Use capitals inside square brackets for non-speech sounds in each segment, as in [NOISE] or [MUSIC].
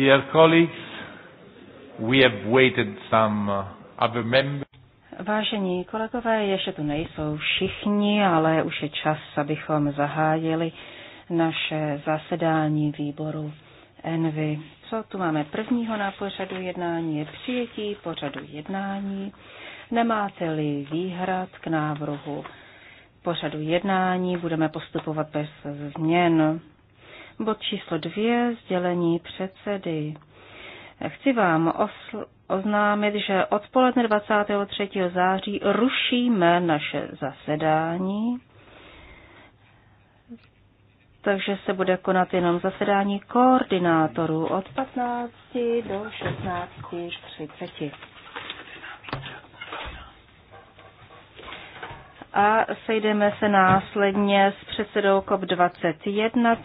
Dear colleagues, we have waited some uh, other members. Vážení kolegové, ještě tu nejsou všichni, ale už je čas, abychom zahájili naše zasedání výboru Envy. Co tu máme prvního na pořadu jednání je přijetí pořadu jednání. Nemáte-li výhrad k návrhu pořadu jednání, budeme postupovat bez změn. Bod číslo dvě, sdělení předsedy. Chci vám oznámit, že odpoledne 23. září rušíme naše zasedání, takže se bude konat jenom zasedání koordinátorů od 15 do 16.30. a sejdeme se následně s předsedou COP21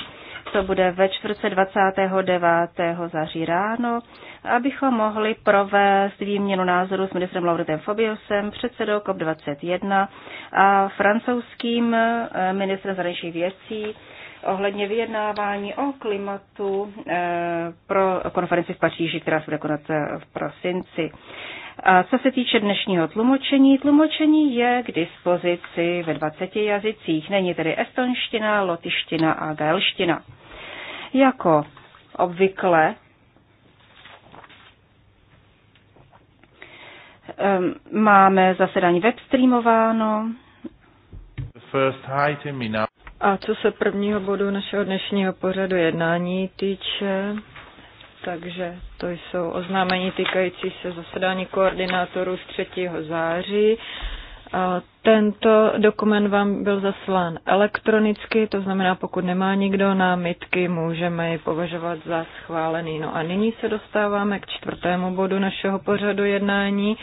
to bude ve čtvrtce 29. září ráno, abychom mohli provést výměnu názoru s ministrem Lauretem Fobiosem, předsedou COP21 a francouzským eh, ministrem zahraničních věcí ohledně vyjednávání o klimatu eh, pro konferenci v Paříži, která se bude konat eh, v prosinci. A co se týče dnešního tlumočení, tlumočení je k dispozici ve 20 jazycích. Není tedy estonština, lotiština a galština. Jako obvykle ehm, máme zasedání webstreamováno. A co se prvního bodu našeho dnešního pořadu jednání týče, takže to jsou oznámení týkající se zasedání koordinátorů z 3. září. Tento dokument vám byl zaslán elektronicky, to znamená, pokud nemá nikdo námitky, můžeme ji považovat za schválený. No a nyní se dostáváme k čtvrtému bodu našeho pořadu jednání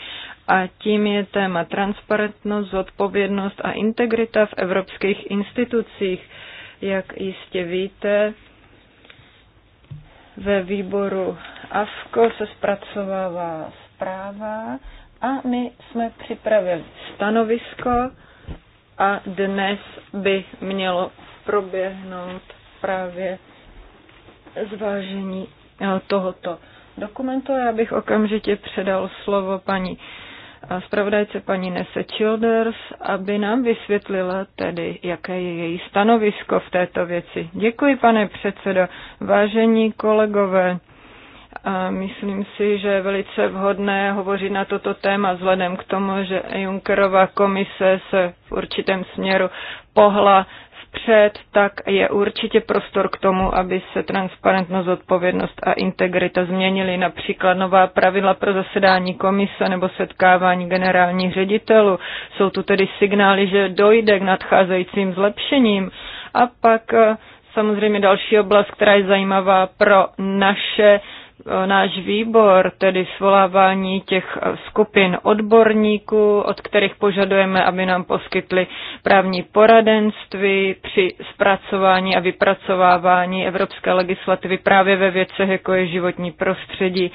a tím je téma transparentnost, zodpovědnost a integrita v evropských institucích. Jak jistě víte, ve výboru AFKO se zpracovává zpráva a my jsme připravili stanovisko a dnes by mělo proběhnout právě zvážení eh, tohoto dokumentu. Já bych okamžitě předal slovo paní eh, zpravodajce paní Nese Childers, aby nám vysvětlila tedy, jaké je její stanovisko v této věci. Děkuji, pane předsedo. Vážení kolegové, a myslím si, že je velice vhodné hovořit na toto téma vzhledem k tomu, že Junckerova komise se v určitém směru pohla vpřed, tak je určitě prostor k tomu, aby se transparentnost, odpovědnost a integrita změnily. Například nová pravidla pro zasedání komise nebo setkávání generálních ředitelů. Jsou tu tedy signály, že dojde k nadcházejícím zlepšením. A pak eh, samozřejmě další oblast, která je zajímavá pro naše Eh, náš výbor, tedy svolávání těch eh, skupin odborníků, od kterých požadujeme, aby nám poskytli právní poradenství při zpracování a vypracovávání evropské legislativy právě ve věcech, jako je životní prostředí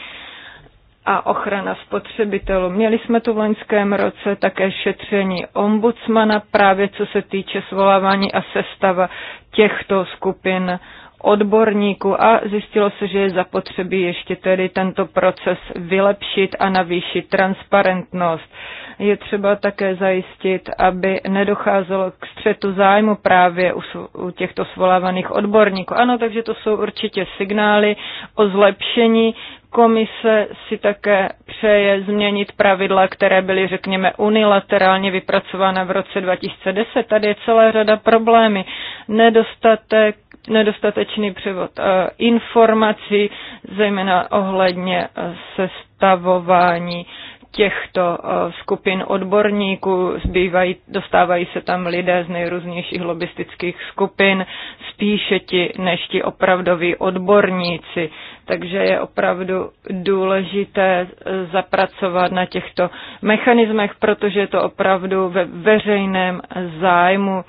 a ochrana spotřebitelů. Měli jsme tu v loňském roce také šetření ombudsmana právě co se týče svolávání a sestava těchto skupin odborníku a zjistilo se, že je zapotřebí ještě tedy tento proces vylepšit a navýšit transparentnost. Je třeba také zajistit, aby nedocházelo k střetu zájmu právě u, u těchto svolávaných odborníků. Ano, takže to jsou určitě signály o zlepšení. Komise si také přeje změnit pravidla, které byly, řekněme, unilaterálně vypracována v roce 2010. Tady je celá řada problémy. Nedostatek nedostatečný převod eh, informací, zejména ohledně eh, sestavování těchto eh, skupin odborníků. Zbývají, dostávají se tam lidé z nejrůznějších lobistických skupin, spíše ti než ti opravdoví odborníci. Takže je opravdu důležité zapracovat na těchto mechanismech, protože je to opravdu ve veřejném zájmu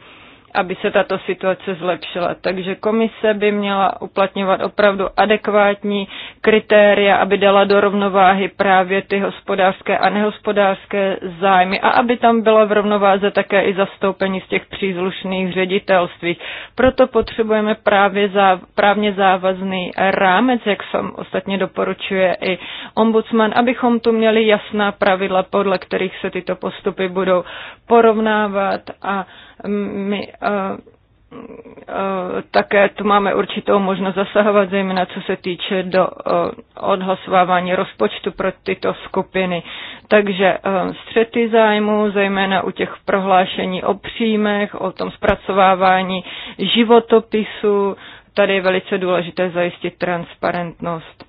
aby se tato situace zlepšila. Takže komise by měla uplatňovat opravdu adekvátní kritéria, aby dala do rovnováhy právě ty hospodářské a nehospodářské zájmy a aby tam byla v rovnováze také i zastoupení z těch příslušných ředitelství. Proto potřebujeme právě záv, právně závazný rámec, jak jsem ostatně doporučuje i ombudsman, abychom tu měli jasná pravidla, podle kterých se tyto postupy budou porovnávat a my eh, eh, také tu máme určitou možnost zasahovat, zejména co se týče do eh, odhlasovávání rozpočtu pro tyto skupiny. Takže střety zájmu, zejména u těch prohlášení o příjmech, o tom zpracovávání životopisu, tady je velice důležité zajistit transparentnost.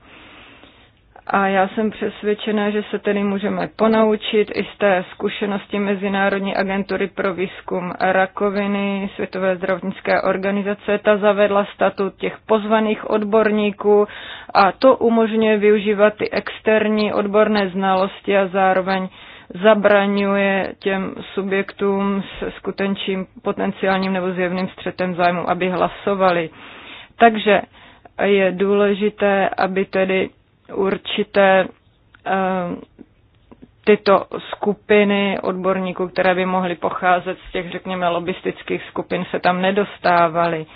A já jsem přesvědčena, že se tedy můžeme ponaučit i z té zkušenosti Mezinárodní agentury pro výzkum rakoviny, Světové zdravotnické organizace. Ta zavedla statut těch pozvaných odborníků a to umožňuje využívat ty externí odborné znalosti a zároveň zabraňuje těm subjektům s skutečným potenciálním nebo zjevným střetem zájmu, aby hlasovali. Takže je důležité, aby tedy určité eh, tyto skupiny odborníků, které by mohly pocházet z těch, řekněme, lobistických skupin, se tam nedostávaly.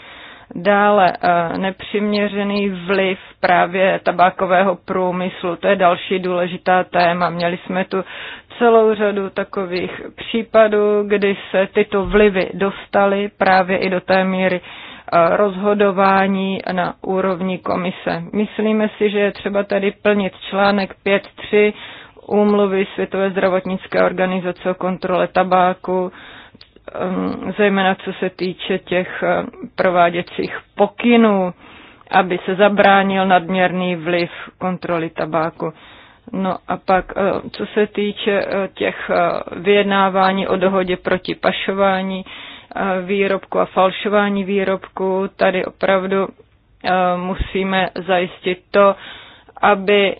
Dále eh, nepřiměřený vliv právě tabákového průmyslu, to je další důležitá téma. Měli jsme tu celou řadu takových případů, kdy se tyto vlivy dostaly právě i do té míry, rozhodování na úrovni komise. Myslíme si, že je třeba tady plnit článek 5.3 úmluvy Světové zdravotnické organizace o kontrole tabáku, um, zejména co se týče těch eh, prováděcích pokynů, aby se zabránil nadměrný vliv kontroly tabáku. No a pak, eh, co se týče eh, těch vyjednávání o dohodě proti pašování, Eh, výrobku a falšování výrobku. Tady opravdu eh, musíme zajistit to, aby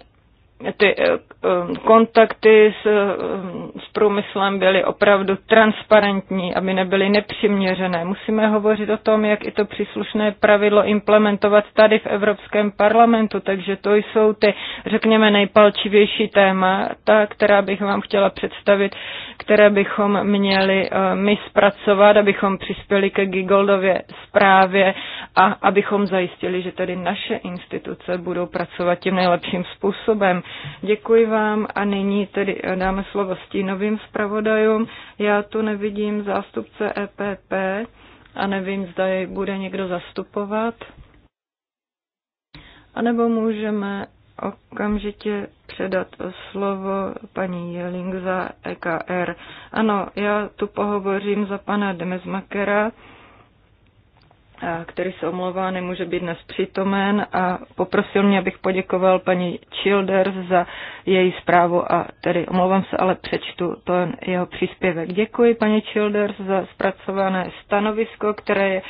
ty eh, Ehm, kontakty s, ehm, s průmyslem byly opravdu transparentní, aby nebyly nepřiměřené. Musíme hovořit o tom, jak i to příslušné pravidlo implementovat tady v Evropském parlamentu, takže to jsou ty, řekněme, nejpalčivější ta, která bych vám chtěla představit, které bychom měli eh, my zpracovat, abychom přispěli ke Gigoldově zprávě a abychom zajistili, že tedy naše instituce budou pracovat tím nejlepším způsobem. Děkuji vám vám a nyní tedy dáme slovo stínovým zpravodajům. Já tu nevidím zástupce EPP a nevím, zda jej bude někdo zastupovat. A nebo můžeme okamžitě předat slovo paní Jeling za EKR. Ano, já tu pohovořím za pana Demesmakera který se omlouvá, nemůže být dnes přítomen a poprosil mě, abych poděkoval paní Childers za její zprávu a tedy omlouvám se, ale přečtu to jeho příspěvek. Děkuji paní Childers za zpracované stanovisko, které je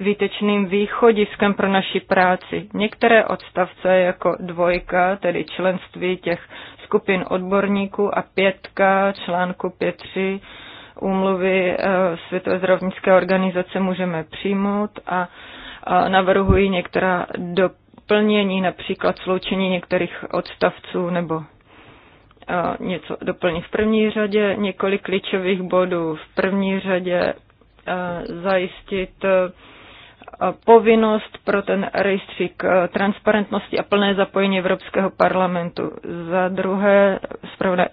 výtečným východiskem pro naši práci. Některé odstavce jako dvojka, tedy členství těch skupin odborníků a pětka článku 5.3 úmluvy eh, Světové zdravotnické organizace můžeme přijmout a navrhuji některá doplnění, například sloučení některých odstavců nebo eh, něco doplní v první řadě, několik klíčových bodů. V první řadě eh, zajistit povinnost pro ten rejstřík e, transparentnosti a plné zapojení Evropského parlamentu. Za druhé, zpravda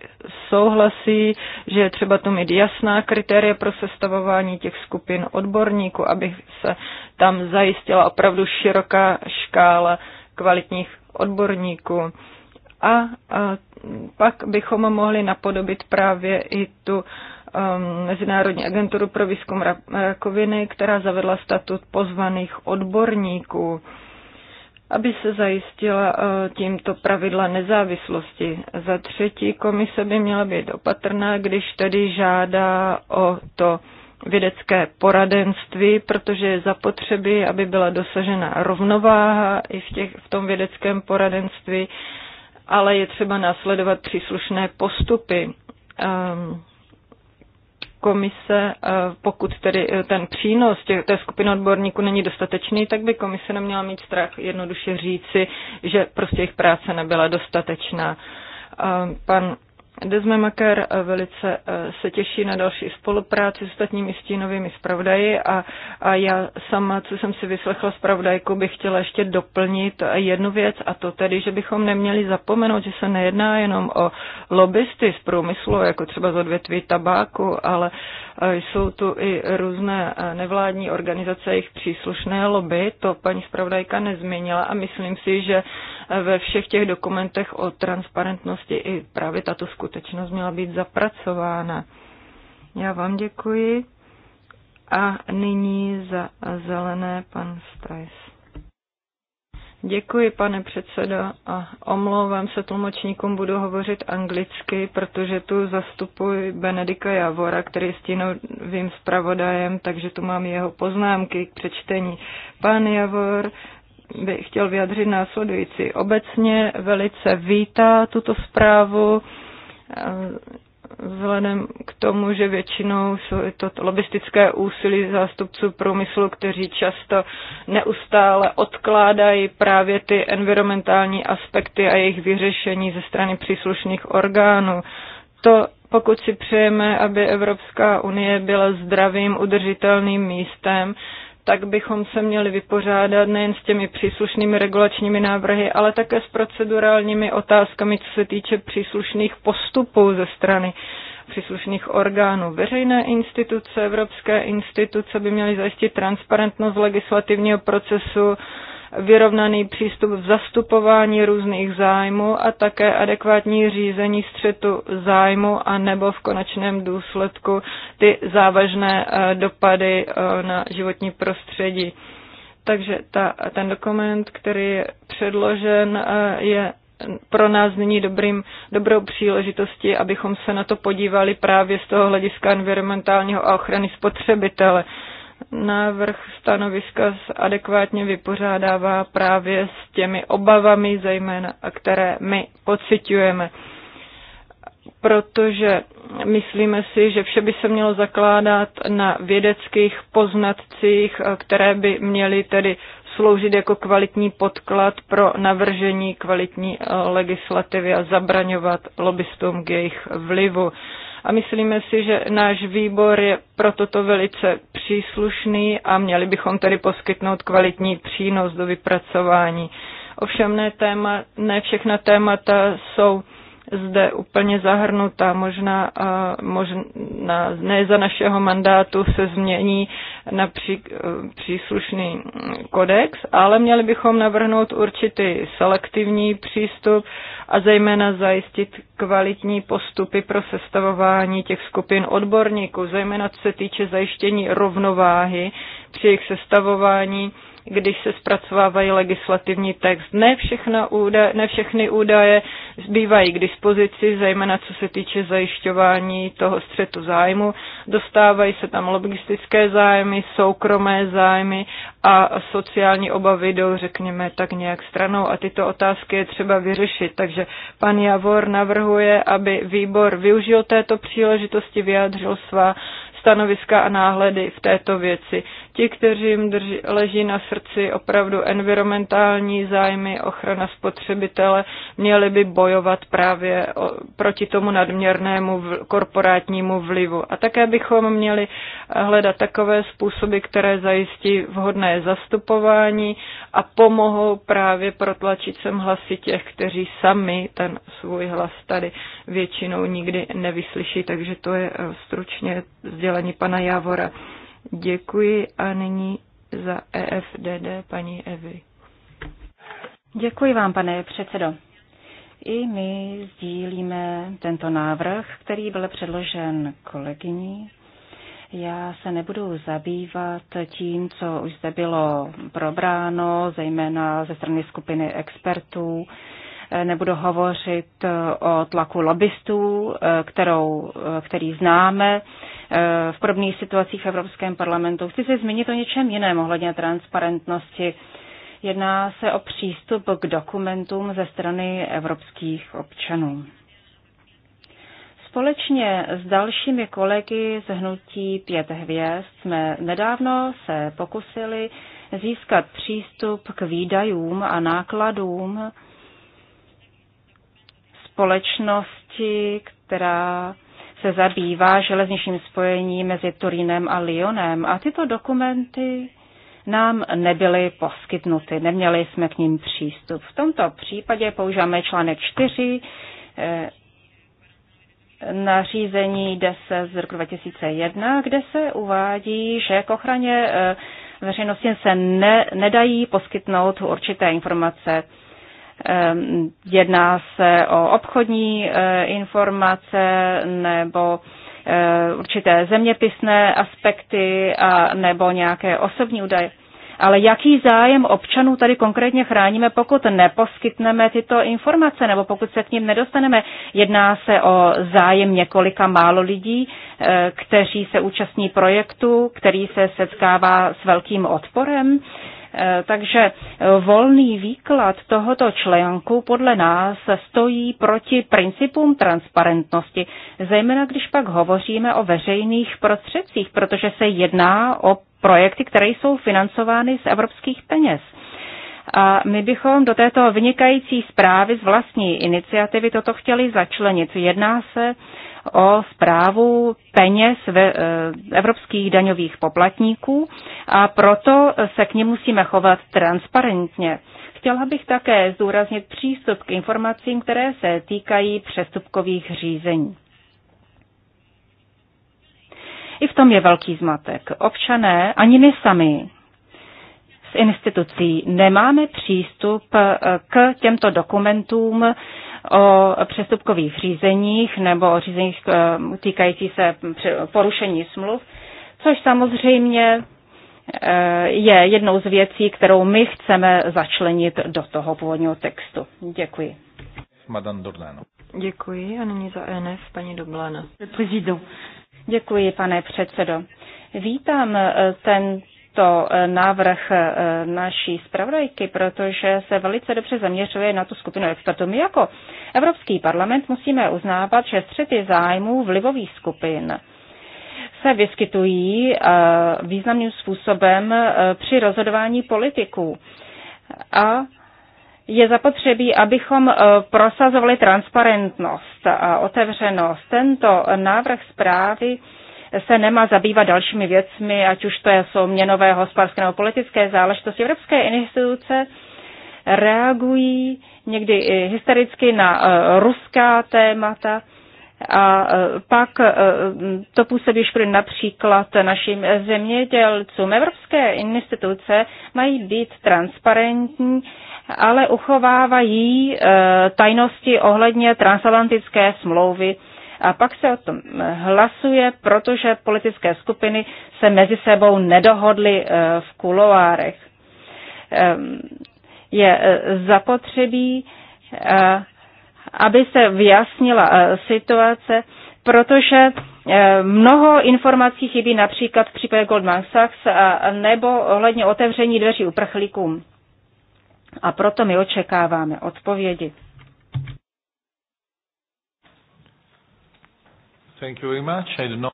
souhlasí, že je třeba tu mít jasná kritéria pro sestavování těch skupin odborníků, aby se tam zajistila opravdu široká škála kvalitních odborníků. A, a pak bychom mohli napodobit právě i tu uh, Um, Mezinárodní agenturu pro výzkum rakoviny, která zavedla statut pozvaných odborníků, aby se zajistila uh, tímto pravidla nezávislosti. Za třetí, komise by měla být opatrná, když tedy žádá o to vědecké poradenství, protože je zapotřebí, aby byla dosažena rovnováha i v, těch, v tom vědeckém poradenství, ale je třeba následovat příslušné postupy. Um, komise, eh, pokud tedy eh, ten přínos tě, té skupiny odborníků není dostatečný, tak by komise neměla mít strach jednoduše říci, že prostě jejich práce nebyla dostatečná. Eh, pan Desme Maker eh, velice eh, se těší na další spolupráci s ostatními stínovými zpravodaji a, a já sama, co jsem si vyslechla zpravodajku, bych chtěla ještě doplnit eh, jednu věc a to tedy, že bychom neměli zapomenout, že se nejedná jenom o lobbysty z průmyslu, jako třeba z odvětví tabáku, ale jsou tu i různé nevládní organizace, jejich příslušné lobby, to paní zpravodajka nezmínila a myslím si, že ve všech těch dokumentech o transparentnosti i právě tato skutečnost měla být zapracována. Já vám děkuji a nyní za zelené pan Stajs. Děkuji, pane předsedo, a omlouvám se tlumočníkům, budu hovořit anglicky, protože tu zastupuji Benedika Javora, který je stínovým zpravodajem, takže tu mám jeho poznámky k přečtení. Pan Javor bych chtěl vyjadřit následující. Obecně velice vítá tuto zprávu eh, vzhledem k tomu, že většinou jsou to lobistické úsilí zástupců průmyslu, kteří často neustále odkládají právě ty environmentální aspekty a jejich vyřešení ze strany příslušných orgánů. To, pokud si přejeme, aby Evropská unie byla zdravým, udržitelným místem, tak bychom se měli vypořádat nejen s těmi příslušnými regulačními návrhy, ale také s procedurálními otázkami, co se týče příslušných postupů ze strany příslušných orgánů. Veřejné instituce, evropské instituce by měly zajistit transparentnost legislativního procesu, vyrovnaný přístup v zastupování různých zájmů a také adekvátní řízení střetu zájmu a nebo v konečném důsledku ty závažné eh, dopady eh, na životní prostředí. Takže ta, ten dokument, který je předložen, eh, je pro nás nyní dobrým, dobrou příležitostí, abychom se na to podívali právě z toho hlediska environmentálního a ochrany spotřebitele návrh stanoviska adekvátně vypořádává právě s těmi obavami, zejména, které my pociťujeme. Protože myslíme si, že vše by se mělo zakládat na vědeckých poznatcích, které by měly tedy sloužit jako kvalitní podklad pro navržení kvalitní legislativy a zabraňovat lobbystům k jejich vlivu a myslíme si, že náš výbor je pro toto velice příslušný a měli bychom tedy poskytnout kvalitní přínos do vypracování. Ovšem ne, téma, ne všechna témata jsou zde úplně zahrnutá, možná, možná ne za našeho mandátu se změní napřík, eh, příslušný kodex, ale měli bychom navrhnout určitý selektivní přístup a zejména zajistit kvalitní postupy pro sestavování těch skupin odborníků, zejména co se týče zajištění rovnováhy při jejich sestavování když se zpracovávají legislativní text. Ne, všechna údaje, ne všechny údaje zbývají k dispozici, zejména co se týče zajišťování toho střetu zájmu. Dostávají se tam logistické zájmy, soukromé zájmy a sociální obavy jdou, řekněme, tak nějak stranou a tyto otázky je třeba vyřešit. Takže pan Javor navrhuje, aby výbor využil této příležitosti, vyjádřil svá stanoviska a náhledy v této věci. Ti, kteřím drži, leží na srdci opravdu environmentální zájmy, ochrana spotřebitele, měli by bojovat právě o, proti tomu nadměrnému v, korporátnímu vlivu. A také bychom měli hledat takové způsoby, které zajistí vhodné zastupování a pomohou právě protlačit sem hlasy těch, kteří sami ten svůj hlas tady většinou nikdy nevyslyší. Takže to je eh, stručně sdělení pana Javora. Děkuji a nyní za EFDD paní Evy. Děkuji vám, pane předsedo. I my sdílíme tento návrh, který byl předložen kolegyní. Já se nebudu zabývat tím, co už zde bylo probráno, zejména ze strany skupiny expertů. Nebudu hovořit o tlaku lobbystů, kterou, který známe v podobných situacích v Evropském parlamentu. Chci se zmínit o něčem jiném ohledně transparentnosti. Jedná se o přístup k dokumentům ze strany evropských občanů. Společně s dalšími kolegy z Hnutí pět hvězd jsme nedávno se pokusili získat přístup k výdajům a nákladům společnosti, která se zabývá železničním spojením mezi Turínem a Lyonem a tyto dokumenty nám nebyly poskytnuty, neměli jsme k ním přístup. V tomto případě používáme článek 4 eh, nařízení 10 z roku 2001, kde se uvádí, že k ochraně eh, veřejnosti se ne, nedají poskytnout určité informace. Ehm, jedná se o obchodní eh, informace nebo eh, určité zeměpisné aspekty a nebo nějaké osobní údaje. Ale jaký zájem občanů tady konkrétně chráníme, pokud neposkytneme tyto informace nebo pokud se k ním nedostaneme? Jedná se o zájem několika málo lidí, eh, kteří se účastní projektu, který se setkává s velkým odporem. Eh, takže eh, volný výklad tohoto článku podle nás stojí proti principům transparentnosti, zejména když pak hovoříme o veřejných prostředcích, protože se jedná o projekty, které jsou financovány z evropských peněz. A my bychom do této vynikající zprávy z vlastní iniciativy toto chtěli začlenit. Jedná se o zprávu peněz ve, e, evropských daňových poplatníků a proto se k ním musíme chovat transparentně. Chtěla bych také zdůraznit přístup k informacím, které se týkají přestupkových řízení. I v tom je velký zmatek. Občané, ani my sami z institucí, nemáme přístup e, k těmto dokumentům, o přestupkových řízeních nebo o řízeních eh, týkající se porušení smluv, což samozřejmě eh, je jednou z věcí, kterou my chceme začlenit do toho původního textu. Děkuji. Madame Dornano. Děkuji a nyní za ENF paní Doblana. Děkuji, pane předsedo. Vítám eh, ten to eh, návrh eh, naší zpravodajky, protože se velice dobře zaměřuje na tu skupinu expertů. My jako Evropský parlament musíme uznávat, že střety zájmů vlivových skupin se vyskytují eh, významným způsobem při rozhodování politiků. A je zapotřebí, abychom prosazovali transparentnost a otevřenost. Tento návrh zprávy se nemá zabývat dalšími věcmi, ať už to jsou měnové, hospodářské nebo politické záležitosti. Evropské instituce reagují někdy i hystericky na e, ruská témata a e, pak e, to působí škody například našim zemědělcům. Evropské instituce mají být transparentní, ale uchovávají tajnosti ohledně transatlantické smlouvy a pak se o tom hlasuje, protože politické skupiny se mezi sebou nedohodly eh, v kuloárech. Ehm, je eh, zapotřebí, eh, aby se vyjasnila situace, protože mnoho informací chybí například v případě Goldman Sachs a nebo ohledně otevření dveří uprchlíkům. A proto my očekáváme odpovědi. Thank you very much. I don't know.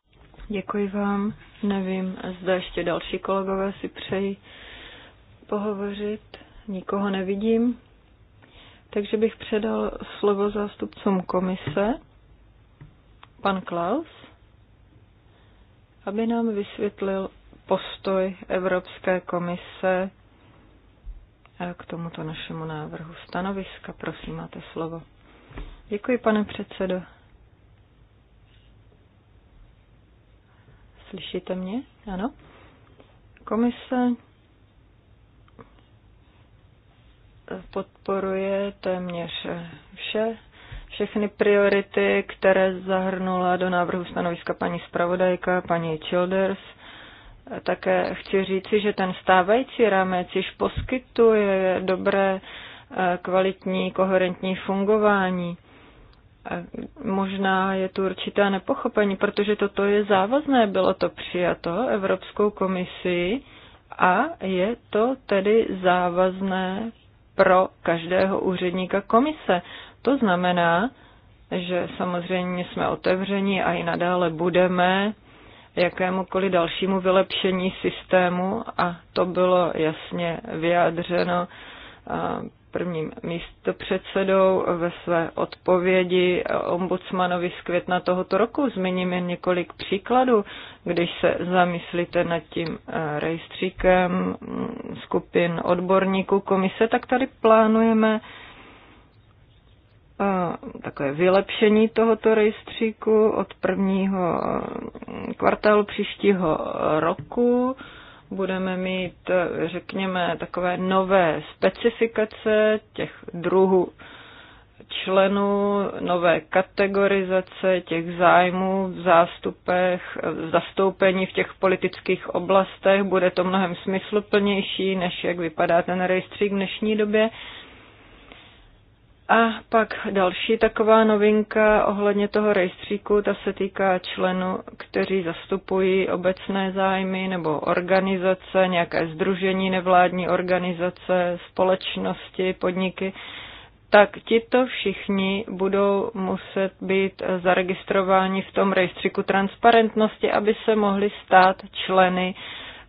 Děkuji vám. Nevím, zda ještě další kolegové si přeji pohovořit. Nikoho nevidím. Takže bych předal slovo zástupcům komise, pan Klaus, aby nám vysvětlil postoj Evropské komise k tomuto našemu návrhu stanoviska. Prosím, máte slovo. Děkuji, pane předsedo. Slyšíte mě? Ano. Komise podporuje téměř vše, všechny priority, které zahrnula do návrhu stanoviska paní zpravodajka, paní Childers. Také chci říci, že ten stávající rámec již poskytuje dobré eh, kvalitní, koherentní fungování. Možná je tu určité nepochopení, protože toto je závazné, bylo to přijato Evropskou komisí a je to tedy závazné pro každého úředníka komise. To znamená, že samozřejmě jsme otevřeni a i nadále budeme jakémukoliv dalšímu vylepšení systému a to bylo jasně vyjádřeno prvním místopředsedou ve své odpovědi ombudsmanovi z května tohoto roku. Zmíním jen několik příkladů, když se zamyslíte nad tím eh, rejstříkem mm, skupin odborníků komise, tak tady plánujeme eh, takové vylepšení tohoto rejstříku od prvního eh, kvartálu příštího roku budeme mít, řekněme, takové nové specifikace těch druhů členů, nové kategorizace těch zájmů v zástupech, v zastoupení v těch politických oblastech. Bude to mnohem smysluplnější, než jak vypadá ten rejstřík v dnešní době. A pak další taková novinka ohledně toho rejstříku, ta se týká členů, kteří zastupují obecné zájmy nebo organizace, nějaké združení nevládní organizace, společnosti, podniky, tak tito všichni budou muset být zaregistrováni v tom rejstříku transparentnosti, aby se mohli stát členy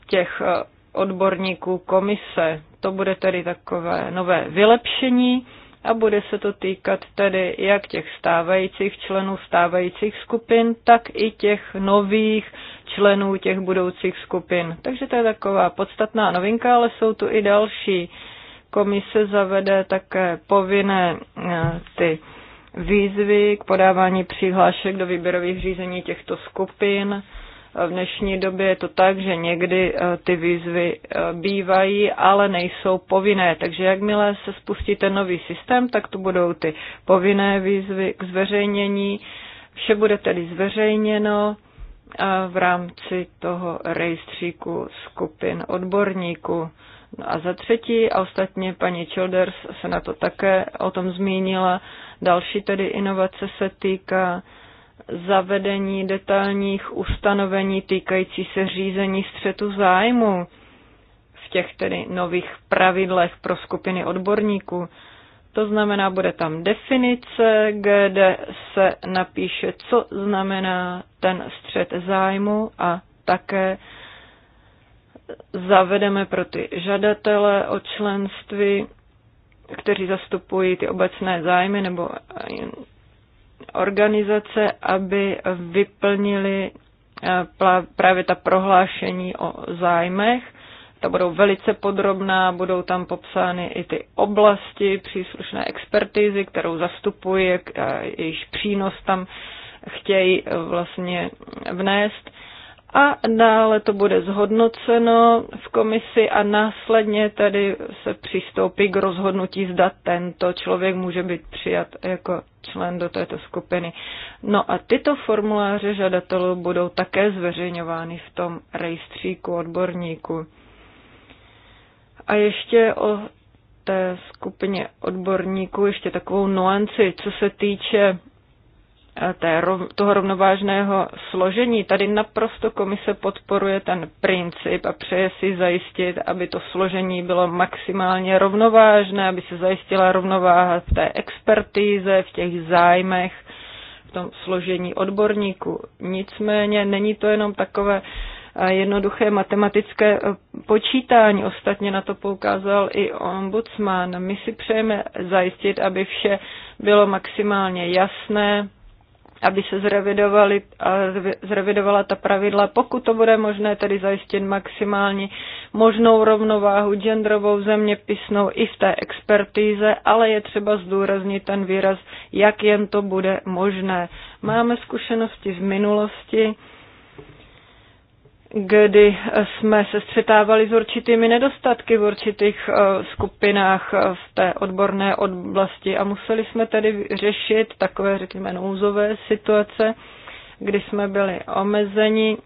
těch eh, odborníků komise. To bude tedy takové nové vylepšení a bude se to týkat tedy jak těch stávajících členů stávajících skupin, tak i těch nových členů těch budoucích skupin. Takže to je taková podstatná novinka, ale jsou tu i další. Komise zavede také povinné eh, ty výzvy k podávání přihlášek do výběrových řízení těchto skupin v dnešní době je to tak, že někdy eh, ty výzvy eh, bývají, ale nejsou povinné. Takže jakmile se spustí ten nový systém, tak to budou ty povinné výzvy k zveřejnění. Vše bude tedy zveřejněno eh, v rámci toho rejstříku skupin odborníků. No a za třetí, a ostatně paní Childers se na to také o tom zmínila, další tedy inovace se týká zavedení detailních ustanovení týkající se řízení střetu zájmu v těch tedy nových pravidlech pro skupiny odborníků. To znamená, bude tam definice, kde se napíše, co znamená ten střet zájmu a také zavedeme pro ty žadatele o členství, kteří zastupují ty obecné zájmy nebo organizace, aby vyplnili eh, právě ta prohlášení o zájmech. Ta budou velice podrobná, budou tam popsány i ty oblasti příslušné expertízy, kterou zastupuje, eh, jejíž přínos tam chtějí eh, vlastně vnést a dále to bude zhodnoceno v komisi a následně tedy se přistoupí k rozhodnutí, zda tento člověk může být přijat jako člen do této skupiny. No a tyto formuláře žadatelů budou také zveřejňovány v tom rejstříku odborníků. A ještě o té skupině odborníků ještě takovou nuanci, co se týče Eh, té, toho rovnovážného složení. Tady naprosto komise podporuje ten princip a přeje si zajistit, aby to složení bylo maximálně rovnovážné, aby se zajistila rovnováha v té expertíze, v těch zájmech, v tom složení odborníků. Nicméně není to jenom takové eh, jednoduché matematické eh, počítání. Ostatně na to poukázal i ombudsman. My si přejeme zajistit, aby vše bylo maximálně jasné, aby se zrevidovala ta pravidla, pokud to bude možné, tedy zajistit maximální možnou rovnováhu genderovou, zeměpisnou i v té expertíze, ale je třeba zdůraznit ten výraz, jak jen to bude možné. Máme zkušenosti z minulosti, kdy jsme se střetávali s určitými nedostatky v určitých eh, skupinách eh, v té odborné oblasti a museli jsme tedy řešit takové, řekněme, nouzové situace, kdy jsme byli omezeni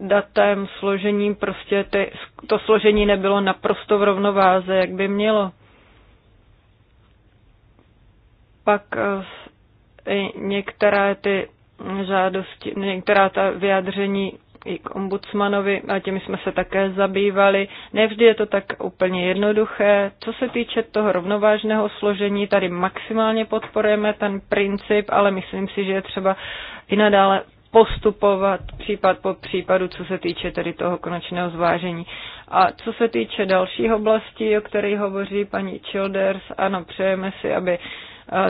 datem, složením, prostě ty, to složení nebylo naprosto v rovnováze, jak by mělo. Pak eh, i některé ty žádosti, některá ta vyjádření i k ombudsmanovi a těmi jsme se také zabývali. Nevždy je to tak úplně jednoduché. Co se týče toho rovnovážného složení, tady maximálně podporujeme ten princip, ale myslím si, že je třeba i nadále postupovat případ po případu, co se týče tedy toho konečného zvážení. A co se týče dalších oblastí, o kterých hovoří paní Childers, ano, přejeme si, aby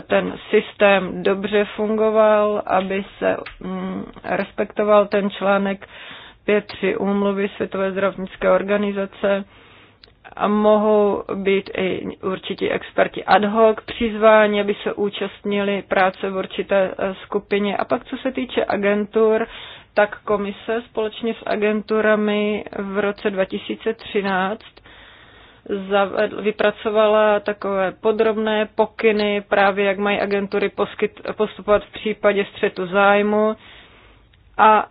ten systém dobře fungoval, aby se mm, respektoval ten článek 5.3 úmluvy Světové zdravotnické organizace a mohou být i určitě experti ad hoc přizváni, aby se účastnili práce v určité eh, skupině. A pak, co se týče agentur, tak komise společně s agenturami v roce 2013 vypracovala takové podrobné pokyny, právě jak mají agentury poskyt, postupovat v případě střetu zájmu. A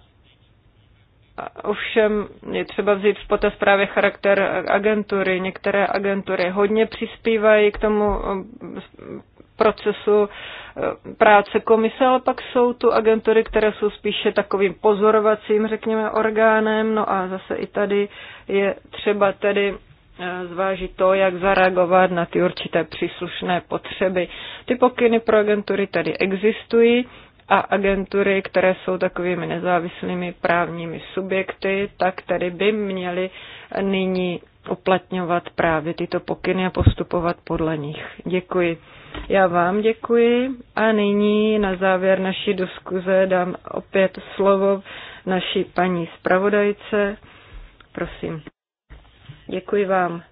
ovšem je třeba vzít v potaz právě charakter agentury. Některé agentury hodně přispívají k tomu um, procesu uh, práce komise, ale pak jsou tu agentury, které jsou spíše takovým pozorovacím, řekněme, orgánem. No a zase i tady je třeba tedy Eh, zvážit to, jak zareagovat na ty určité příslušné potřeby. Ty pokyny pro agentury tady existují a agentury, které jsou takovými nezávislými právními subjekty, tak tady by měly nyní uplatňovat právě tyto pokyny a postupovat podle nich. Děkuji. Já vám děkuji a nyní na závěr naší diskuze dám opět slovo naší paní zpravodajce. Prosím. Děkuji vám.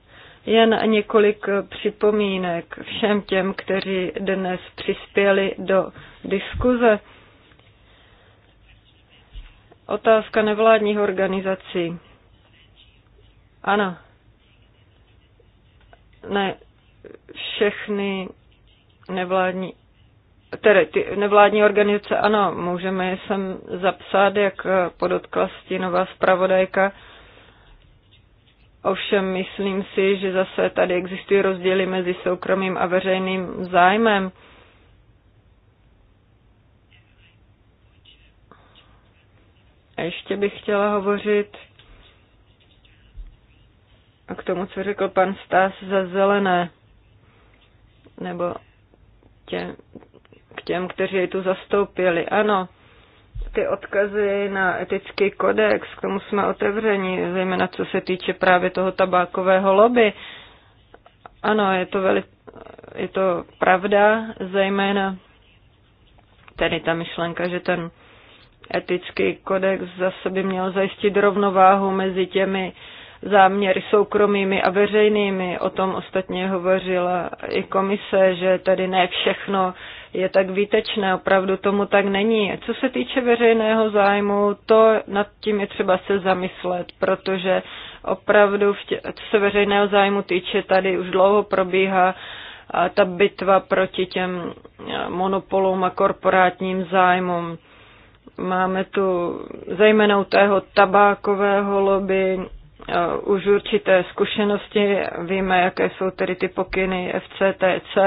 Jen několik připomínek všem těm, kteří dnes přispěli do diskuze. Otázka nevládních organizací. Ano. Ne, všechny nevládní tedy ty nevládní organizace, ano, můžeme je sem zapsat, jak podotkla stínová zpravodajka. Ovšem myslím si, že zase tady existují rozdíly mezi soukromým a veřejným zájmem. A ještě bych chtěla hovořit k tomu, co řekl pan Stas za zelené, nebo těm, k těm, kteří je tu zastoupili. Ano, ty odkazy na etický kodex, k tomu jsme otevřeni, zejména co se týče právě toho tabákového lobby. Ano, je to, veli, je to pravda, zejména tedy ta myšlenka, že ten etický kodex zase by měl zajistit rovnováhu mezi těmi záměry soukromými a veřejnými. O tom ostatně hovořila i komise, že tady ne všechno je tak výtečné. Opravdu tomu tak není. Co se týče veřejného zájmu, to nad tím je třeba se zamyslet, protože opravdu, co se veřejného zájmu týče, tady už dlouho probíhá ta bitva proti těm e, monopolům a korporátním zájmům. Máme tu zejména u tého tabákového lobby e, už určité zkušenosti, víme, jaké jsou tedy ty pokyny FCTC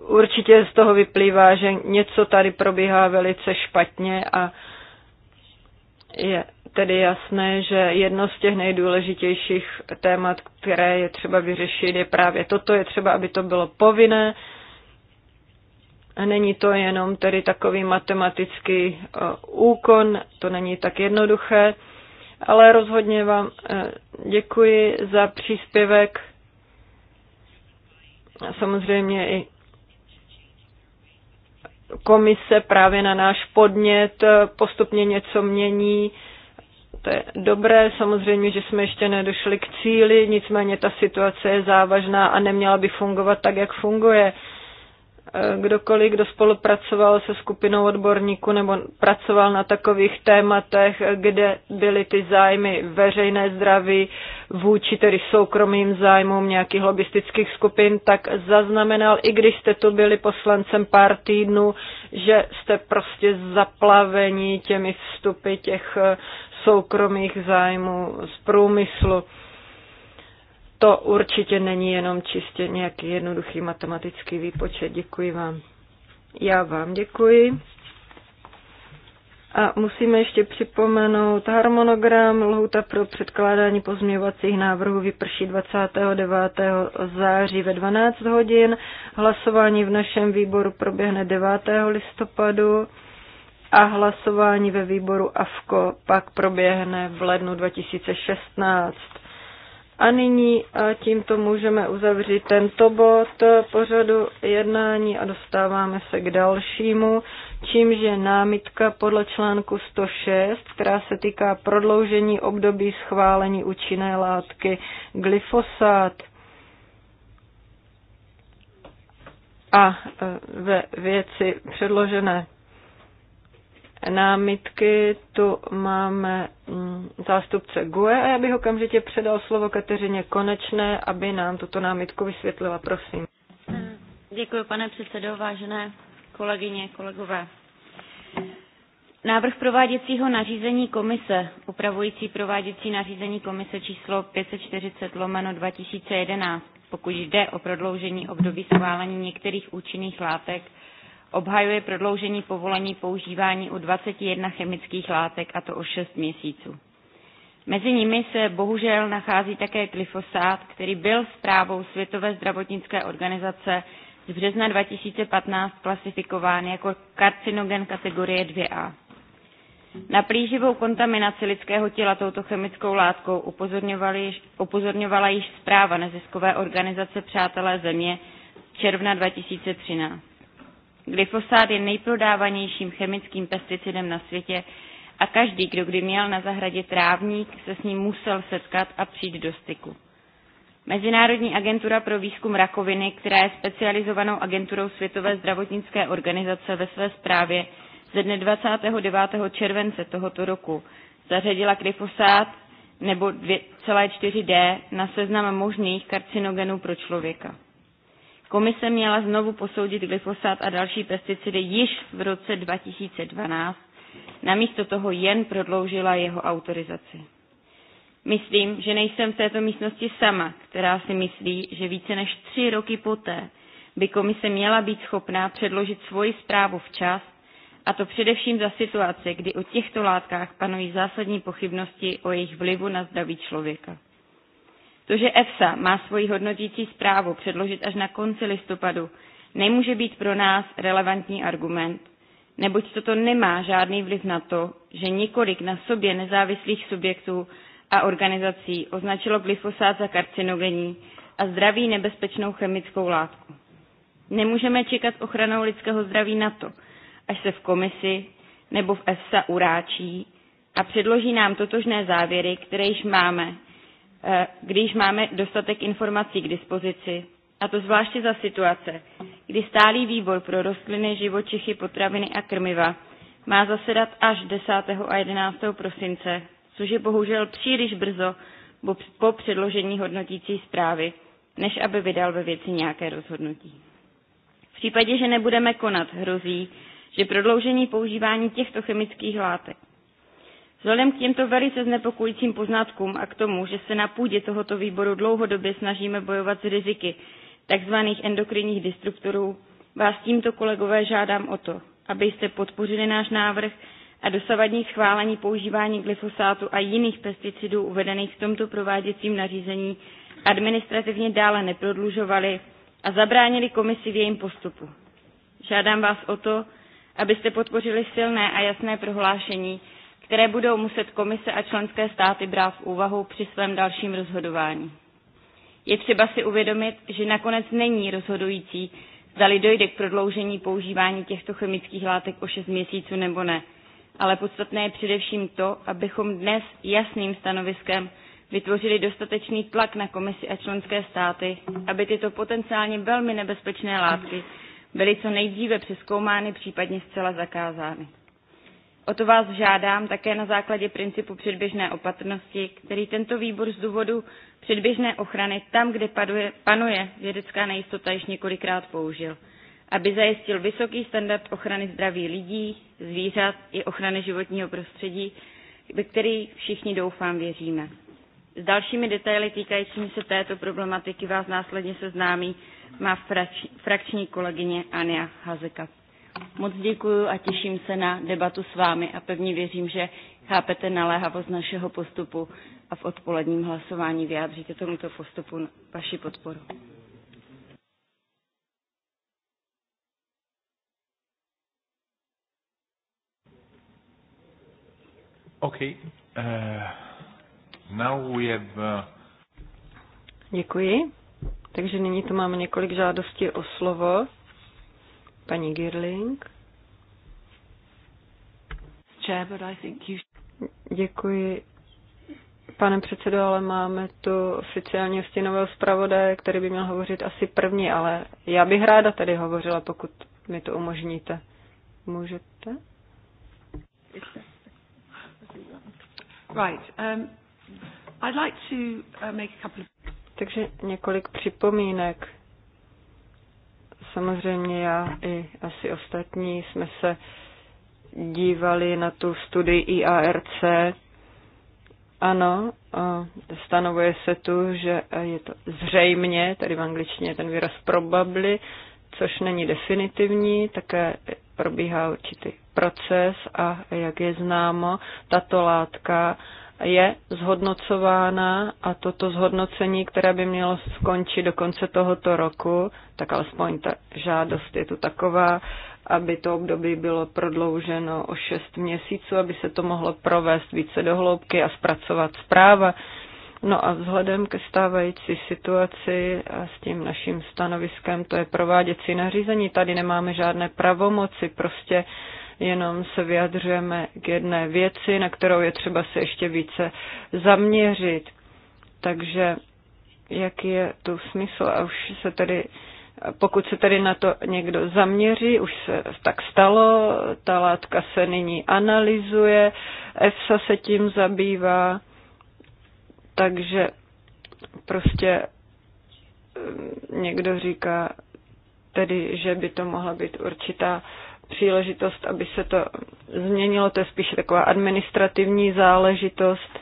určitě z toho vyplývá, že něco tady probíhá velice špatně a je tedy jasné, že jedno z těch nejdůležitějších témat, které je třeba vyřešit, je právě toto. Je třeba, aby to bylo povinné. A není to jenom tedy takový matematický eh, úkon, to není tak jednoduché, ale rozhodně vám eh, děkuji za příspěvek. Samozřejmě i komise právě na náš podnět postupně něco mění. To je dobré, samozřejmě, že jsme ještě nedošli k cíli, nicméně ta situace je závažná a neměla by fungovat tak, jak funguje kdokoliv, kdo spolupracoval se skupinou odborníků nebo pracoval na takových tématech, kde byly ty zájmy veřejné zdraví vůči tedy soukromým zájmům nějakých lobistických skupin, tak zaznamenal, i když jste tu byli poslancem pár týdnů, že jste prostě zaplaveni těmi vstupy těch soukromých zájmů z průmyslu to určitě není jenom čistě nějaký jednoduchý matematický výpočet. Děkuji vám. Já vám děkuji. A musíme ještě připomenout harmonogram. Lhuta pro předkládání pozměňovacích návrhů vyprší 29. září ve 12 hodin. Hlasování v našem výboru proběhne 9. listopadu a hlasování ve výboru AFKO pak proběhne v lednu 2016. A nyní tímto můžeme uzavřít tento bod pořadu jednání a dostáváme se k dalšímu, čímž je námitka podle článku 106, která se týká prodloužení období schválení účinné látky glyfosát. A e, ve věci předložené námitky. Tu máme mm, zástupce GUE a já bych okamžitě předal slovo Kateřině Konečné, aby nám tuto námitku vysvětlila. Prosím. Děkuji, pane předsedo, vážené kolegyně, kolegové. Návrh prováděcího nařízení komise, upravující prováděcí nařízení komise číslo 540 lomeno 2011, pokud jde o prodloužení období schválení některých účinných látek obhajuje prodloužení povolení používání u 21 chemických látek, a to o 6 měsíců. Mezi nimi se bohužel nachází také glyfosát, který byl zprávou Světové zdravotnické organizace z března 2015 klasifikován jako karcinogen kategorie 2A. Na plíživou kontaminaci lidského těla touto chemickou látkou upozorňovala již zpráva neziskové organizace Přátelé země června 2013. Glyfosát je nejprodávanějším chemickým pesticidem na světě a každý, kdo kdy měl na zahradě trávník, se s ním musel setkat a přijít do styku. Mezinárodní agentura pro výzkum rakoviny, která je specializovanou agenturou Světové zdravotnické organizace ve své zprávě ze dne 29. července tohoto roku zařadila glyfosát nebo 2,4D na seznam možných karcinogenů pro člověka. Komise měla znovu posoudit glyfosát a další pesticidy již v roce 2012, namísto toho jen prodloužila jeho autorizaci. Myslím, že nejsem v této místnosti sama, která si myslí, že více než tři roky poté by komise měla být schopná předložit svoji zprávu včas, a to především za situace, kdy o těchto látkách panují zásadní pochybnosti o jejich vlivu na zdraví člověka. To, že EFSA má svoji hodnotící zprávu předložit až na konci listopadu, nemůže být pro nás relevantní argument, neboť toto nemá žádný vliv na to, že několik na sobě nezávislých subjektů a organizací označilo glyfosát za karcinogenní a zdraví nebezpečnou chemickou látku. Nemůžeme čekat ochranou lidského zdraví na to, až se v komisi nebo v EFSA uráčí a předloží nám totožné závěry, které již máme Eh, když máme dostatek informací k dispozici, a to zvláště za situace, kdy stálý výbor pro rostliny, živočichy, potraviny a krmiva má zasedat až 10. a 11. prosince, což je bohužel příliš brzo po předložení hodnotící zprávy, než aby vydal ve věci nějaké rozhodnutí. V případě, že nebudeme konat, hrozí, že prodloužení používání těchto chemických látek Vzhledem k těmto velice znepokojícím poznatkům a k tomu, že se na půdě tohoto výboru dlouhodobě snažíme bojovat s riziky tzv. endokrinních destruktorů, vás tímto kolegové žádám o to, abyste podpořili náš návrh a dosavadní schválení používání glyfosátu a jiných pesticidů uvedených v tomto prováděcím nařízení administrativně dále neprodlužovali a zabránili komisi v jejím postupu. Žádám vás o to, abyste podpořili silné a jasné prohlášení, které budou muset komise a členské státy brát v úvahu při svém dalším rozhodování. Je třeba si uvědomit, že nakonec není rozhodující, zda-li dojde k prodloužení používání těchto chemických látek o 6 měsíců nebo ne, ale podstatné je především to, abychom dnes jasným stanoviskem vytvořili dostatečný tlak na komisi a členské státy, aby tyto potenciálně velmi nebezpečné látky byly co nejdříve přeskoumány, případně zcela zakázány. O to vás žádám také na základě principu předběžné opatrnosti, který tento výbor z důvodu předběžné ochrany tam, kde paduje, panuje vědecká nejistota, již několikrát použil, aby zajistil vysoký standard ochrany zdraví lidí, zvířat i ochrany životního prostředí, ve který všichni doufám věříme. S dalšími detaily týkajícími se této problematiky vás následně seznámí má frakční kolegyně Ania Hazekat. Moc děkuji a těším se na debatu s vámi a pevně věřím, že chápete naléhavost našeho postupu a v odpoledním hlasování vyjádříte tomuto postupu vaši podporu. Okay. Uh, now we have, uh... Děkuji. Takže nyní tu máme několik žádostí o slovo. Paní Girling. Děkuji. Pane předsedo, ale máme tu oficiálně stěnového zpravodaje, který by měl hovořit asi první, ale já bych ráda tady hovořila, pokud mi to umožníte. Můžete? Right. Um, I'd like to uh, make a couple of... Takže několik připomínek. Samozřejmě já i asi ostatní jsme se dívali na tu studii IARC. Ano, stanovuje se tu, že je to zřejmě, tady v angličtině ten výraz probably, což není definitivní, také probíhá určitý proces a jak je známo, tato látka je zhodnocována a toto zhodnocení, které by mělo skončit do konce tohoto roku, tak alespoň ta žádost je tu taková, aby to období bylo prodlouženo o 6 měsíců, aby se to mohlo provést více dohloubky a zpracovat zpráva. No a vzhledem ke stávající situaci a s tím naším stanoviskem, to je prováděcí nařízení, tady nemáme žádné pravomoci, prostě uh, jenom se vyjadřujeme k jedné věci, na kterou je třeba se ještě více zaměřit. Takže jaký je tu smysl a už se tady pokud se tedy na to někdo zaměří, už se tak stalo, ta látka se nyní analyzuje, EFSA se tím zabývá, takže prostě eh, někdo říká tedy, že by to mohla být určitá příležitost, aby se to změnilo. To je spíše taková administrativní záležitost.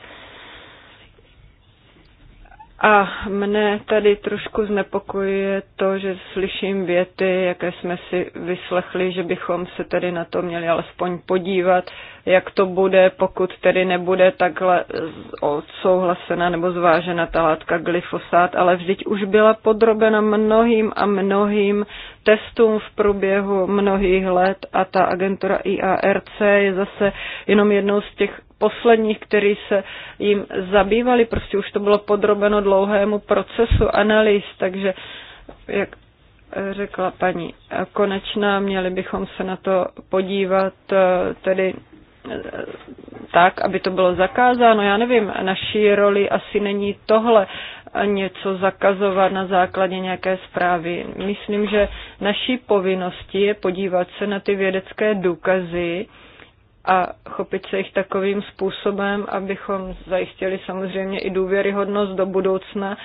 A mne tady trošku znepokojuje to, že slyším věty, jaké jsme si vyslechli, že bychom se tedy na to měli alespoň podívat, jak to bude, pokud tedy nebude takhle odsouhlasena nebo zvážena ta látka glyfosát, ale vždyť už byla podrobena mnohým a mnohým testům v průběhu mnohých let a ta agentura IARC je zase jenom jednou z těch posledních, který se jim zabývali. Prostě už to bylo podrobeno dlouhému procesu analýz, takže jak eh, řekla paní Konečná, měli bychom se na to podívat eh, tedy eh, tak, aby to bylo zakázáno. Já nevím, naší roli asi není tohle, něco zakazovat na základě nějaké zprávy. Myslím, že naší povinností je podívat se na ty vědecké důkazy a chopit se jich takovým způsobem, abychom zajistili samozřejmě i důvěryhodnost do budoucna,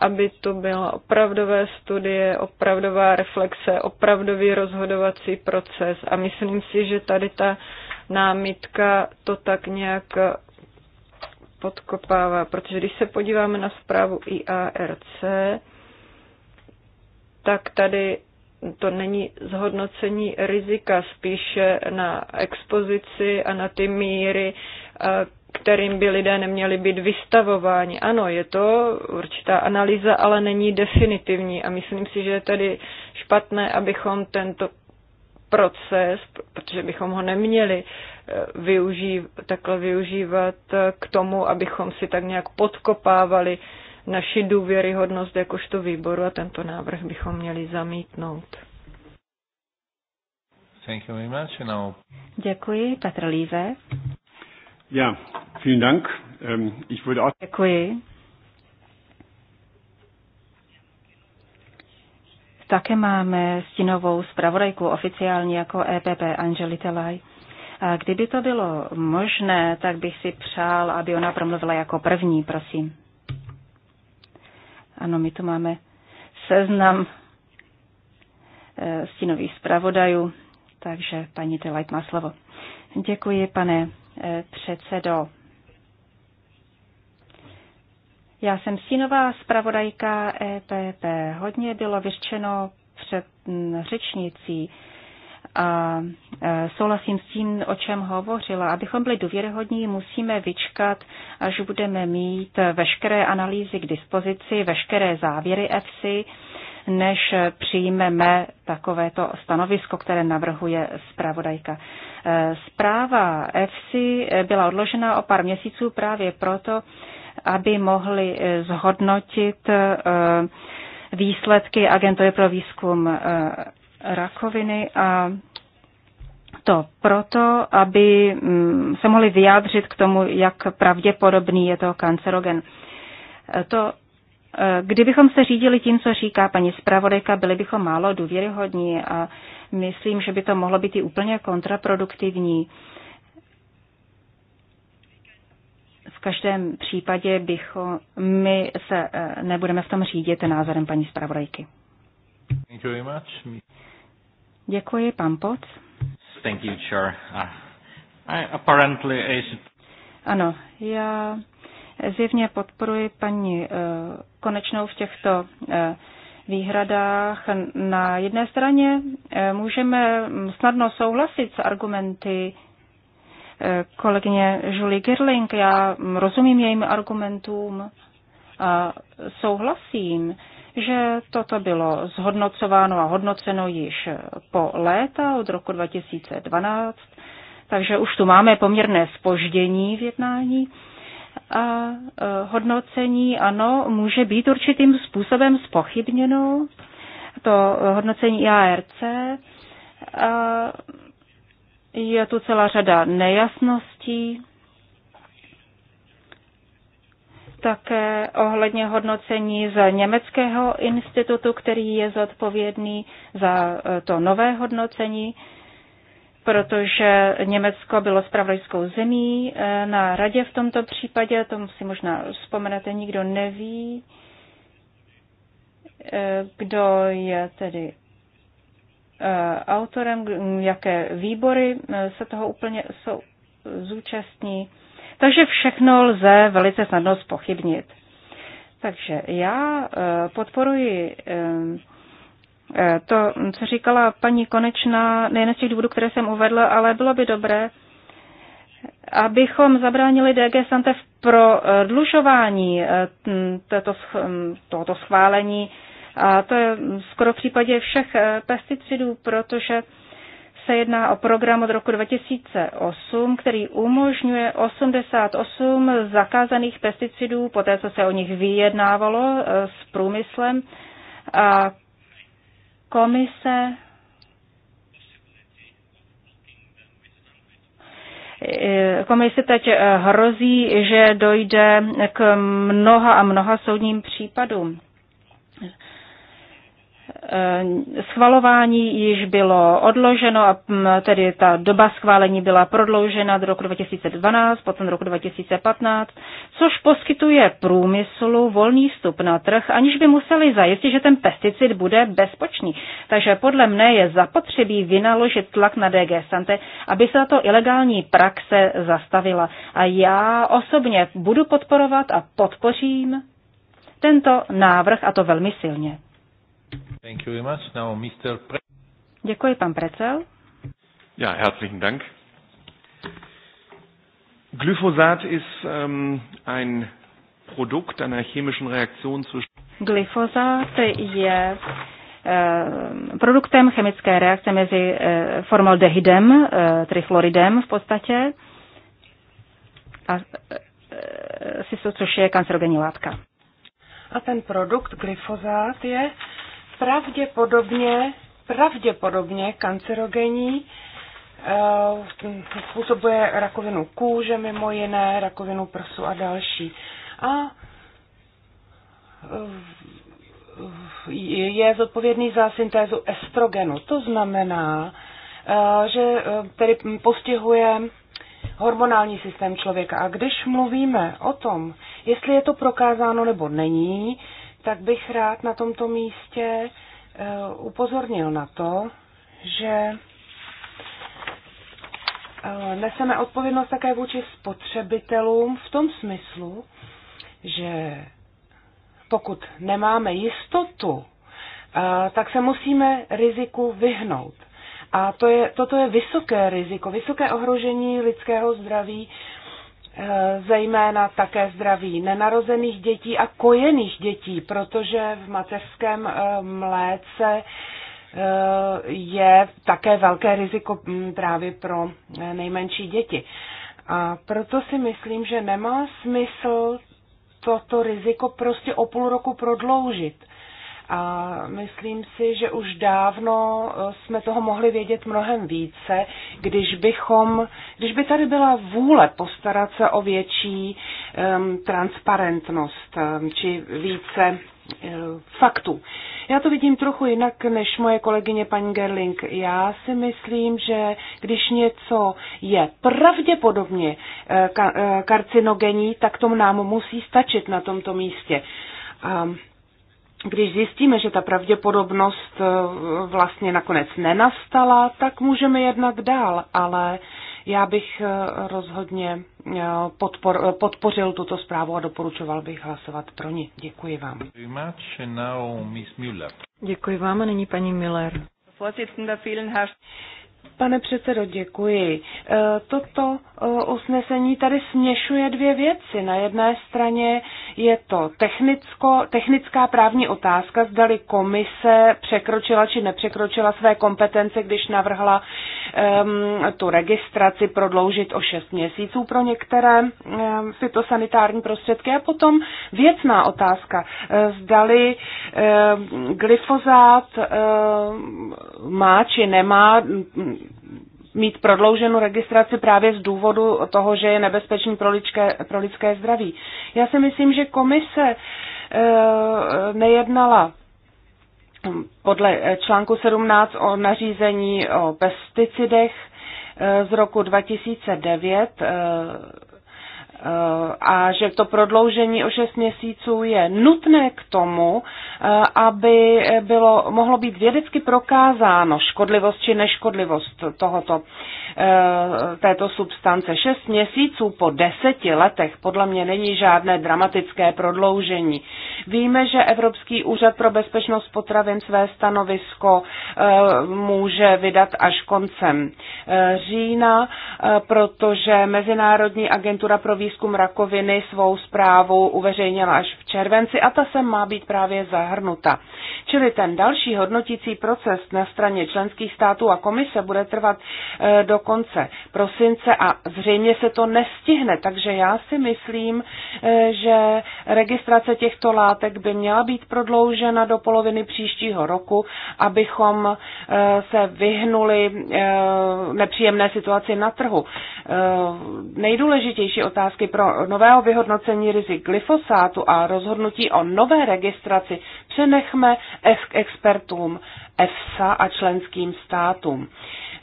aby to byla opravdové studie, opravdová reflexe, opravdový rozhodovací proces. A myslím si, že tady ta námitka to tak nějak podkopává, protože když se podíváme na zprávu IARC, tak tady to není zhodnocení rizika, spíše na expozici a na ty míry, eh, kterým by lidé neměli být vystavováni. Ano, je to určitá analýza, ale není definitivní a myslím si, že je tady špatné, abychom tento proces, protože bychom ho neměli eh, využív, takhle využívat eh, k tomu, abychom si tak nějak podkopávali naši důvěryhodnost jakožto výboru a tento návrh bychom měli zamítnout. Thank you very much. Now... Děkuji, Petr Líze. Ja, vielen Dank. Ähm, ich würde auch... Děkuji. Také máme stinovou zpravodajku oficiálně jako EPP Angelita Telaj. A kdyby to bylo možné, tak bych si přál, aby ona promluvila jako první, prosím. Ano, my tu máme seznam eh, stinových zpravodajů, takže paní Telaj má slovo. Děkuji, pane eh, předsedo. Já jsem sínová zpravodajka EPP. Hodně bylo vyřčeno před řečnicí a e, souhlasím s tím, o čem hovořila. Abychom byli důvěryhodní, musíme vyčkat, až budeme mít veškeré analýzy k dispozici, veškeré závěry EFSI, než přijmeme takovéto stanovisko, které navrhuje zpravodajka. E, zpráva EFSI byla odložena o pár měsíců právě proto, aby mohli eh, zhodnotit eh, výsledky agentury pro výzkum eh, rakoviny a to proto, aby mm, se mohli vyjádřit k tomu, jak pravděpodobný je to kancerogen. To, kdybychom se řídili tím, co říká paní zpravodajka, byli bychom málo důvěryhodní a myslím, že by to mohlo být i úplně kontraproduktivní. každém případě bychom, my se eh, nebudeme v tom řídit názorem paní zpravodajky. Děkuji, pan Poc. Thank you, Chair. Ah, I apparently is... Ano, já zjevně podporuji paní uh, konečnou v těchto uh, výhradách. Na jedné straně můžeme snadno souhlasit s argumenty kolegyně Julie Girling. Já rozumím jejím argumentům a souhlasím, že toto bylo zhodnocováno a hodnoceno již po léta od roku 2012, takže už tu máme poměrné spoždění v jednání. A e, hodnocení, ano, může být určitým způsobem spochybněno, to hodnocení IARC. A je tu celá řada nejasností, také ohledně hodnocení z Německého institutu, který je zodpovědný za eh, to nové hodnocení, protože Německo bylo spravodajskou zemí eh, na radě v tomto případě, to si možná vzpomenete, nikdo neví, eh, kdo je tedy Eh, autorem, jaké výbory eh, se toho úplně jsou, zúčastní. Takže všechno lze velice snadno spochybnit. Takže já eh, podporuji to, co říkala paní Konečná, nejen z těch důvodů, které jsem uvedla, ale bylo by dobré, abychom zabránili DG Sante v dlužování tohoto schválení a to je skoro v případě všech eh, pesticidů, protože se jedná o program od roku 2008, který umožňuje 88 zakázaných pesticidů, poté co se o nich vyjednávalo eh, s průmyslem. A komise eh, Komisi teď hrozí, že dojde k mnoha a mnoha soudním případům. Eh, schvalování již bylo odloženo a mm, tedy ta doba schválení byla prodloužena do roku 2012, potom do roku 2015, což poskytuje průmyslu volný vstup na trh, aniž by museli zajistit, že ten pesticid bude bezpečný. Takže podle mne je zapotřebí vynaložit tlak na DG Sante, aby se tato ilegální praxe zastavila. A já osobně budu podporovat a podpořím tento návrh a to velmi silně. Thank you very much. Now Mr. Pre- Děkuji, pan Precel. Ja, herzlichen Dank. Glyphosat ist um, ein Produkt einer chemischen Reaktion zwischen. Glyphosat je ähm, produktem chemické reakce mezi e, formaldehydem, e, trifloridem v podstatě, a sisu, e, což je kancerogenní látka. A ten produkt glyfozát je pravděpodobně, pravděpodobně kancerogenní, eh, způsobuje rakovinu kůže mimo jiné, rakovinu prsu a další. A eh, je zodpovědný za syntézu estrogenu. To znamená, eh, že tedy postihuje hormonální systém člověka. A když mluvíme o tom, jestli je to prokázáno nebo není, tak bych rád na tomto místě eh, upozornil na to, že eh, neseme odpovědnost také vůči spotřebitelům v tom smyslu, že pokud nemáme jistotu, eh, tak se musíme riziku vyhnout. A to je, toto je vysoké riziko, vysoké ohrožení lidského zdraví Eh, zejména také zdraví nenarozených dětí a kojených dětí, protože v mateřském eh, mléce eh, je také velké riziko mm, právě pro nejmenší děti. A proto si myslím, že nemá smysl toto riziko prostě o půl roku prodloužit. A myslím si, že už dávno eh, jsme toho mohli vědět mnohem více, když bychom, když by tady byla vůle postarat se o větší um, transparentnost um, či více um, faktů. Já to vidím trochu jinak než moje kolegyně paní Gerling. Já si myslím, že když něco je pravděpodobně eh, karcinogenní, tak tomu nám musí stačit na tomto místě. Um, když zjistíme, že ta pravděpodobnost eh, vlastně nakonec nenastala, tak můžeme jednat dál, ale já bych eh, rozhodně eh, podpor, podpořil tuto zprávu a doporučoval bych hlasovat pro ní. Děkuji vám. Děkuji vám a nyní paní Miller. Pane předsedo, děkuji. E, toto e, usnesení tady směšuje dvě věci. Na jedné straně je to technicko, technická právní otázka, zdali komise překročila či nepřekročila své kompetence, když navrhla um, tu registraci prodloužit o šest měsíců pro některé um, fitosanitární prostředky. A potom věcná otázka, e, zdali um, glyfozát um, má či nemá mít prodlouženou registraci právě z důvodu toho, že je nebezpečný pro lidské, pro lidské zdraví. Já si myslím, že komise eh, nejednala podle eh, článku 17 o nařízení o pesticidech eh, z roku 2009 a že to prodloužení o 6 měsíců je nutné k tomu, eh, aby bylo, mohlo být vědecky prokázáno škodlivost či neškodlivost tohoto, eh, této substance. 6 měsíců po deseti letech podle mě není žádné dramatické prodloužení. Víme, že Evropský úřad pro bezpečnost potravin své stanovisko eh, může vydat až koncem října, protože Mezinárodní agentura pro výzkum výzkum rakoviny svou zprávu uveřejnila až v červenci a ta sem má být právě zahrnuta. Čili ten další hodnotící proces na straně členských států a komise bude trvat e, do konce prosince a zřejmě se to nestihne, takže já si myslím, e, že registrace těchto látek by měla být prodloužena do poloviny příštího roku, abychom e, se vyhnuli nepříjemné situaci na trhu. Nejdůležitější otázka otázky pro nového vyhodnocení rizik glyfosátu a rozhodnutí o nové registraci přenechme expertům EFSA a členským státům.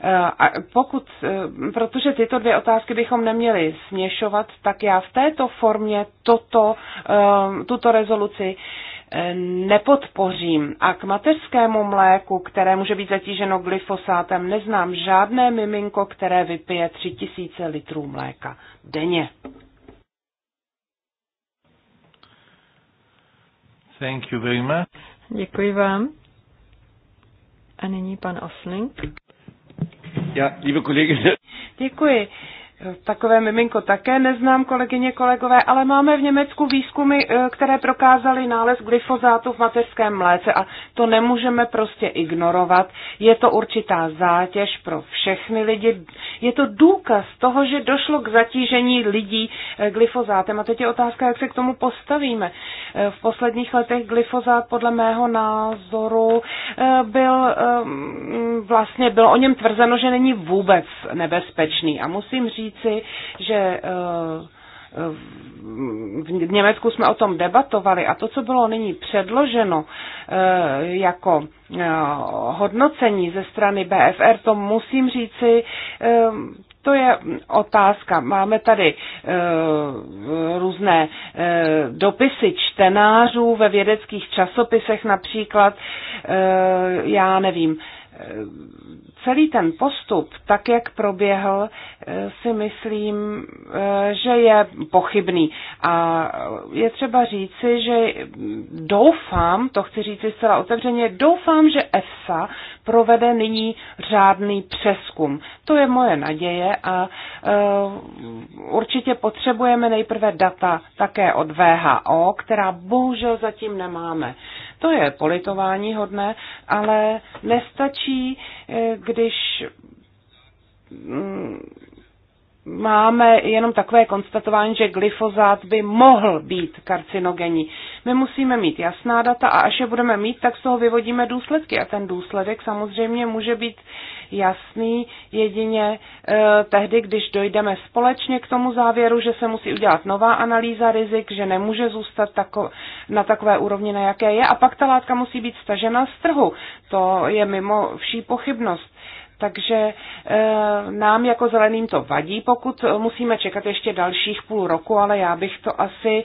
E, a pokud, e, protože tyto dvě otázky bychom neměli směšovat, tak já v této formě toto, e, tuto rezoluci nepodpořím. A k mateřskému mléku, které může být zatíženo glyfosátem, neznám žádné miminko, které vypije 3000 litrů mléka denně. Thank you very much. Děkuji vám. A nyní pan Osling. Ja, liebe Kollegin. Děkuji. Takové miminko také neznám, kolegyně, kolegové, ale máme v Německu výzkumy, eh, které prokázaly nález glyfozátu v mateřském mléce a to nemůžeme prostě ignorovat. Je to určitá zátěž pro všechny lidi. Je to důkaz toho, že došlo k zatížení lidí eh, glyfozátem. A teď je otázka, jak se k tomu postavíme. Eh, v posledních letech glyfozát podle mého názoru byl vlastně, bylo o něm tvrzeno, že není vůbec nebezpečný. A musím říct, říci, že eh, v Německu jsme o tom debatovali a to, co bylo nyní předloženo eh, jako eh, hodnocení ze strany BFR, to musím říci, to je otázka. Máme tady různé dopisy čtenářů ve vědeckých časopisech například, já nevím, celý ten postup, tak jak proběhl, si myslím, že je pochybný. A je třeba říci, že doufám, to chci říci zcela otevřeně, doufám, že EFSA provede nyní řádný přeskum. To je moje naděje a e, určitě potřebujeme nejprve data také od VHO, která bohužel zatím nemáme. To je politování hodné, ale nestačí, eh, když mm, máme jenom takové konstatování, že glyfozát by mohl být karcinogenní. My musíme mít jasná data a až je budeme mít, tak z toho vyvodíme důsledky. A ten důsledek samozřejmě může být jasný jedině eh, tehdy, když dojdeme společně k tomu závěru, že se musí udělat nová analýza rizik, že nemůže zůstat tako, na takové úrovni, na jaké je, a pak ta látka musí být stažena z trhu. To je mimo vší pochybnost. Takže eh, nám jako zeleným to vadí, pokud musíme čekat ještě dalších půl roku, ale já bych to asi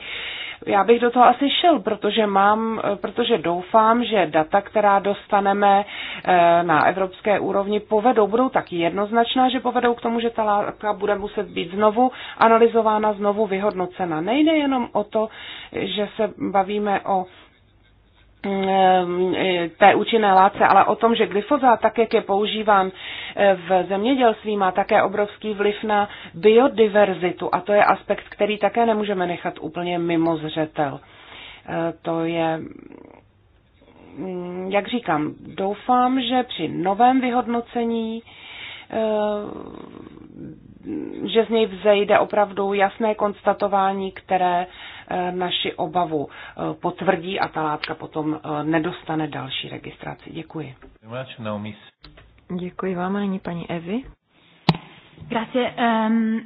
já bych do toho asi šel, protože mám, protože doufám, že data, která dostaneme eh, na evropské úrovni, povedou, budou taky jednoznačná, že povedou k tomu, že ta látka bude muset být znovu analyzována, znovu vyhodnocena. Nejde jenom o to, že se bavíme o Eh, té účinné látce, ale o tom, že glyfozát, tak jak je používán eh, v zemědělství, má také obrovský vliv na biodiverzitu a to je aspekt, který také nemůžeme nechat úplně mimo zřetel. Eh, to je, mm, jak říkám, doufám, že při novém vyhodnocení že z něj vzejde opravdu jasné konstatování, které eh, naši obavu eh, potvrdí a ta látka potom eh, nedostane další registraci. Děkuji. Děkuji vám a nyní paní Evi. Ehm,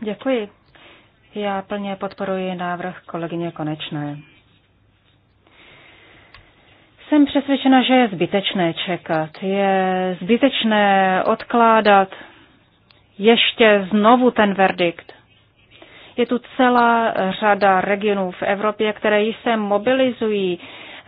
Děkuji. Já plně podporuji návrh kolegyně Konečné. Jsem přesvědčena, že je zbytečné čekat, je zbytečné odkládat ještě znovu ten verdikt. Je tu celá řada regionů v Evropě, které se mobilizují,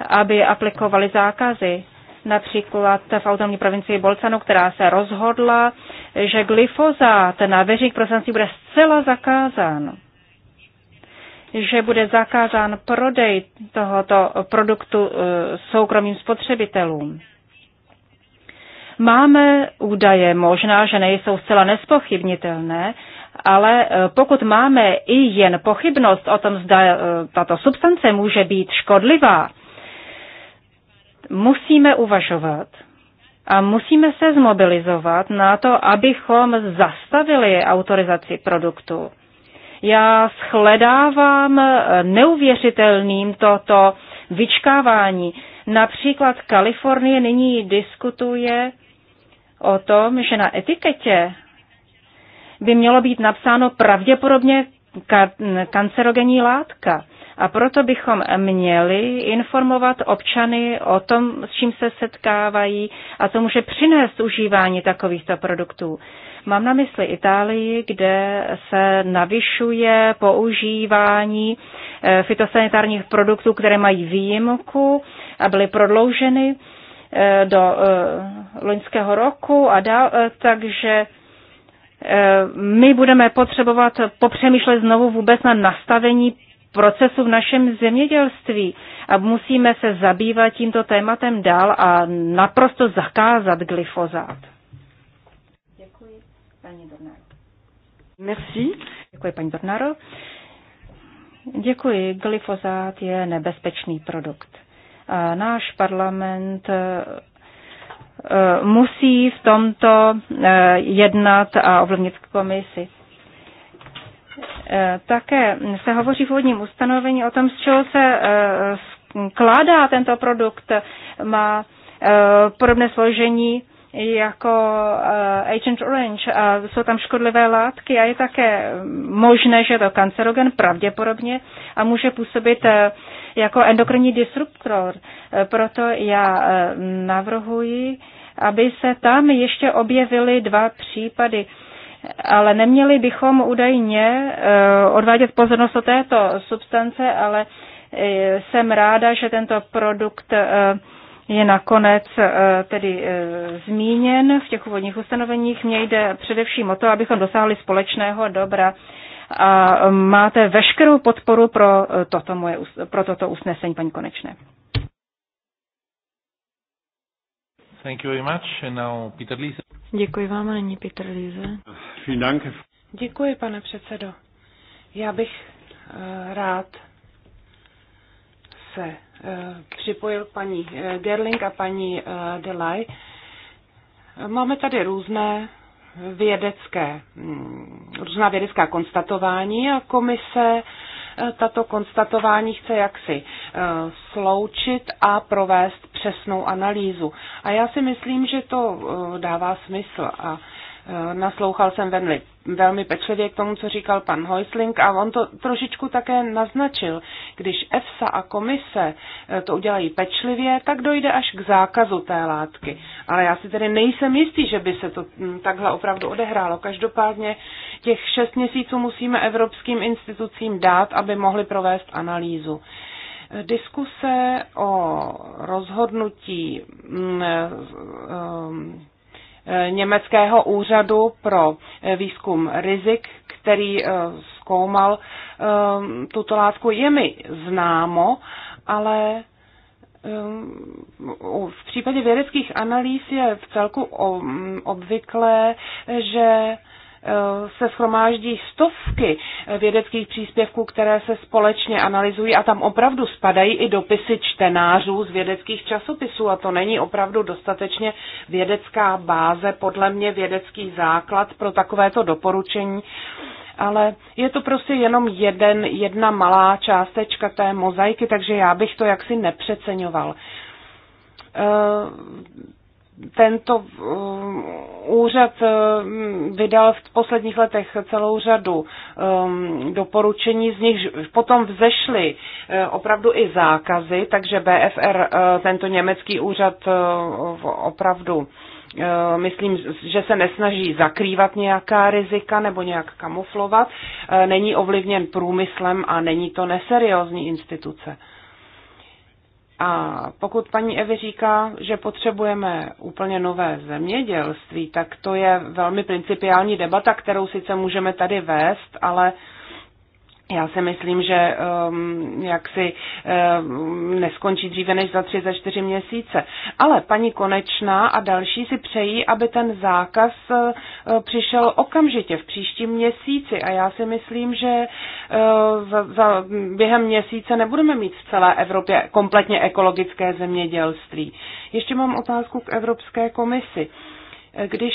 aby aplikovali zákazy. Například v autonomní provincii Bolcano, která se rozhodla, že glyfozát na veřejných prostranství bude zcela zakázán. Že bude zakázán prodej tohoto produktu eh, soukromým spotřebitelům. Máme údaje, možná, že nejsou zcela nespochybnitelné, ale eh, pokud máme i jen pochybnost o tom, zda eh, tato substance může být škodlivá, musíme uvažovat a musíme se zmobilizovat na to, abychom zastavili autorizaci produktu. Já shledávám eh, neuvěřitelným toto vyčkávání. Například Kalifornie nyní diskutuje o tom, že na etiketě by mělo být napsáno pravděpodobně kancerogenní látka. A proto bychom měli informovat občany o tom, s čím se setkávají a co může přinést užívání takovýchto produktů. Mám na mysli Itálii, kde se navyšuje používání eh, fitosanitárních produktů, které mají výjimku a byly prodlouženy Eh, do eh, loňského roku a dál, eh, takže my budeme potřebovat popřemýšlet znovu vůbec na nastavení procesu v našem zemědělství a musíme se zabývat tímto tématem dál a naprosto zakázat glyfozát. Děkuji, paní Dornaro. Merci. Děkuji, paní Dornaro. Děkuji, glyfozát je nebezpečný produkt náš parlament e, e, musí v tomto e, jednat a ovlivnit komisi. Také se hovoří v úvodním ustanovení o tom, z čeho se skládá tento produkt. Má podobné složení jako Agent Orange a jsou tam škodlivé látky a je také možné, že je to kancerogen pravděpodobně a může působit jako endokrinní disruptor. Eh, Proto já eh, navrhuji, aby se tam ještě objevily dva případy. Ale neměli bychom údajně eh, odvádět pozornost o této substance, ale jsem ráda, že tento produkt je nakonec tedy zmíněn v těch úvodních ustanoveních. Mně jde především o to, abychom dosáhli společného dobra a um, máte veškerou podporu pro uh, toto, moje, pro toto usnesení, paní Konečné. Thank you very much. And now Peter Lise. Děkuji vám, není Peter Lise. Děkuji, pane předsedo. Já bych uh, rád se uh, připojil paní eh, Gerling a paní uh, Delay. Máme tady různé vědecké, mm, různá vědecká konstatování a komise eh, tato konstatování chce jaksi eh, sloučit a provést přesnou analýzu. A já si myslím, že to eh, dává smysl a Naslouchal jsem velmi, velmi pečlivě k tomu, co říkal pan Heusling a on to trošičku také naznačil. Když EFSA a komise eh, to udělají pečlivě, tak dojde až k zákazu té látky. Ale já si tedy nejsem jistý, že by se to hm, takhle opravdu odehrálo. Každopádně těch šest měsíců musíme evropským institucím dát, aby mohli provést analýzu. Eh, diskuse o rozhodnutí hm, eh, hm, německého úřadu pro eh, výzkum rizik, který eh, zkoumal eh, tuto látku, je mi známo, ale v případě vědeckých analýz je v celku obvyklé, že Eh, se schromáždí stovky vědeckých příspěvků, které se společně analyzují a tam opravdu spadají i dopisy čtenářů z vědeckých časopisů a to není opravdu dostatečně vědecká báze, podle mě vědecký základ pro takovéto doporučení ale je to prostě jenom jeden, jedna malá částečka té mozaiky, takže já bych to jaksi nepřeceňoval. Eh, tento eh, úřad eh, vydal v posledních letech celou řadu eh, doporučení, z nich potom vzešly opravdu i zákazy, takže BFR tento německý úřad opravdu myslím, že se nesnaží zakrývat nějaká rizika nebo nějak kamuflovat, není ovlivněn průmyslem a není to neseriózní instituce. A pokud paní Evi říká, že potřebujeme úplně nové zemědělství, tak to je velmi principiální debata, kterou sice můžeme tady vést, ale uh, já si myslím, že um, jak si um, neskončí dříve než za tři, za čtyři měsíce. Ale paní Konečná a další si přejí, aby ten zákaz uh, přišel okamžitě v příštím měsíci. A já si myslím, že uh, za, za, během měsíce nebudeme mít v celé Evropě kompletně ekologické zemědělství. Ještě mám otázku k Evropské komisi. Když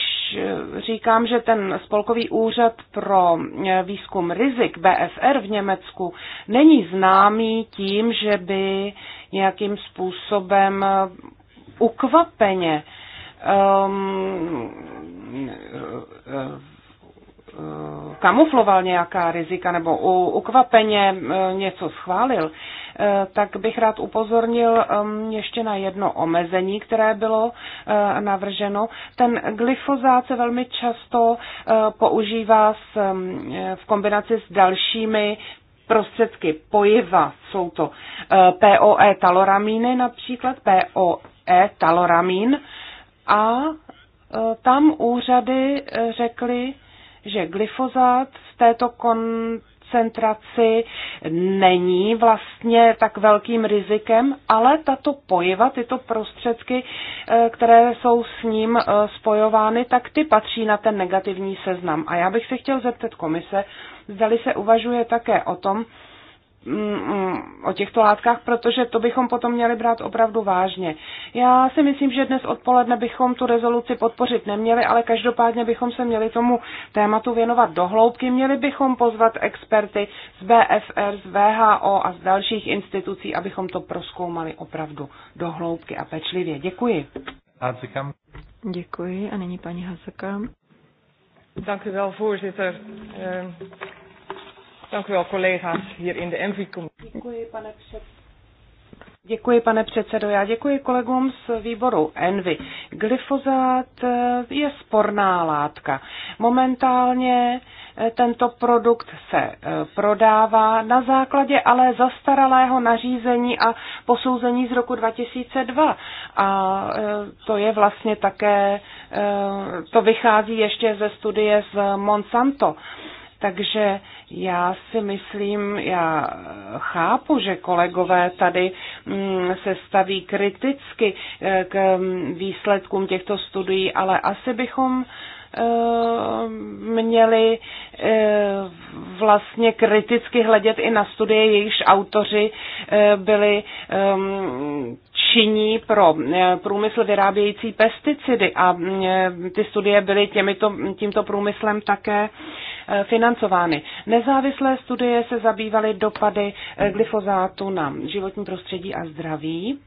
říkám, že ten spolkový úřad pro eh, výzkum rizik BFR v Německu není známý tím, že by nějakým způsobem eh, ukvapeně um, kamufloval nějaká rizika nebo ukvapeně něco schválil. Eh, tak bych rád upozornil ještě na jedno omezení, které bylo eh, navrženo. Ten glyfozát se velmi často eh, používá v kombinaci s dalšími prostředky pojiva. Jsou to POE taloramíny například, POE taloramín, a tam úřady řekly, že glyfozát v této kon, koncentraci není vlastně tak velkým rizikem, ale tato pojiva, tyto prostředky, eh, které jsou s ním eh, spojovány, tak ty patří na ten negativní seznam. A já bych se chtěl zeptat komise, zdali se uvažuje také o tom, Mm, mm, o těchto látkách, protože to bychom potom měli brát opravdu vážně. Já si myslím, že dnes odpoledne bychom tu rezoluci podpořit neměli, ale každopádně bychom se měli tomu tématu věnovat dohloubky. Měli bychom pozvat experty z BFR, z VHO a z dalších institucí, abychom to proskoumali opravdu dohloubky a pečlivě. Děkuji. Hazekam. Děkuji a nyní paní Hazekam. Děkuji u wel, voorzitter. Uh... Dank u wel, collega's hier in de NV-commissie. Děkuji, pane předsedo. Děkuji, pane předsedo. Já děkuji kolegům z výboru Envy. Glyfozát eh, je sporná látka. Momentálně eh, tento produkt se eh, prodává na základě ale zastaralého nařízení a posouzení z roku 2002. A to je vlastně také, to vychází ještě ze studie z Monsanto. Takže já si myslím, já chápu, že kolegové tady mm, se staví kriticky eh, k mm, výsledkům těchto studií, ale asi bychom eh, měli eh, vlastně kriticky hledět i na studie, jejichž autoři byli činí pro eh, průmysl vyrábějící pesticidy a eh, ty studie byly těmito, tímto průmyslem také eh, financovány. Nezávislé studie se zabývaly dopady glyfozátu na životní prostředí a zdraví.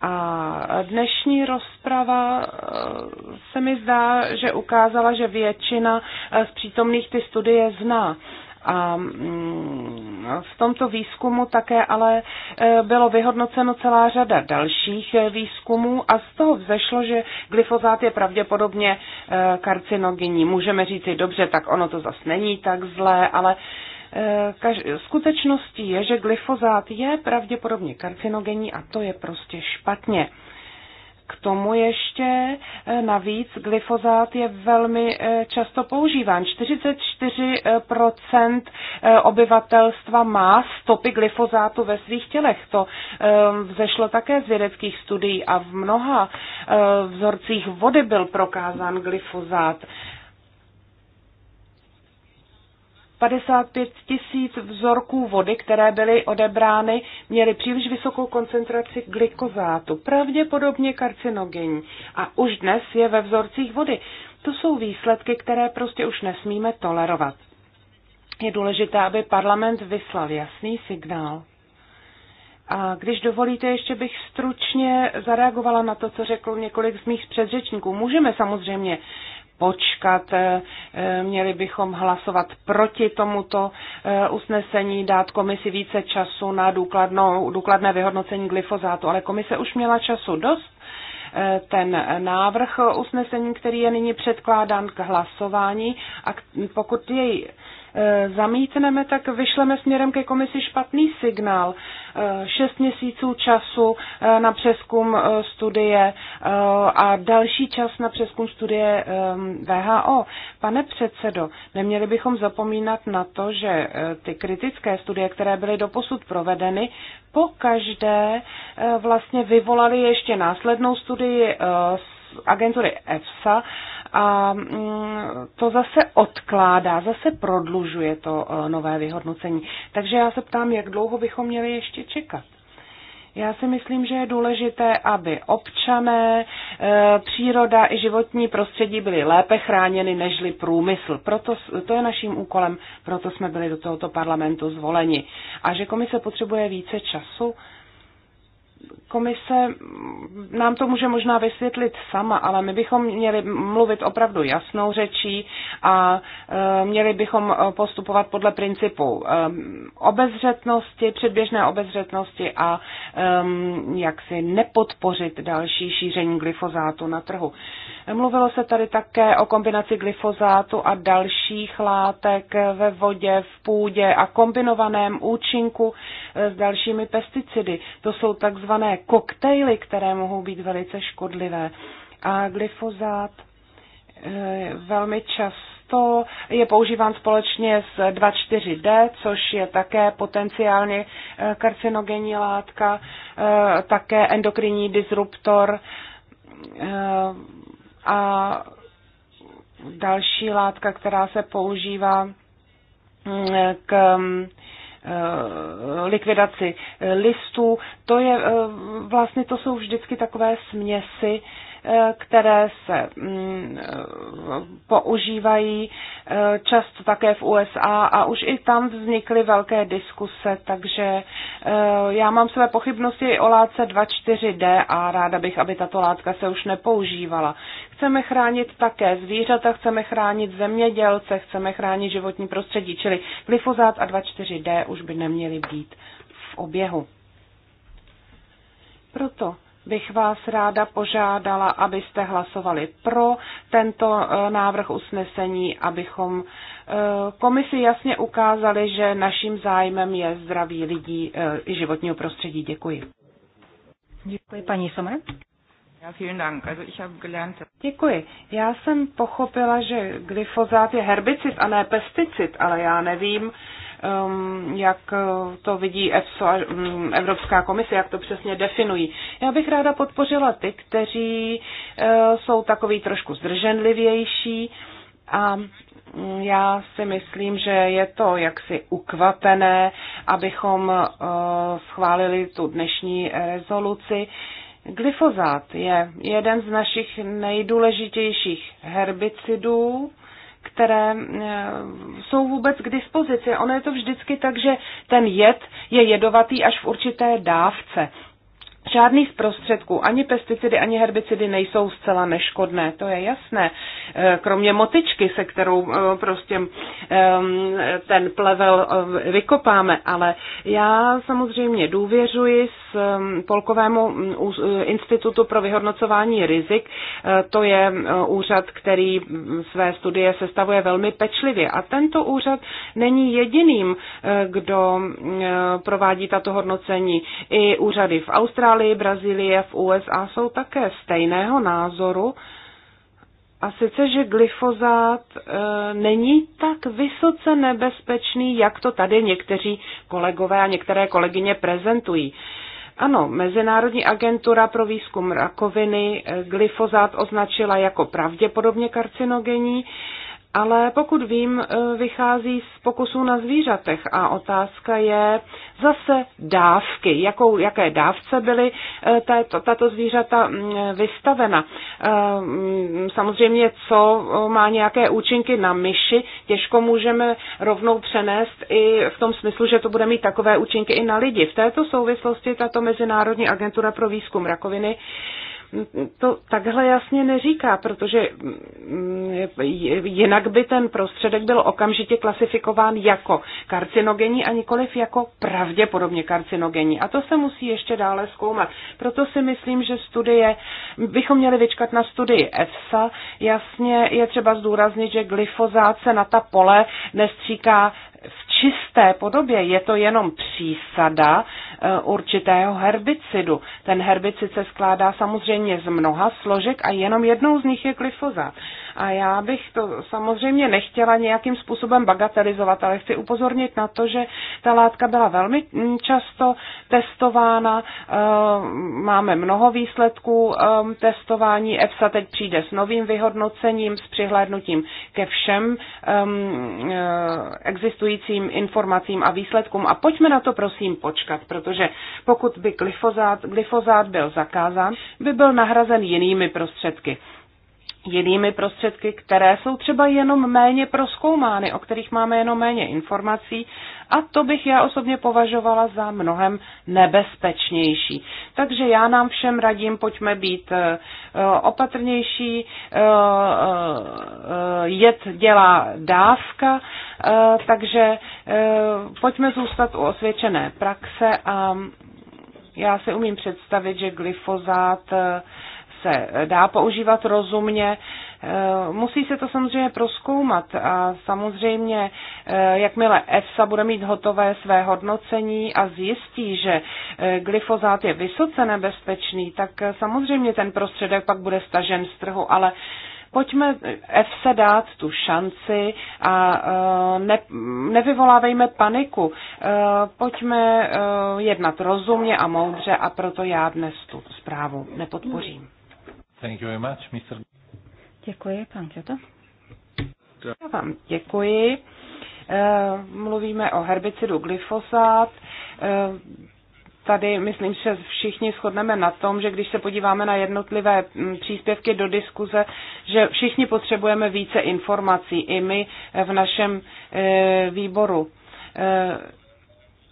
A dnešní rozprava se mi zdá, že ukázala, že většina z přítomných ty studie zná. A mm, v tomto výzkumu také ale e, bylo vyhodnoceno celá řada dalších e, výzkumů a z toho vzešlo, že glyfozát je pravděpodobně e, karcinogenní. Můžeme říci, dobře, tak ono to zas není tak zlé, ale skutečností je, že glyfozát je pravděpodobně karcinogenní a to je prostě špatně. K tomu ještě eh, navíc glyfozát je velmi eh, často používán. 44% eh, obyvatelstva má stopy glyfozátu ve svých tělech. To vzešlo také z vědeckých studií a v mnoha vzorcích vody byl prokázán glyfozát. 55 tisíc vzorků vody, které byly odebrány, měly příliš vysokou koncentraci glykozátu, pravděpodobně karcinogenní. A už dnes je ve vzorcích vody. To jsou výsledky, které prostě už nesmíme tolerovat. Je důležité, aby parlament vyslal jasný signál. A když dovolíte, ještě bych stručně zareagovala na to, co řekl několik z mých předřečníků. Můžeme samozřejmě počkat. Eh, eh, měli bychom hlasovat proti tomuto eh, usnesení, dát komisi více času na důkladnou, důkladné vyhodnocení glyfozátu. Ale komise už měla času dost. Ten návrh usnesení, který je nyní předkládán k hlasování, a pokud jej Eh, zamítneme, tak vyšleme směrem ke komisi špatný signál. Eh, šest měsíců času eh, na přeskum studie a další čas na přeskum studie VHO. Pane předsedo, neměli bychom zapomínat na to, že ty kritické studie, které byly doposud provedeny, po každé vlastně vyvolaly ještě následnou studii z agentury EFSA, a mm, to zase odkládá, zase prodlužuje to e, nové vyhodnocení. Takže já se ptám, jak dlouho bychom měli ještě čekat. Já si myslím, že je důležité, aby občané, e, příroda i životní prostředí byly lépe chráněny nežli průmysl. Proto, to je naším úkolem, proto jsme byli do tohoto parlamentu zvoleni. A že komise potřebuje více času, komise nám to může možná vysvětlit sama, ale my bychom měli mluvit opravdu jasnou řečí a e, měli bychom e, postupovat podle principu e, obezřetnosti, předběžné obezřetnosti a jak nepodpořit další šíření glyfozátu na trhu. Mluvilo se tady také o kombinaci glyfozátu a dalších látek ve vodě, v půdě a kombinovaném účinku eh, s dalšími pesticidy. To jsou takzvané koktejly, které mohou být velice škodlivé. A glyfozát eh, velmi často je používán společně s 2,4-D, což je také potenciálně eh, karcinogenní látka, také endokrinní disruptor a další látka, která se používá mm, k mm, eh, likvidaci listů. To je eh, vlastně, to jsou vždycky takové směsi které se mm, používají eh, často také v USA a už i tam vznikly velké diskuse, takže eh, já mám své pochybnosti o látce 2,4D a ráda bych, aby tato látka se už nepoužívala. Chceme chránit také zvířata, chceme chránit zemědělce, chceme chránit životní prostředí, čili glyfozát a 2,4D už by neměly být v oběhu. Proto bych vás ráda požádala, abyste hlasovali pro tento eh, návrh usnesení, abychom eh, komisi jasně ukázali, že naším zájmem je zdraví lidí eh, i životního prostředí. Děkuji. Děkuji, paní Somer. Děkuji. Já jsem pochopila, že glyfozát je herbicid a ne pesticid, ale já nevím, Um, jak uh, to vidí EFSO a um, Evropská komise, jak to přesně definují. Já bych ráda podpořila ty, kteří uh, jsou takový trošku zdrženlivější a um, já si myslím, že je to jaksi ukvapené, abychom uh, schválili tu dnešní rezoluci. Glyfozát je jeden z našich nejdůležitějších herbicidů které eh, jsou vůbec k dispozici. Ono je to vždycky tak, že ten jed je jedovatý až v určité dávce z prostředků, ani pesticidy, ani herbicidy nejsou zcela neškodné, to je jasné. Eh, kromě motičky se kterou eh, prostě eh, ten plevel vykopáme, ale já samozřejmě důvěřuji s Polkovému mm, institutu pro vyhodnocování rizik. To je úřad, který mm, své studie sestavuje velmi pečlivě a tento úřad není jediným, kdo mm, provádí tato hodnocení. I úřady v Austrálii, Itálii, Brazílie, v USA jsou také stejného názoru, a sice, že glyfozát e, není tak vysoce nebezpečný, jak to tady někteří kolegové a některé kolegyně prezentují. Ano, Mezinárodní agentura pro výzkum rakoviny e, glyfozát označila jako pravděpodobně karcinogenní, ale pokud vím, e, vychází z pokusů na zvířatech a otázka je zase dávky, jakou, jaké dávce byly e, tato, tato zvířata vystavena. E, samozřejmě, co má nějaké účinky na myši, těžko můžeme rovnou přenést i v tom smyslu, že to bude mít takové účinky i na lidi. V této souvislosti tato Mezinárodní agentura pro výzkum rakoviny to takhle jasně neříká, protože mm, jinak by ten prostředek byl okamžitě klasifikován jako karcinogenní a nikoliv jako pravděpodobně karcinogenní. A to se musí ještě dále zkoumat. Proto si myslím, že studie, bychom měli vyčkat na studii EFSA. Jasně je třeba zdůraznit, že glyfozát se na ta pole nestříká v čisté podobě je to jenom přísada eh, určitého herbicidu. Ten herbicid se skládá samozřejmě z mnoha složek a jenom jednou z nich je glyfozát. A já bych to samozřejmě nechtěla nějakým způsobem bagatelizovat, ale chci upozornit na to, že ta látka byla velmi mm, často testována, eh, máme mnoho výsledků eh, testování, EFSA teď přijde s novým vyhodnocením, s přihlédnutím ke všem ehm, eh, existujícím informacím a výsledkům. A pojďme na to prosím počkat, protože pokud by glyfozát, glyfozát byl zakázán, by byl nahrazen jinými prostředky jinými prostředky, které jsou třeba jenom méně proskoumány, o kterých máme jenom méně informací a to bych já osobně považovala za mnohem nebezpečnější. Takže já nám všem radím, pojďme být eh, opatrnější, eh, eh, jed dělá dávka, takže pojďme zůstat u osvědčené praxe a já si umím představit, že glyfozát se dá používat rozumně. Eh, musí se to samozřejmě proskoumat a samozřejmě, eh, jakmile EFSA bude mít hotové své hodnocení a zjistí, že eh, glyfozát je vysoce nebezpečný, tak samozřejmě ten prostředek pak bude stažen z trhu, ale pojďme EFSA dát tu šanci a ne, nevyvolávejme paniku. Pojďme jednat rozumně a moudře a proto já dnes tu zprávu nepodpořím. Thank you very much, Mr. Děkuji, pan Kjoto. Já vám děkuji. Eh, mluvíme o herbicidu glyfosát. Eh, tady myslím, že všichni shodneme na tom, že když se podíváme na jednotlivé mm, příspěvky do diskuze, že všichni potřebujeme více informací, i my eh, v našem výboru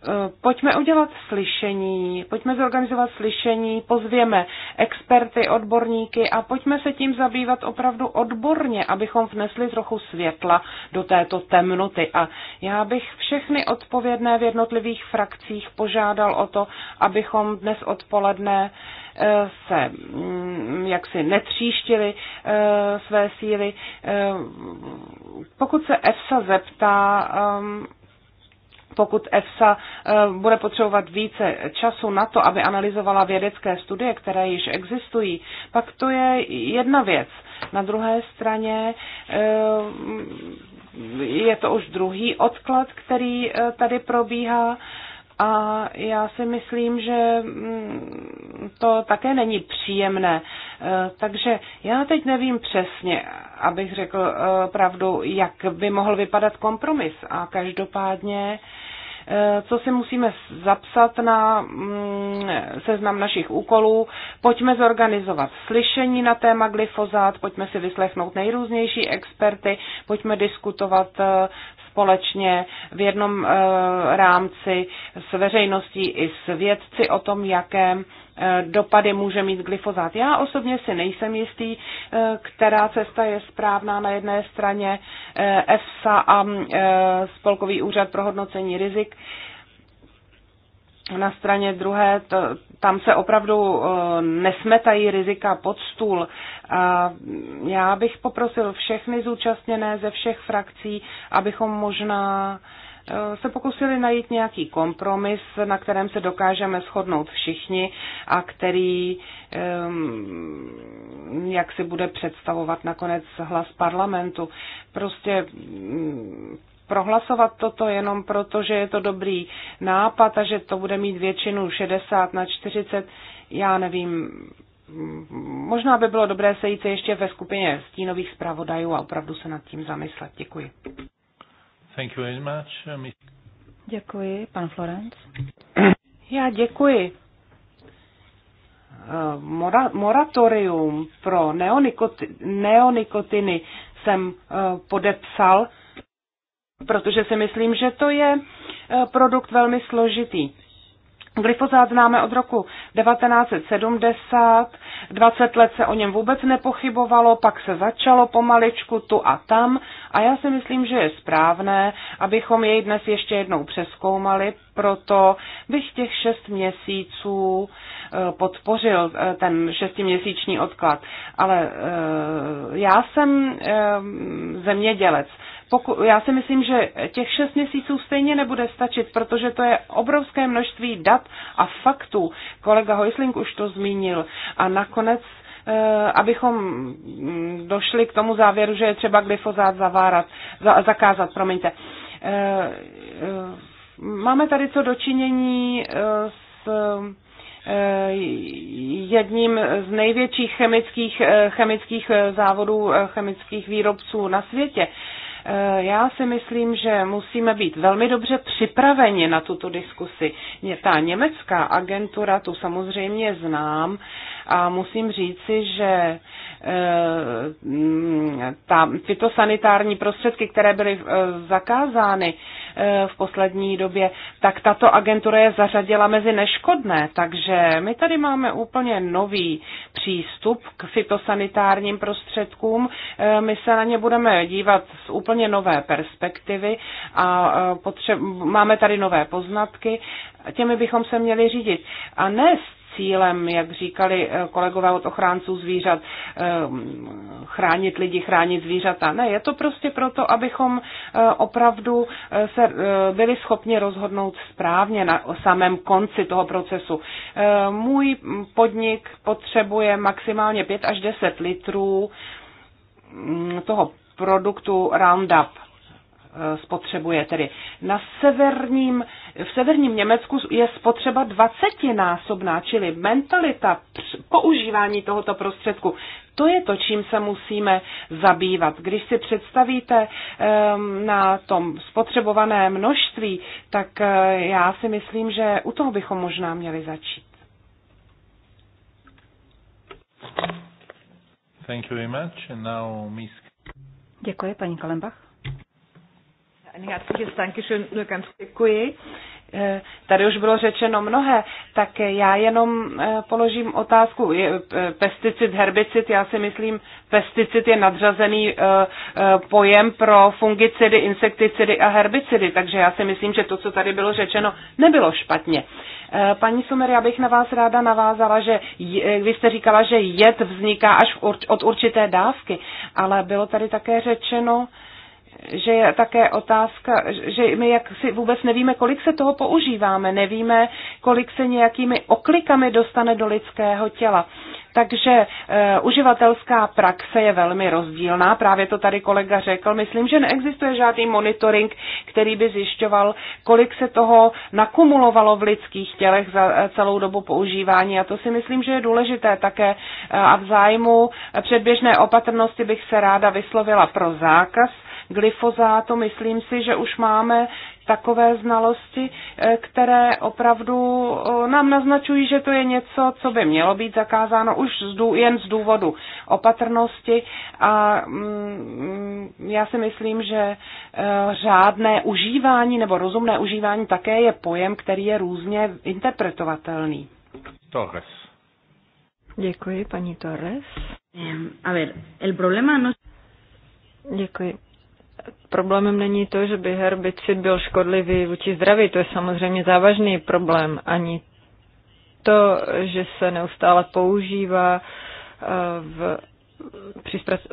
Eh, pojďme udělat slyšení, pojďme zorganizovat slyšení, pozvěme experty, odborníky a pojďme se tím zabývat opravdu odborně, abychom vnesli trochu světla do této temnoty. A já bych všechny odpovědné v jednotlivých frakcích požádal o to, abychom dnes odpoledne eh, se mm, jaksi netříštili eh, své síly. Pokud se EFSA zeptá, ehm, pokud EFSA eh, bude potřebovat více času na to, aby analyzovala vědecké studie, které již existují, pak to je jedna věc. Na druhé straně eh, je to už druhý odklad, který eh, tady probíhá. A já si myslím, že mm, to také není příjemné. Takže já teď nevím přesně, abych řekl pravdu, jak by mohl vypadat kompromis. A každopádně Eh, co si musíme zapsat na mm, seznam našich úkolů. Pojďme zorganizovat slyšení na téma glyfozát, pojďme si vyslechnout nejrůznější experty, pojďme diskutovat eh, společně v jednom eh, rámci s veřejností i s vědci o tom, jaké eh, dopady může mít glyfozát. Já osobně si nejsem jistý, eh, která cesta je správná na jedné straně EFSA a Spolkový úřad pro hodnocení rizik na straně druhé, to, tam se opravdu uh, nesmetají rizika pod stůl. A já bych poprosil všechny zúčastněné ze všech frakcí, abychom možná eh, se pokusili najít nějaký kompromis, na kterém se dokážeme shodnout všichni a který ehm, jak si bude představovat nakonec hlas parlamentu. Prostě mm, prohlasovat toto jenom proto, že je to dobrý nápad a že to bude mít většinu 60 na 40, já nevím, možná by bylo dobré sejít se ještě ve skupině stínových zpravodajů a opravdu se nad tím zamyslet. Děkuji. Thank you very much. Uh, děkuji. Pan Florence? Já děkuji. Uh, moratorium pro neonikotiny jsem uh, podepsal protože si myslím, že to je e, produkt velmi složitý. Glyfozát známe od roku 1970, 20 let se o něm vůbec nepochybovalo, pak se začalo pomaličku tu a tam a já si myslím, že je správné, abychom jej dnes ještě jednou přeskoumali, proto bych těch šest měsíců e, podpořil e, ten šestiměsíční odklad. Ale já jsem zemědělec Poku, já si myslím, že těch šest měsíců stejně nebude stačit, protože to je obrovské množství dat a faktů. Kolega Hojsling už to zmínil. A nakonec eh, abychom mm, došli k tomu závěru, že je třeba glyfozát zavárat, za, zakázat, promiňte. Eh, eh, máme tady co dočinění s jedním z největších chemických, chemických závodů, chemických výrobců na světě. Já si myslím, že musíme být velmi dobře připraveni na tuto diskusi. Ta německá agentura, tu samozřejmě znám a musím říci, že Eh, ta fitosanitární prostředky, které byly eh, zakázány eh, v poslední době, tak tato agentura je zařadila mezi neškodné. Takže my tady máme úplně nový přístup k fitosanitárním prostředkům. My se na ně budeme dívat z úplně nové perspektivy a potře- máme tady nové poznatky. Těmi bychom se měli řídit. A ne cílem, jak říkali eh, kolegové od ochránců zvířat, eh, chránit lidi, chránit zvířata. Ne, je to prostě proto, abychom eh, opravdu se byli schopni rozhodnout správně na samém konci toho procesu. Můj podnik potřebuje maximálně 5 až 10 litrů mm, toho produktu Roundup Eh, spotřebuje. Tedy na severním, v severním Německu je spotřeba dvacetinásobná, čili mentalita používání tohoto prostředku. To je to, čím se musíme zabývat. Když si představíte na tom spotřebované množství, tak eh, já si myslím, že u toho bychom možná měli začít. Thank you very much. And now, Děkuji, paní Kalembach. Děkuji. Eh, tady už bylo řečeno mnohé, tak já jenom eh, položím otázku. Eh, pesticid, herbicid, já si myslím, pesticid je nadřazený pojem pro fungicidy, insekticidy a herbicidy, takže já si myslím, že to, co tady bylo řečeno, nebylo špatně. Paní Sumer, já bych na vás ráda navázala, že vy jste říkala, že jed vzniká až od určité dávky, ale bylo tady také řečeno, že je také otázka, že my jak si vůbec nevíme, kolik se toho používáme, nevíme, kolik se nějakými oklikami dostane do lidského těla. Takže e, uživatelská praxe je velmi rozdílná, právě to tady kolega řekl. Myslím, že neexistuje žádný monitoring, který by zjišťoval, kolik se toho nakumulovalo v lidských tělech za eh, celou dobu používání. A to si myslím, že je důležité také. Eh, a v zájmu předběžné opatrnosti bych se ráda vyslovila pro zákaz glyfozátu. Myslím si, že už máme takové znalosti, eh, které opravdu eh, nám naznačují, že to je něco, co by mělo být zakázáno už jen z důvodu opatrnosti a mm, já si myslím, že eh, řádné užívání nebo rozumné užívání také je pojem, který je různě interpretovatelný. Torres. Děkuji, paní Torres. A ver, el problema no... Děkuji. Problémem není to, že by herbicid byl škodlivý vůči zdraví, to je samozřejmě závažný problém. Ani to, že se neustále používá eh, v, při, eh,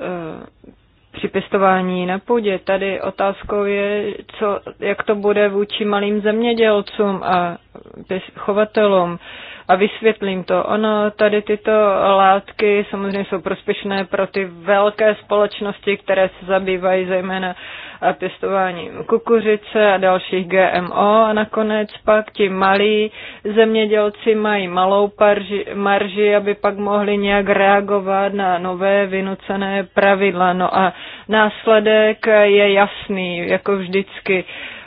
při pěstování na půdě. Tady otázkou je, co, jak to bude vůči malým zemědělcům a chovatelům. Uh, a vysvětlím to. Ono, tady tyto látky samozřejmě jsou prospěšné pro ty velké společnosti, které se zabývají zejména eh, pěstováním kukuřice a dalších GMO. A nakonec pak ti malí zemědělci mají malou parži, marži, aby pak mohli nějak reagovat na nové vynucené pravidla. No a následek je jasný, jako vždycky.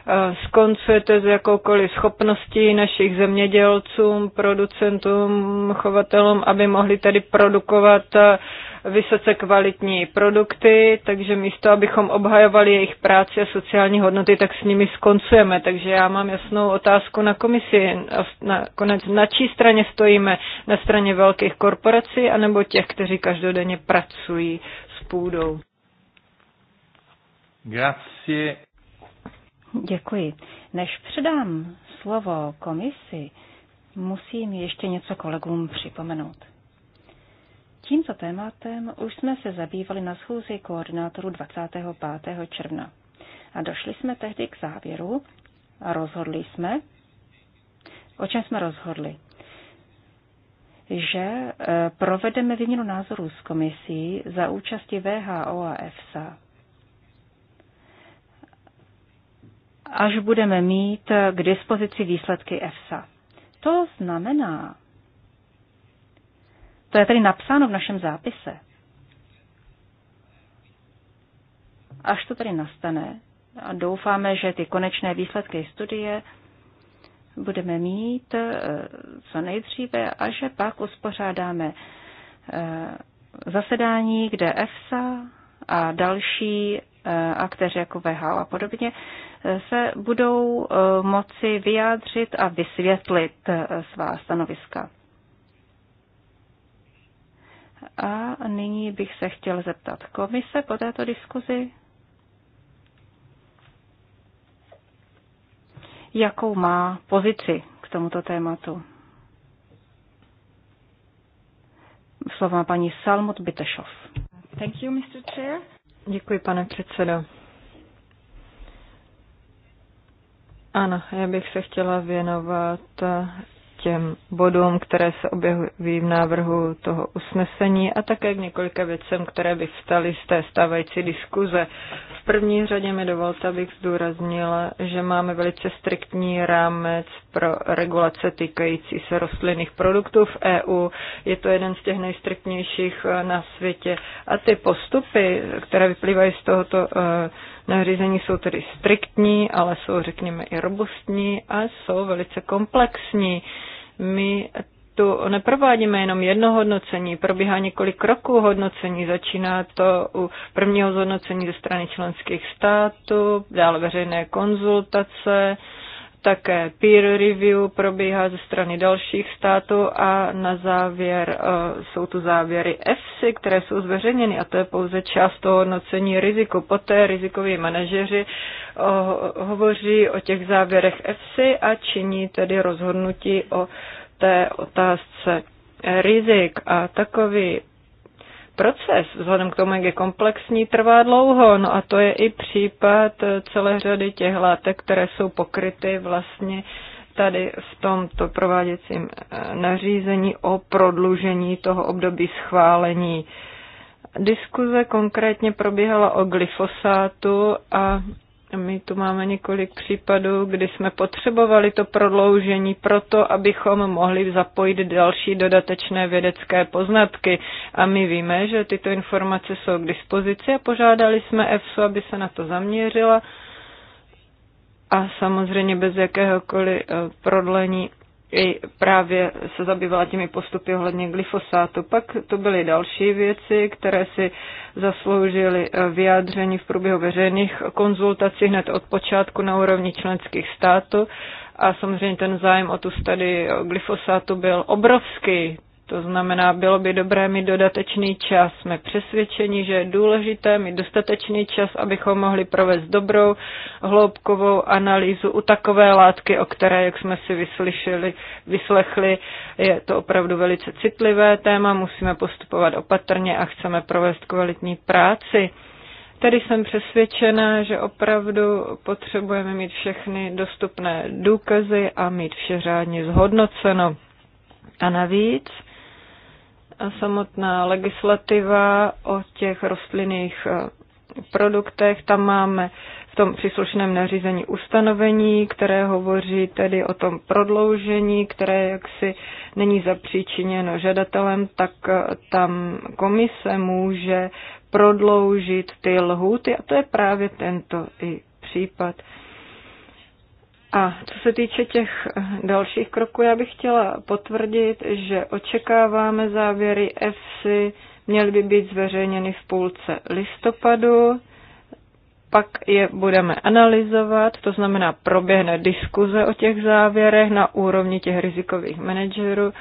Eh, skoncujete s jakoukoliv schopností našich zemědělcům, producentům, chovatelům, aby mohli tady produkovat eh, vysoce kvalitní produkty, takže místo, abychom obhajovali jejich práci a sociální hodnoty, tak s nimi skoncujeme. Takže já mám jasnou otázku na komisi. konec, na čí straně stojíme? Na straně velkých korporací anebo těch, kteří každodenně pracují s půdou? Grazie. Děkuji. Než předám slovo komisi, musím ještě něco kolegům připomenout. Tímto tématem už jsme se zabývali na schůzi koordinátorů 25. června. A došli jsme tehdy k závěru a rozhodli jsme, o čem jsme rozhodli? Že eh, provedeme výměnu názorů s komisí za účasti VHO a EFSA až budeme mít k dispozici výsledky EFSA. To znamená, to je tedy napsáno v našem zápise. Až to tedy nastane, a doufáme, že ty konečné výsledky studie budeme mít eh, co nejdříve a že pak uspořádáme eh, zasedání, kde EFSA a další Eh, aktéři jako VHO a podobně, eh, se budou eh, moci vyjádřit a vysvětlit svá stanoviska. A nyní bych se chtěl zeptat komise po této diskuzi, jakou má pozici k tomuto tématu. Slovo má paní Salmut Bitešov. Thank you, Mr. Chair. Děkuji, pane předsedo. Ano, já bych se chtěla věnovat těm bodům, které se objevují v návrhu toho usnesení a také k několika věcem, které vstaly z té stávající diskuze. V první řadě mi dovolte, abych zdůraznila, že máme velice striktní rámec pro regulace týkající se rostlinných produktů v EU. Je to jeden z těch nejstriktnějších eh, na světě. A ty postupy, které vyplývají z tohoto uh, Nařízení jsou tedy striktní, ale jsou, řekněme, i robustní a jsou velice komplexní. My tu neprovádíme jenom jedno hodnocení, probíhá několik kroků hodnocení. Začíná to u prvního zhodnocení ze strany členských států, dále veřejné konzultace, také peer review probíhá ze strany dalších států a na závěr eh, jsou tu závěry EFSI, které jsou zveřejněny a to je pouze část toho hodnocení riziku. Poté rizikoví manažeři eh, hovoří o těch závěrech EFSI a činí tedy rozhodnutí o té otázce rizik a takový proces, vzhledem k tomu, jak je komplexní, trvá dlouho. No a to je i případ celé řady těch látek, které jsou pokryty vlastně tady v tomto prováděcím eh, nařízení o prodlužení toho období schválení. Diskuze konkrétně probíhala o glyfosátu a my tu máme několik případů, kdy jsme potřebovali to prodloužení proto, abychom mohli zapojit další dodatečné vědecké poznatky. A my víme, že tyto informace jsou k dispozici a požádali jsme EFSU, aby se na to zaměřila. A samozřejmě bez jakéhokoliv eh, prodlení i právě se zabývala těmi postupy ohledně glyfosátu. Pak to byly další věci, které si zasloužily eh, vyjádření v průběhu veřejných konzultací hned od počátku na úrovni členských států. A samozřejmě ten zájem o tu studii glyfosátu byl obrovský. To znamená, bylo by dobré mít dodatečný čas. Jsme přesvědčeni, že je důležité mít dostatečný čas, abychom mohli provést dobrou hloubkovou analýzu u takové látky, o které, jak jsme si vyslyšeli, vyslechli, je to opravdu velice citlivé téma, musíme postupovat opatrně a chceme provést kvalitní práci. Tady jsem přesvědčena, že opravdu potřebujeme mít všechny dostupné důkazy a mít vše řádně zhodnoceno. A navíc samotná legislativa o těch rostlinných eh, produktech. Tam máme v tom příslušném nařízení ustanovení, které hovoří tedy o tom prodloužení, které jaksi není zapříčiněno žadatelem, tak eh, tam komise může prodloužit ty lhuty a to je právě tento i případ. A co se týče těch eh, dalších kroků, já bych chtěla potvrdit, že očekáváme závěry EFSI, měly by být zveřejněny v půlce listopadu, pak je budeme analyzovat, to znamená proběhne diskuze o těch závěrech na úrovni těch rizikových manažerů,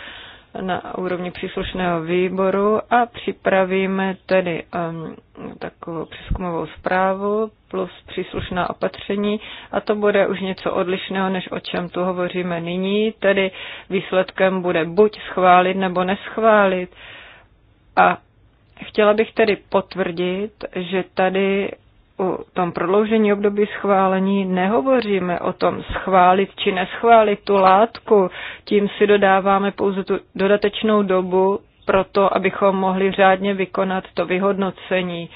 na úrovni příslušného výboru a připravíme tedy um, takovou přeskumovou zprávu plus příslušná opatření a to bude už něco odlišného, než o čem tu hovoříme nyní, tedy výsledkem bude buď schválit nebo neschválit. A chtěla bych tedy potvrdit, že tady o tom prodloužení období schválení nehovoříme o tom schválit či neschválit tu látku, tím si dodáváme pouze tu dodatečnou dobu pro to, abychom mohli řádně vykonat to vyhodnocení.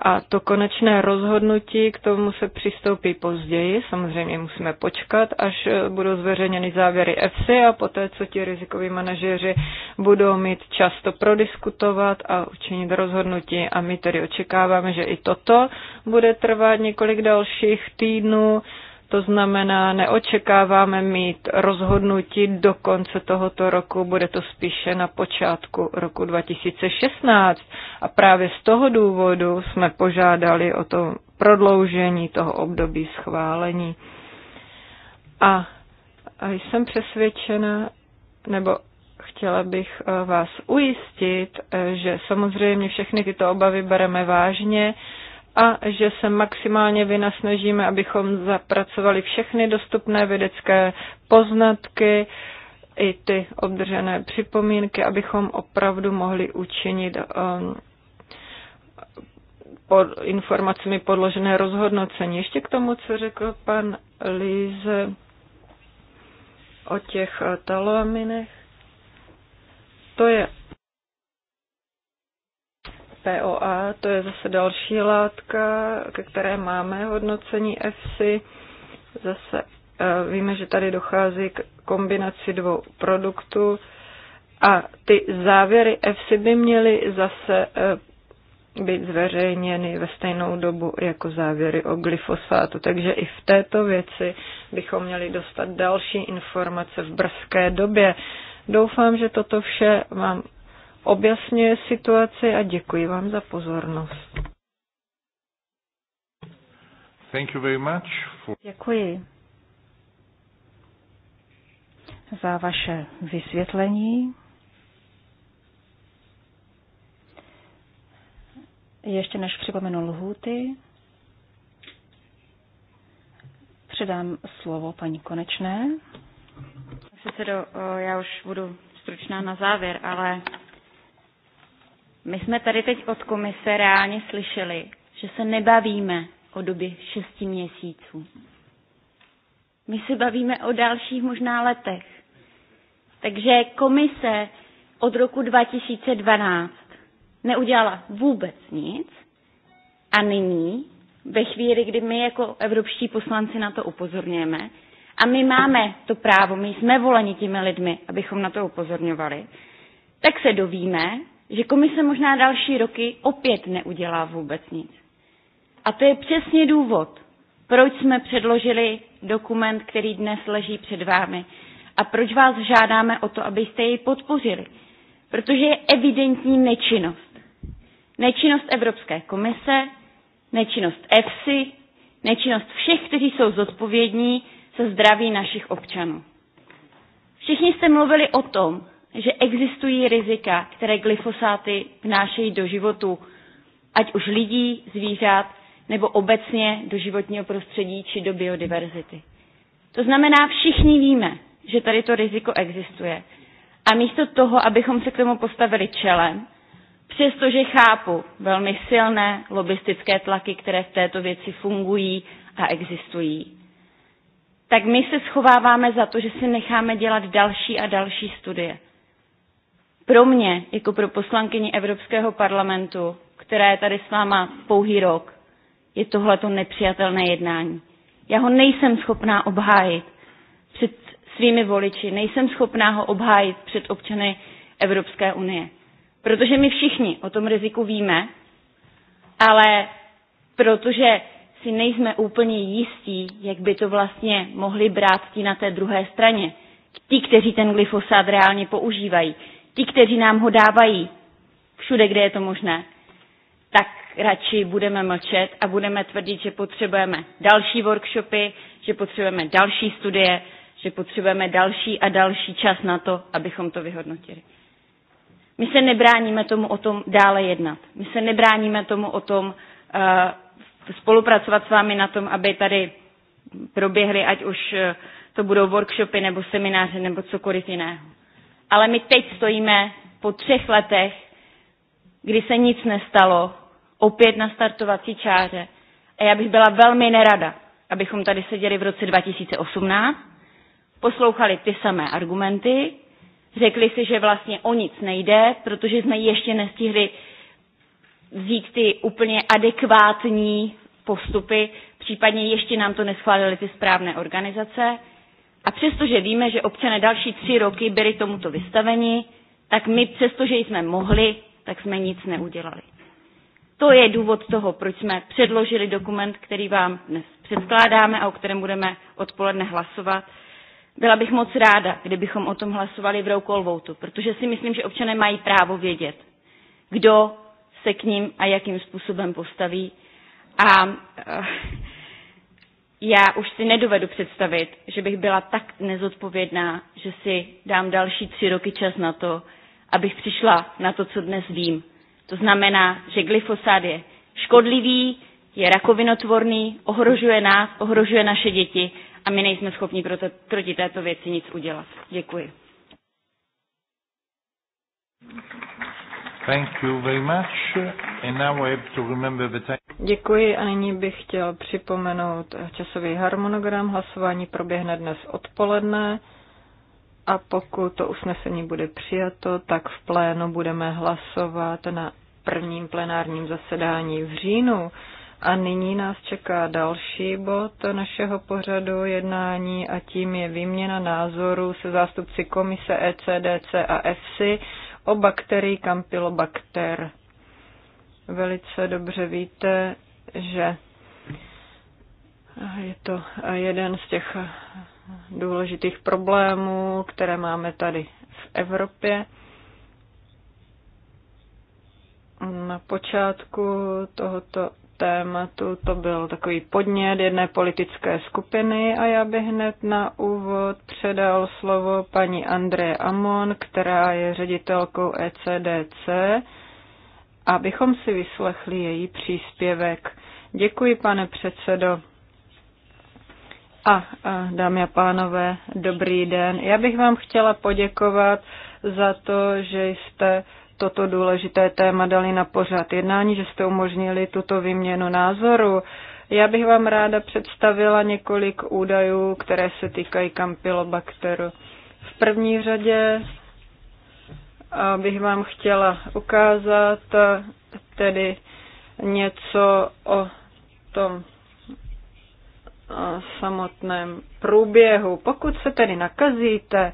A to konečné rozhodnutí k tomu se přistoupí později. Samozřejmě musíme počkat, až eh, budou zveřejněny závěry EFSI a poté, co ti rizikoví manažeři budou mít čas to prodiskutovat a učinit rozhodnutí. A my tedy očekáváme, že i toto bude trvat několik dalších týdnů to znamená, neočekáváme mít rozhodnutí do konce tohoto roku, bude to spíše na počátku roku 2016. A právě z toho důvodu jsme požádali o to prodloužení toho období schválení. A, a jsem přesvědčena, nebo chtěla bych eh, vás ujistit, eh, že samozřejmě všechny tyto obavy bereme vážně a že se maximálně vynasnažíme, abychom zapracovali všechny dostupné vědecké poznatky, i ty obdržené připomínky, abychom opravdu mohli učinit um, pod informacemi podložené rozhodnocení. Ještě k tomu, co řekl pan Líze o těch talaminech. To je POA, to je zase další látka, ke které máme hodnocení EFSI. Zase eh, víme, že tady dochází k kombinaci dvou produktů a ty závěry EFSI by měly zase eh, být zveřejněny ve stejnou dobu jako závěry o glyfosátu. Takže i v této věci bychom měli dostat další informace v brzké době. Doufám, že toto vše vám objasňuje situaci a děkuji vám za pozornost. Thank you very much for... Děkuji za vaše vysvětlení. Ještě než připomenu lhůty, předám slovo paní Konečné. Předsedo, já už budu stručná na závěr, ale my jsme tady teď od komise reálně slyšeli, že se nebavíme o době šesti měsíců. My se bavíme o dalších možná letech. Takže komise od roku 2012 neudělala vůbec nic a nyní, ve chvíli, kdy my jako evropští poslanci na to upozorněme, a my máme to právo, my jsme voleni těmi lidmi, abychom na to upozorňovali, tak se dovíme, že komise možná další roky opět neudělá vůbec nic. A to je přesně důvod, proč jsme předložili dokument, který dnes leží před vámi a proč vás žádáme o to, abyste jej podpořili. Protože je evidentní nečinnost. Nečinnost Evropské komise, nečinnost EFSI, nečinnost všech, kteří jsou zodpovědní za zdraví našich občanů. Všichni jste mluvili o tom, že existují rizika, které glyfosáty vnášejí do životu, ať už lidí, zvířat, nebo obecně do životního prostředí či do biodiverzity. To znamená, všichni víme, že tady to riziko existuje. A místo toho, abychom se k tomu postavili čelem, přestože chápu velmi silné lobistické tlaky, které v této věci fungují a existují, tak my se schováváme za to, že si necháme dělat další a další studie pro mě, jako pro poslankyni Evropského parlamentu, která je tady s váma pouhý rok, je tohle to nepřijatelné jednání. Já ho nejsem schopná obhájit před svými voliči, nejsem schopná ho obhájit před občany Evropské unie. Protože my všichni o tom riziku víme, ale protože si nejsme úplně jistí, jak by to vlastně mohli brát ti na té druhé straně. Ti, kteří ten glyfosát reálně používají ti, kteří nám ho dávají, všude, kde je to možné, tak radši budeme mlčet a budeme tvrdit, že potřebujeme další workshopy, že potřebujeme další studie, že potřebujeme další a další čas na to, abychom to vyhodnotili. My se nebráníme tomu o tom dále jednat. My se nebráníme tomu o tom uh, spolupracovat s vámi na tom, aby tady proběhly, ať už eh, to budou workshopy nebo semináře nebo cokoliv jiného. Ale my teď stojíme po třech letech, kdy se nic nestalo, opět na startovací čáře. A já bych byla velmi nerada, abychom tady seděli v roce 2018, poslouchali ty samé argumenty, řekli si, že vlastně o nic nejde, protože jsme ještě nestihli vzít ty úplně adekvátní postupy, případně ještě nám to neschválili ty správné organizace a přestože víme, že občané další tři roky byli tomuto vystaveni, tak my přestože jsme mohli, tak jsme nic neudělali. To je důvod toho, proč jsme předložili dokument, který vám dnes předkládáme a o kterém budeme odpoledne hlasovat. Byla bych moc ráda, kdybychom o tom hlasovali v roll call protože si myslím, že občané mají právo vědět, kdo se k ním a jakým způsobem postaví. A eh, já už si nedovedu představit, že bych byla tak nezodpovědná, že si dám další tři roky čas na to, abych přišla na to, co dnes vím. To znamená, že glyfosát je škodlivý, je rakovinotvorný, ohrožuje nás, ohrožuje naše děti a my nejsme schopni proti této věci nic udělat. Děkuji. Děkuji a nyní bych chtěl připomenout časový harmonogram. Hlasování proběhne dnes odpoledne a pokud to usnesení bude přijato, tak v plénu budeme hlasovat na prvním plenárním zasedání v říjnu. A nyní nás čeká další bod našeho pořadu jednání a tím je výměna názoru se zástupci komise ECDC a EFSI o bakterii Campylobacter. Velice dobře víte, že je to jeden z těch důležitých problémů, které máme tady v Evropě. Na počátku tohoto tématu. To byl takový podnět jedné politické skupiny a já bych hned na úvod předal slovo paní André Amon, která je ředitelkou ECDC, abychom si vyslechli její příspěvek. Děkuji, pane předsedo. A dámy a pánové, dobrý den. Já bych vám chtěla poděkovat za to, že jste toto důležité téma dali na pořad jednání, že jste umožnili tuto výměnu názoru. Já bych vám ráda představila několik údajů, které se týkají kampylobakteru. V první řadě bych vám chtěla ukázat tedy něco o tom samotném průběhu. Pokud se tedy nakazíte,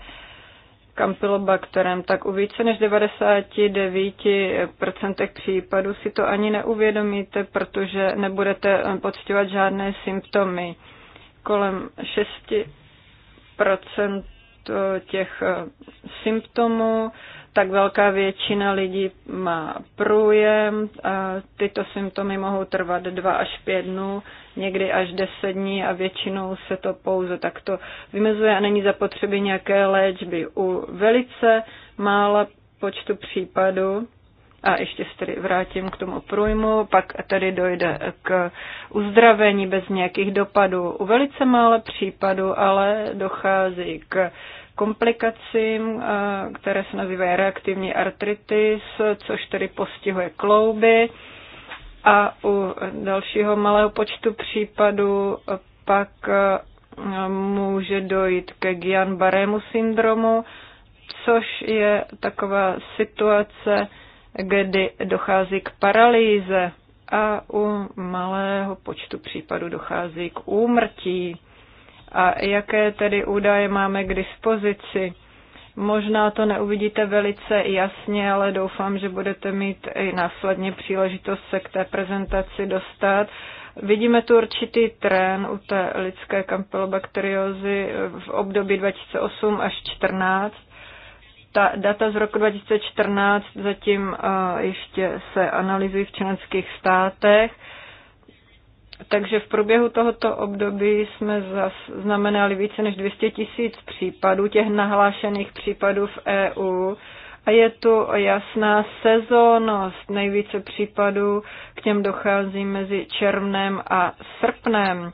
kampylobakterem, tak u více než 99% případů si to ani neuvědomíte, protože nebudete eh, pocitovat žádné symptomy. Kolem 6% eh, těch eh, symptomů tak velká většina lidí má průjem. tyto symptomy mohou trvat 2 až 5 dnů, někdy až 10 dní a většinou se to pouze takto vymezuje a není zapotřebí nějaké léčby. U velice mála počtu případů a ještě se tedy vrátím k tomu průjmu, pak tedy dojde k uzdravení bez nějakých dopadů. U velice málo případů ale dochází k komplikacím, eh, které se nazývají reaktivní artritis, což tedy postihuje klouby. A u dalšího malého počtu případů pak eh, může dojít ke Guillain-Barému syndromu, což je taková situace, kdy dochází k paralýze a u malého počtu případů dochází k úmrtí a jaké tedy údaje máme k dispozici. Možná to neuvidíte velice jasně, ale doufám, že budete mít i následně příležitost se k té prezentaci dostat. Vidíme tu určitý trend u té lidské kampylobakteriózy v období 2008 až 2014. Ta data z roku 2014 zatím eh, ještě se analyzují v členských státech takže v průběhu tohoto období jsme zaznamenali více než 200 tisíc případů, těch nahlášených případů v EU. A je tu jasná sezónnost. Nejvíce případů k těm dochází mezi červnem a srpnem.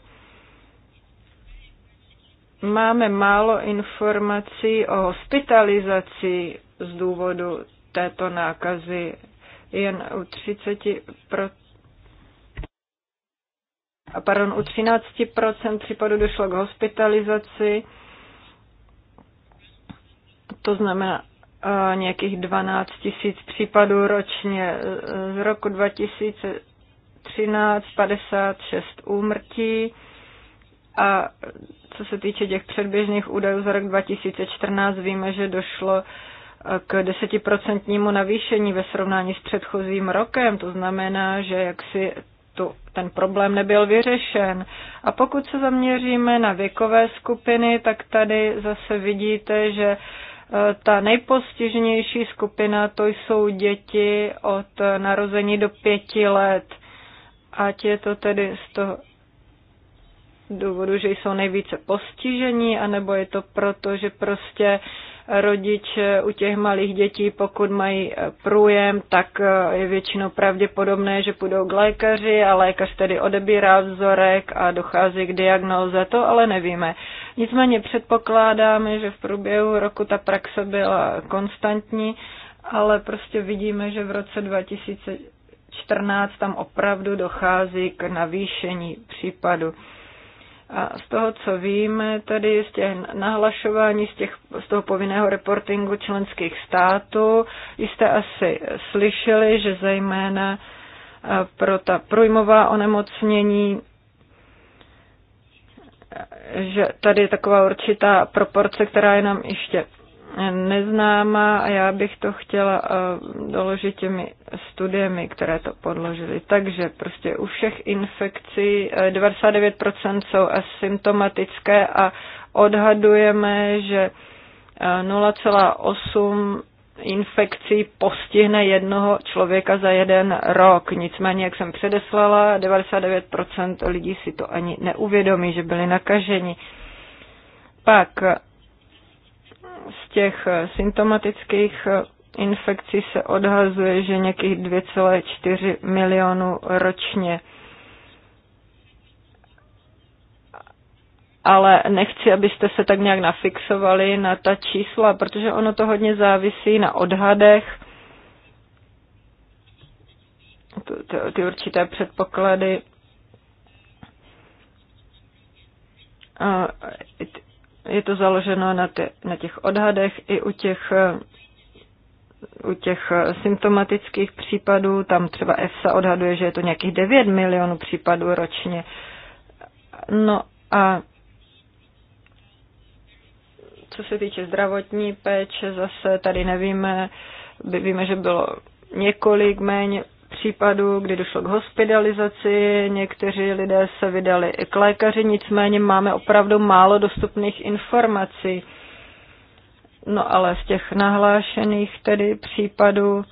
Máme málo informací o hospitalizaci z důvodu této nákazy. Jen u 30 pardon, u 13% případů došlo k hospitalizaci, to znamená e, nějakých 12 tisíc případů ročně. E, z roku 2013 56 úmrtí a co se týče těch předběžných údajů za rok 2014, víme, že došlo e, k desetiprocentnímu navýšení ve srovnání s předchozím rokem. To znamená, že jaksi tu ten problém nebyl vyřešen. A pokud se zaměříme na věkové skupiny, tak tady zase vidíte, že e, ta nejpostižnější skupina to jsou děti od narození do pěti let. Ať je to tedy z toho důvodu, že jsou nejvíce postižení, anebo je to proto, že prostě rodiče eh, u těch malých dětí, pokud mají eh, průjem, tak eh, je většinou pravděpodobné, že půjdou k lékaři a lékař tedy odebírá vzorek a dochází k diagnóze, to ale nevíme. Nicméně předpokládáme, že v průběhu roku ta praxe byla konstantní, ale prostě vidíme, že v roce 2014 tam opravdu dochází k navýšení případu. A z toho, co víme, tedy z těch nahlašování, z, těch, z toho povinného reportingu členských států, jste asi slyšeli, že zejména e, pro ta průjmová onemocnění, e, že tady je taková určitá proporce, která je nám ještě neznámá a já bych to chtěla eh, doložit těmi studiemi, které to podložily. Takže prostě u všech infekcí 99% eh, jsou asymptomatické a odhadujeme, že 0,8 eh, infekcí postihne jednoho člověka za jeden rok. Nicméně, jak jsem předeslala, 99% lidí si to ani neuvědomí, že byli nakaženi. Pak z těch eh, symptomatických eh, infekcí se odhazuje, že nějakých 2,4 milionů ročně. ale nechci, abyste se tak nějak nafixovali na ta čísla, protože ono to hodně závisí na odhadech, ty, ty určité předpoklady je to založeno na, te, na těch odhadech i u těch, eh, u těch eh, symptomatických případů. Tam třeba EFSA odhaduje, že je to nějakých 9 milionů případů ročně. No a co se týče zdravotní péče, zase tady nevíme, víme, že bylo několik méně případů, kdy došlo k hospitalizaci, někteří lidé se vydali i k lékaři, nicméně máme opravdu málo dostupných informací. No ale z těch nahlášených tedy případů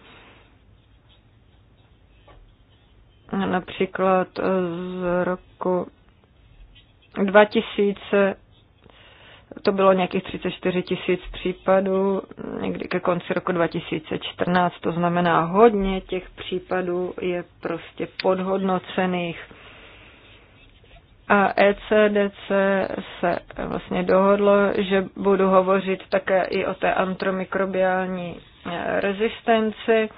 například z roku 2000 to bylo nějakých 34 tisíc případů někdy ke konci roku 2014, to znamená hodně těch případů je prostě podhodnocených. A ECDC se vlastně dohodlo, že budu hovořit také i o té antromikrobiální eh, rezistenci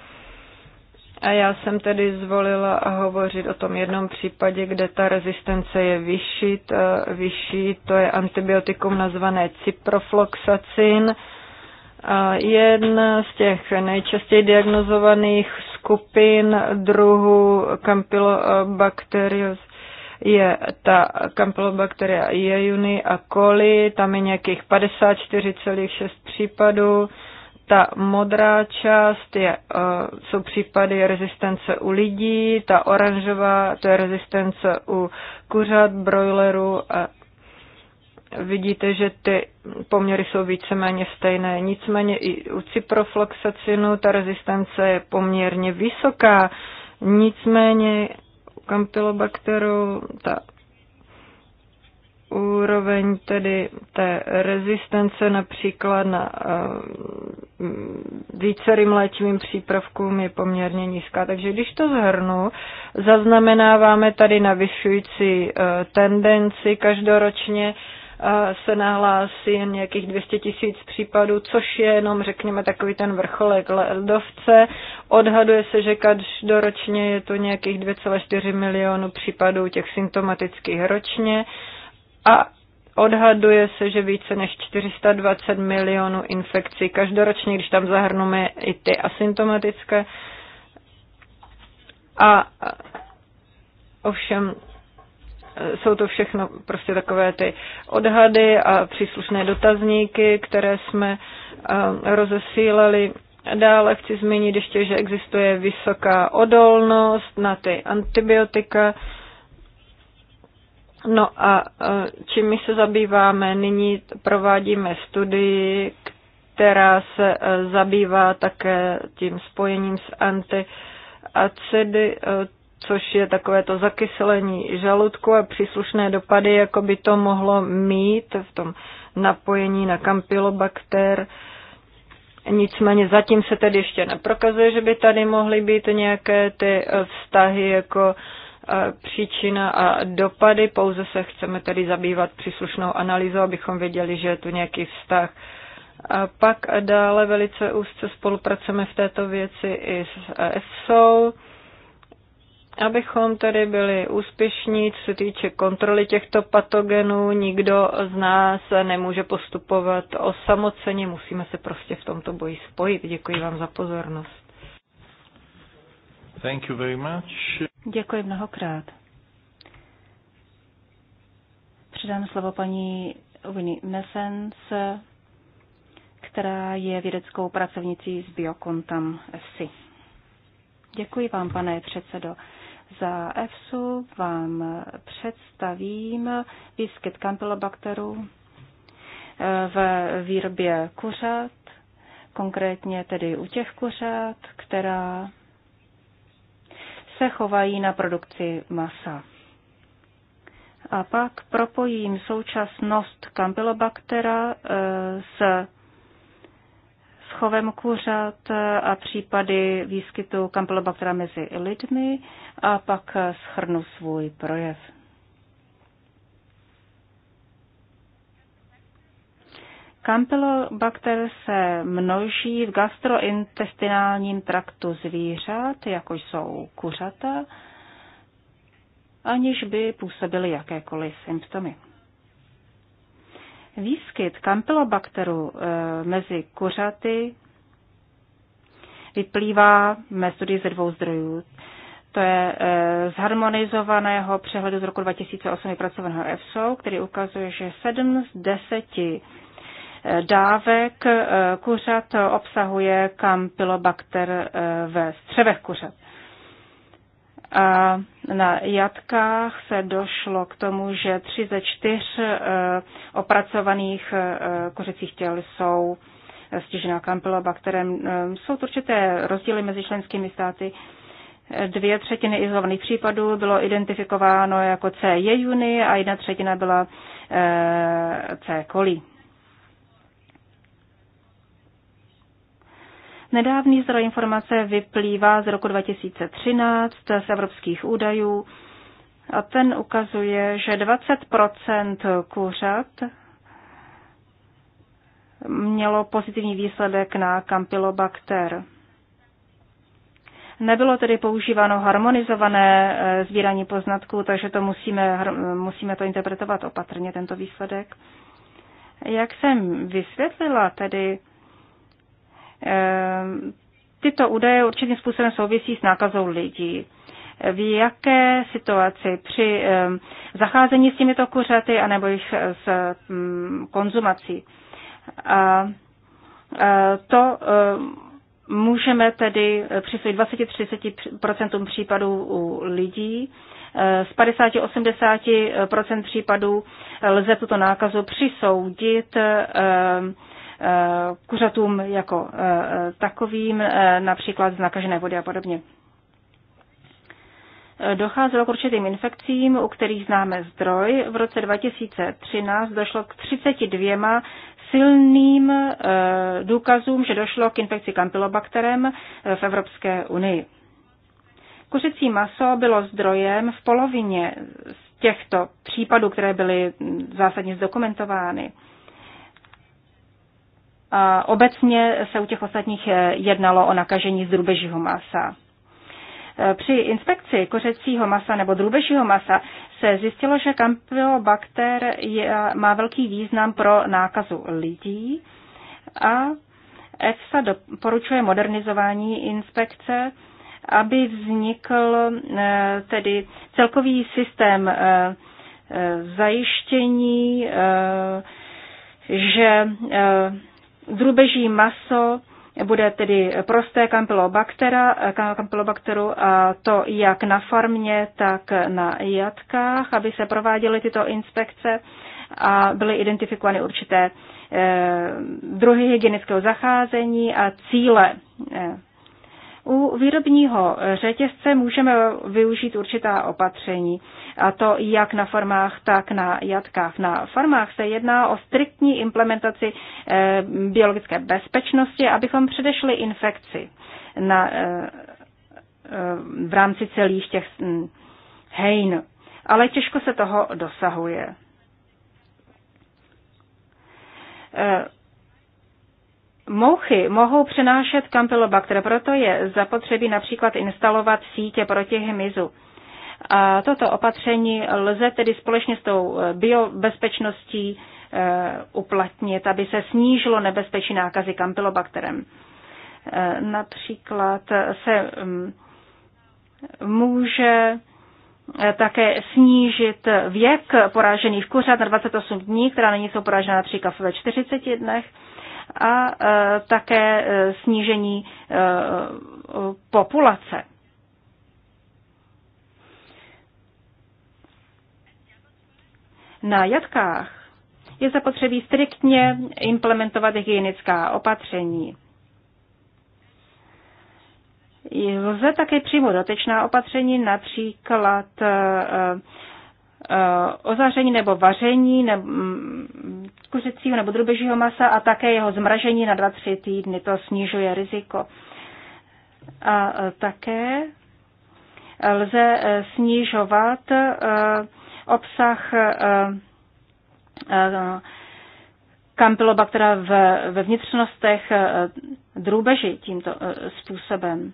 a já jsem tedy zvolila a hovořit o tom jednom případě, kde ta rezistence je vyšší, to, vyšší, to je antibiotikum nazvané ciprofloxacin. Jedna z těch nejčastěji diagnozovaných skupin druhu Campylobacterius je ta Campylobacteria jejuni a coli, tam je nějakých 54,6 případů ta modrá část je, eh, jsou případy rezistence u lidí, ta oranžová to je rezistence u kuřat, brojlerů a vidíte, že ty poměry jsou víceméně stejné. Nicméně i u ciprofloxacinu ta rezistence je poměrně vysoká, nicméně u kampylobakteru ta úroveň tedy té rezistence například na eh, vícerým léčivým přípravkům je poměrně nízká. Takže když to zhrnu, zaznamenáváme tady navyšující eh, tendenci každoročně eh, se nahlásí jen nějakých 200 tisíc případů, což je jenom, řekněme, takový ten vrcholek ledovce. Odhaduje se, že každoročně je to nějakých 2,4 milionu případů těch symptomatických ročně a odhaduje se, že více než 420 milionů infekcí každoročně, když tam zahrneme i ty asymptomatické. A ovšem jsou to všechno prostě takové ty odhady a příslušné dotazníky, které jsme um, rozesílali. Dále chci zmínit ještě, že existuje vysoká odolnost na ty antibiotika, No a čím my se zabýváme? Nyní provádíme studii, která se e, zabývá také tím spojením s antiacidy, e, což je takové to zakyselení žaludku a příslušné dopady, jako by to mohlo mít v tom napojení na kampylobakter. Nicméně zatím se tedy ještě neprokazuje, že by tady mohly být nějaké ty e, vztahy jako uh, E, příčina a dopady, pouze se chceme tedy zabývat příslušnou analýzou, abychom věděli, že je tu nějaký vztah. A pak dále velice úzce spolupracujeme v této věci i s ESO, abychom tedy byli úspěšní, co se týče kontroly těchto patogenů. Nikdo z nás nemůže postupovat osamoceně, musíme se prostě v tomto boji spojit. Děkuji vám za pozornost. Thank you very much. Děkuji mnohokrát. Předám slovo paní Winnie Nessens, která je vědeckou pracovnicí z Biocontam FSI. Děkuji vám, pane předsedo. Za EFSU vám představím výskyt kampylobakterů eh, v výrobě kuřat, konkrétně tedy u těch kuřat, která se chovají na produkci masa. A pak propojím současnost kampylobaktera eh, s schovem kuřat a případy výskytu kampylobaktera mezi lidmi a pak schrnu svůj projev. Campylobacter se množí v gastrointestinálním traktu zvířat, jako jsou kuřata, aniž by působily jakékoliv symptomy. Výskyt kampylobakteru eh, mezi kuřaty vyplývá mé studii ze dvou zdrojů. To je eh, z harmonizovaného přehledu z roku 2008 vypracovaného EFSO, který ukazuje, že 7 z 10 dávek eh, kuřat obsahuje kampylobakter eh, ve střevech kuřat. A na jatkách se došlo k tomu, že tři ze čtyř eh, opracovaných kuřecích těl jsou stižená kampylobakterem. Jsou to určité rozdíly mezi členskými státy. Dvě třetiny izolovaných případů bylo identifikováno jako C. jejuny a jedna třetina byla C. coli. Nedávný zdroj informace vyplývá z roku 2013 z evropských údajů a ten ukazuje, že 20 kuřat mělo pozitivní výsledek na Campylobacter. Nebylo tedy používáno harmonizované eh, sbírání poznatků, takže to musíme, musíme to interpretovat opatrně, tento výsledek. Jak jsem vysvětlila, tedy Ehm, tyto údaje určitým způsobem souvisí s nákazou lidí. V jaké situaci při ehm, zacházení s těmito kuřaty anebo jich eh, s mm, konzumací? A e, to ehm, můžeme tedy při 20-30% případů u lidí. E, z 50-80% případů lze tuto nákazu přisoudit Eh, kuřatům jako eh, takovým, eh, například z nakažené vody a podobně. Docházelo k určitým infekcím, u kterých známe zdroj. V roce 2013 došlo k 32 silným důkazům, že došlo k infekci kampylobakterem v Evropské unii. Kuřecí maso bylo zdrojem v polovině z těchto případů, které byly mm, zásadně zdokumentovány obecně se u těch ostatních eh, jednalo o nakažení z drubežího masa. Eh, při inspekci kořecího masa nebo drubežího masa se zjistilo, že Campylobacter je, má velký význam pro nákazu lidí a EFSA doporučuje modernizování inspekce, aby vznikl eh, tedy celkový systém zajištění, že Drubeží maso bude tedy prosté kampylobakteru a to jak na farmě, tak na jatkách, aby se prováděly tyto inspekce a byly identifikovány určité eh, druhy hygienického zacházení a cíle eh, u výrobního řetězce můžeme využít určitá opatření, a to jak na farmách, tak na jatkách. Na farmách se jedná o striktní implementaci eh, biologické bezpečnosti, abychom předešli infekci na, eh, eh, v rámci celých těch hm, hejn. Ale těžko se toho dosahuje Mouchy mohou přenášet kampylobakter, proto je zapotřebí například instalovat sítě proti hmyzu. A toto opatření lze tedy společně s tou eh, biobezpečností eh, uplatnit, aby se snížilo nebezpečí nákazy kampylobakterem. Eh, například se mm, může také snížit věk poražených kuřat na 28 dní, která není jsou poražena například ve 40 dnech a e, také e, snížení e, populace. Na jatkách je zapotřebí striktně implementovat hygienická opatření. Lze také přímo dotečná opatření, například Eh, ozaření nebo vaření nebo, kuřecího nebo drubežího masa a také jeho zmražení na 2-3 týdny. To snižuje riziko. A eh, také eh, lze snižovat obsah kampylobaktera ve vnitřnostech drůbeži tímto způsobem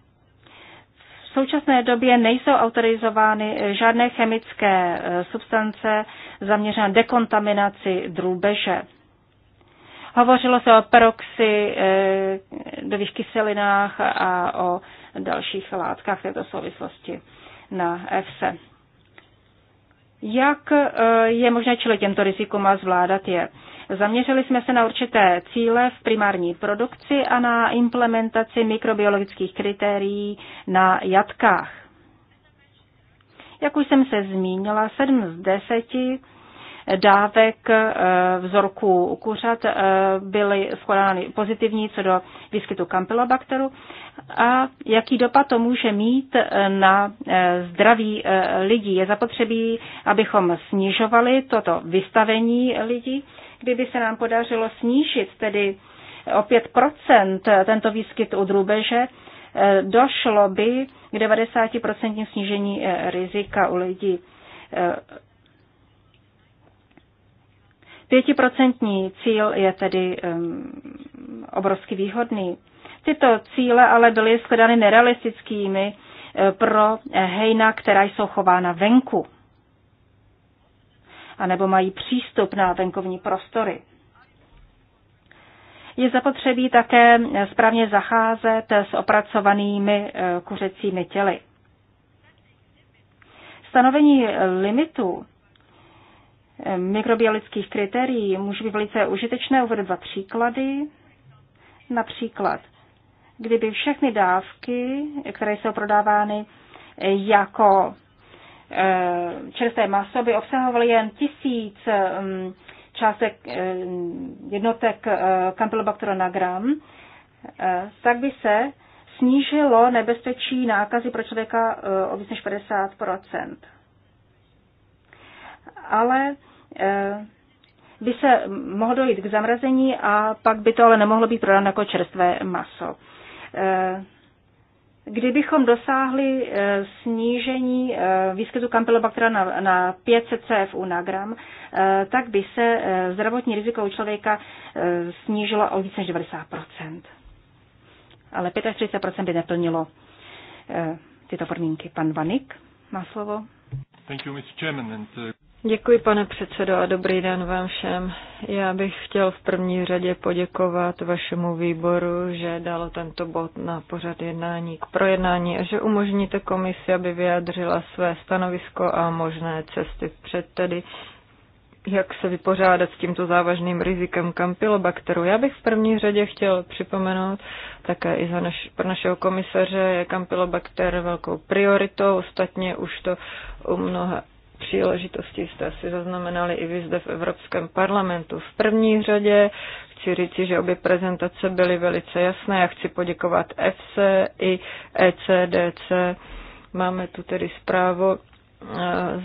současné době nejsou autorizovány žádné chemické e, substance zaměřené na dekontaminaci drůbeže. Hovořilo se o peroxy peroxidových kyselinách a o dalších látkách této souvislosti na EFSE. Jak e, je možné čelit těmto rizikům a zvládat je? Zaměřili jsme se na určité cíle v primární produkci a na implementaci mikrobiologických kritérií na jatkách. Jak už jsem se zmínila, 7 z 10 dávek eh, vzorků kuřat eh, byly skladány pozitivní co do výskytu kampylobakteru a jaký dopad to může mít eh, na zdraví lidí. Je zapotřebí, abychom snižovali toto vystavení lidí Kdyby se nám podařilo snížit tedy o 5 tento výskyt u drůbeže, eh, došlo by k 90% snížení eh, rizika u lidí. 5% eh, cíl je tedy ehm, obrovsky výhodný. Tyto cíle ale byly shledány nerealistickými pro hejna, která jsou chována venku anebo mají přístup na venkovní prostory. Je zapotřebí také správně zacházet s opracovanými eh, kuřecími těly. Stanovení limitů eh, mikrobiologických kritérií může být velice užitečné. Uvedu dva příklady. Například, kdyby všechny dávky, které jsou prodávány jako Eh, čerstvé maso by obsahovalo jen tisíc mm, částek eh, jednotek eh, Campylobacter na gram, tak by se snížilo nebezpečí nákazy pro člověka o víc než 50 Ale by se mohlo dojít k zamrazení a pak by to ale nemohlo být prodáno jako čerstvé maso. Kdybychom dosáhli eh, snížení eh, výskytu kampylobakteria na, na 500 CFU na gram, eh, tak by se zdravotní riziko u člověka snížilo o více než 90 Ale 35 by neplnilo tyto podmínky. Pan Vanik má slovo. Thank you, Mr. Chairman, and, uh... Děkuji, pane předsedo, a dobrý den vám všem. Já bych chtěl v první řadě poděkovat vašemu výboru, že dalo tento bod na pořad jednání k projednání a že umožníte komisi, aby vyjádřila své stanovisko a možné cesty vpřed, tedy jak se vypořádat s tímto závažným rizikem kampylobakteru. Já bych v první řadě chtěl připomenout, také i za naš, pro našeho komisaře je kampylobakter velkou prioritou, ostatně už to u mnoha příležitosti jste si zaznamenali i vy zde v Evropském parlamentu. V první řadě chci říci, že obě prezentace byly velice jasné. Já chci poděkovat FC i ECDC. Máme tu tedy zprávu, eh,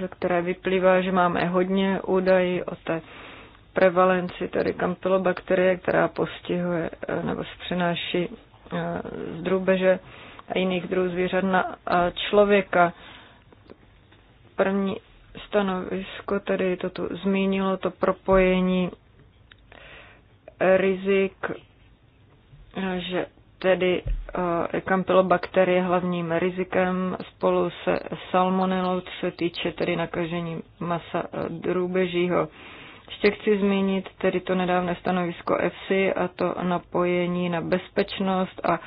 ze které vyplývá, že máme hodně údají o té prevalenci tedy kampylobakterie, která postihuje eh, nebo se přenáší eh, z drůbeže a jiných druhů zvířat na člověka. První stanovisko tady to tu zmínilo, to propojení rizik, že tedy kampylobakterie eh, hlavním rizikem spolu se salmonelou, co se týče tedy nakažení masa eh, drůbežího. Ještě chci zmínit tedy to nedávné stanovisko EFSI a to napojení na bezpečnost a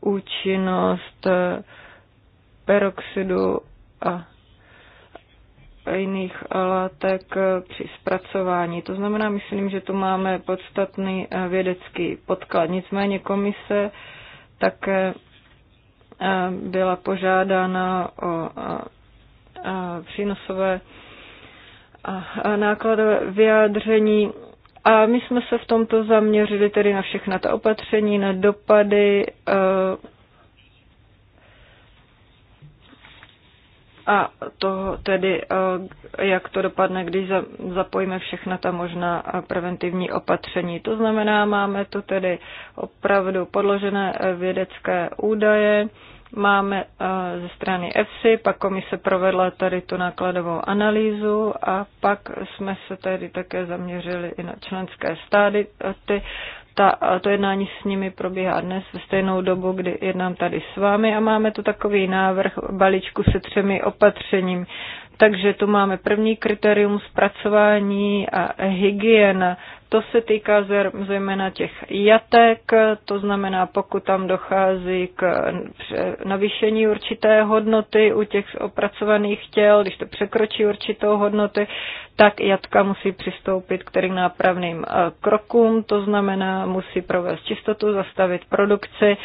účinnost eh, peroxidu a jiných látek eh, při zpracování. To znamená, myslím, že tu máme podstatný eh, vědecký podklad. Nicméně komise také eh, byla požádána o přínosové nákladové vyjádření. A my jsme se v tomto zaměřili tedy na všechna ta opatření, na dopady a toho tedy, eh, jak to dopadne, když zapojíme všechna ta možná preventivní opatření. To znamená, máme tu tedy opravdu podložené eh, vědecké údaje, máme eh, ze strany EFSI, pak komise provedla tady tu nákladovou analýzu a pak jsme se tady také zaměřili i na členské stády, ta, to jednání s nimi probíhá dnes ve stejnou dobu, kdy jednám tady s vámi a máme tu takový návrh balíčku se třemi opatřeními. Takže tu máme první kritérium zpracování a hygiena. To se týká zejména těch jatek, to znamená, pokud tam dochází k navýšení určité hodnoty u těch opracovaných těl, když to překročí určitou hodnoty, tak jatka musí přistoupit k kterým nápravným eh, krokům, to znamená, musí provést čistotu, zastavit produkci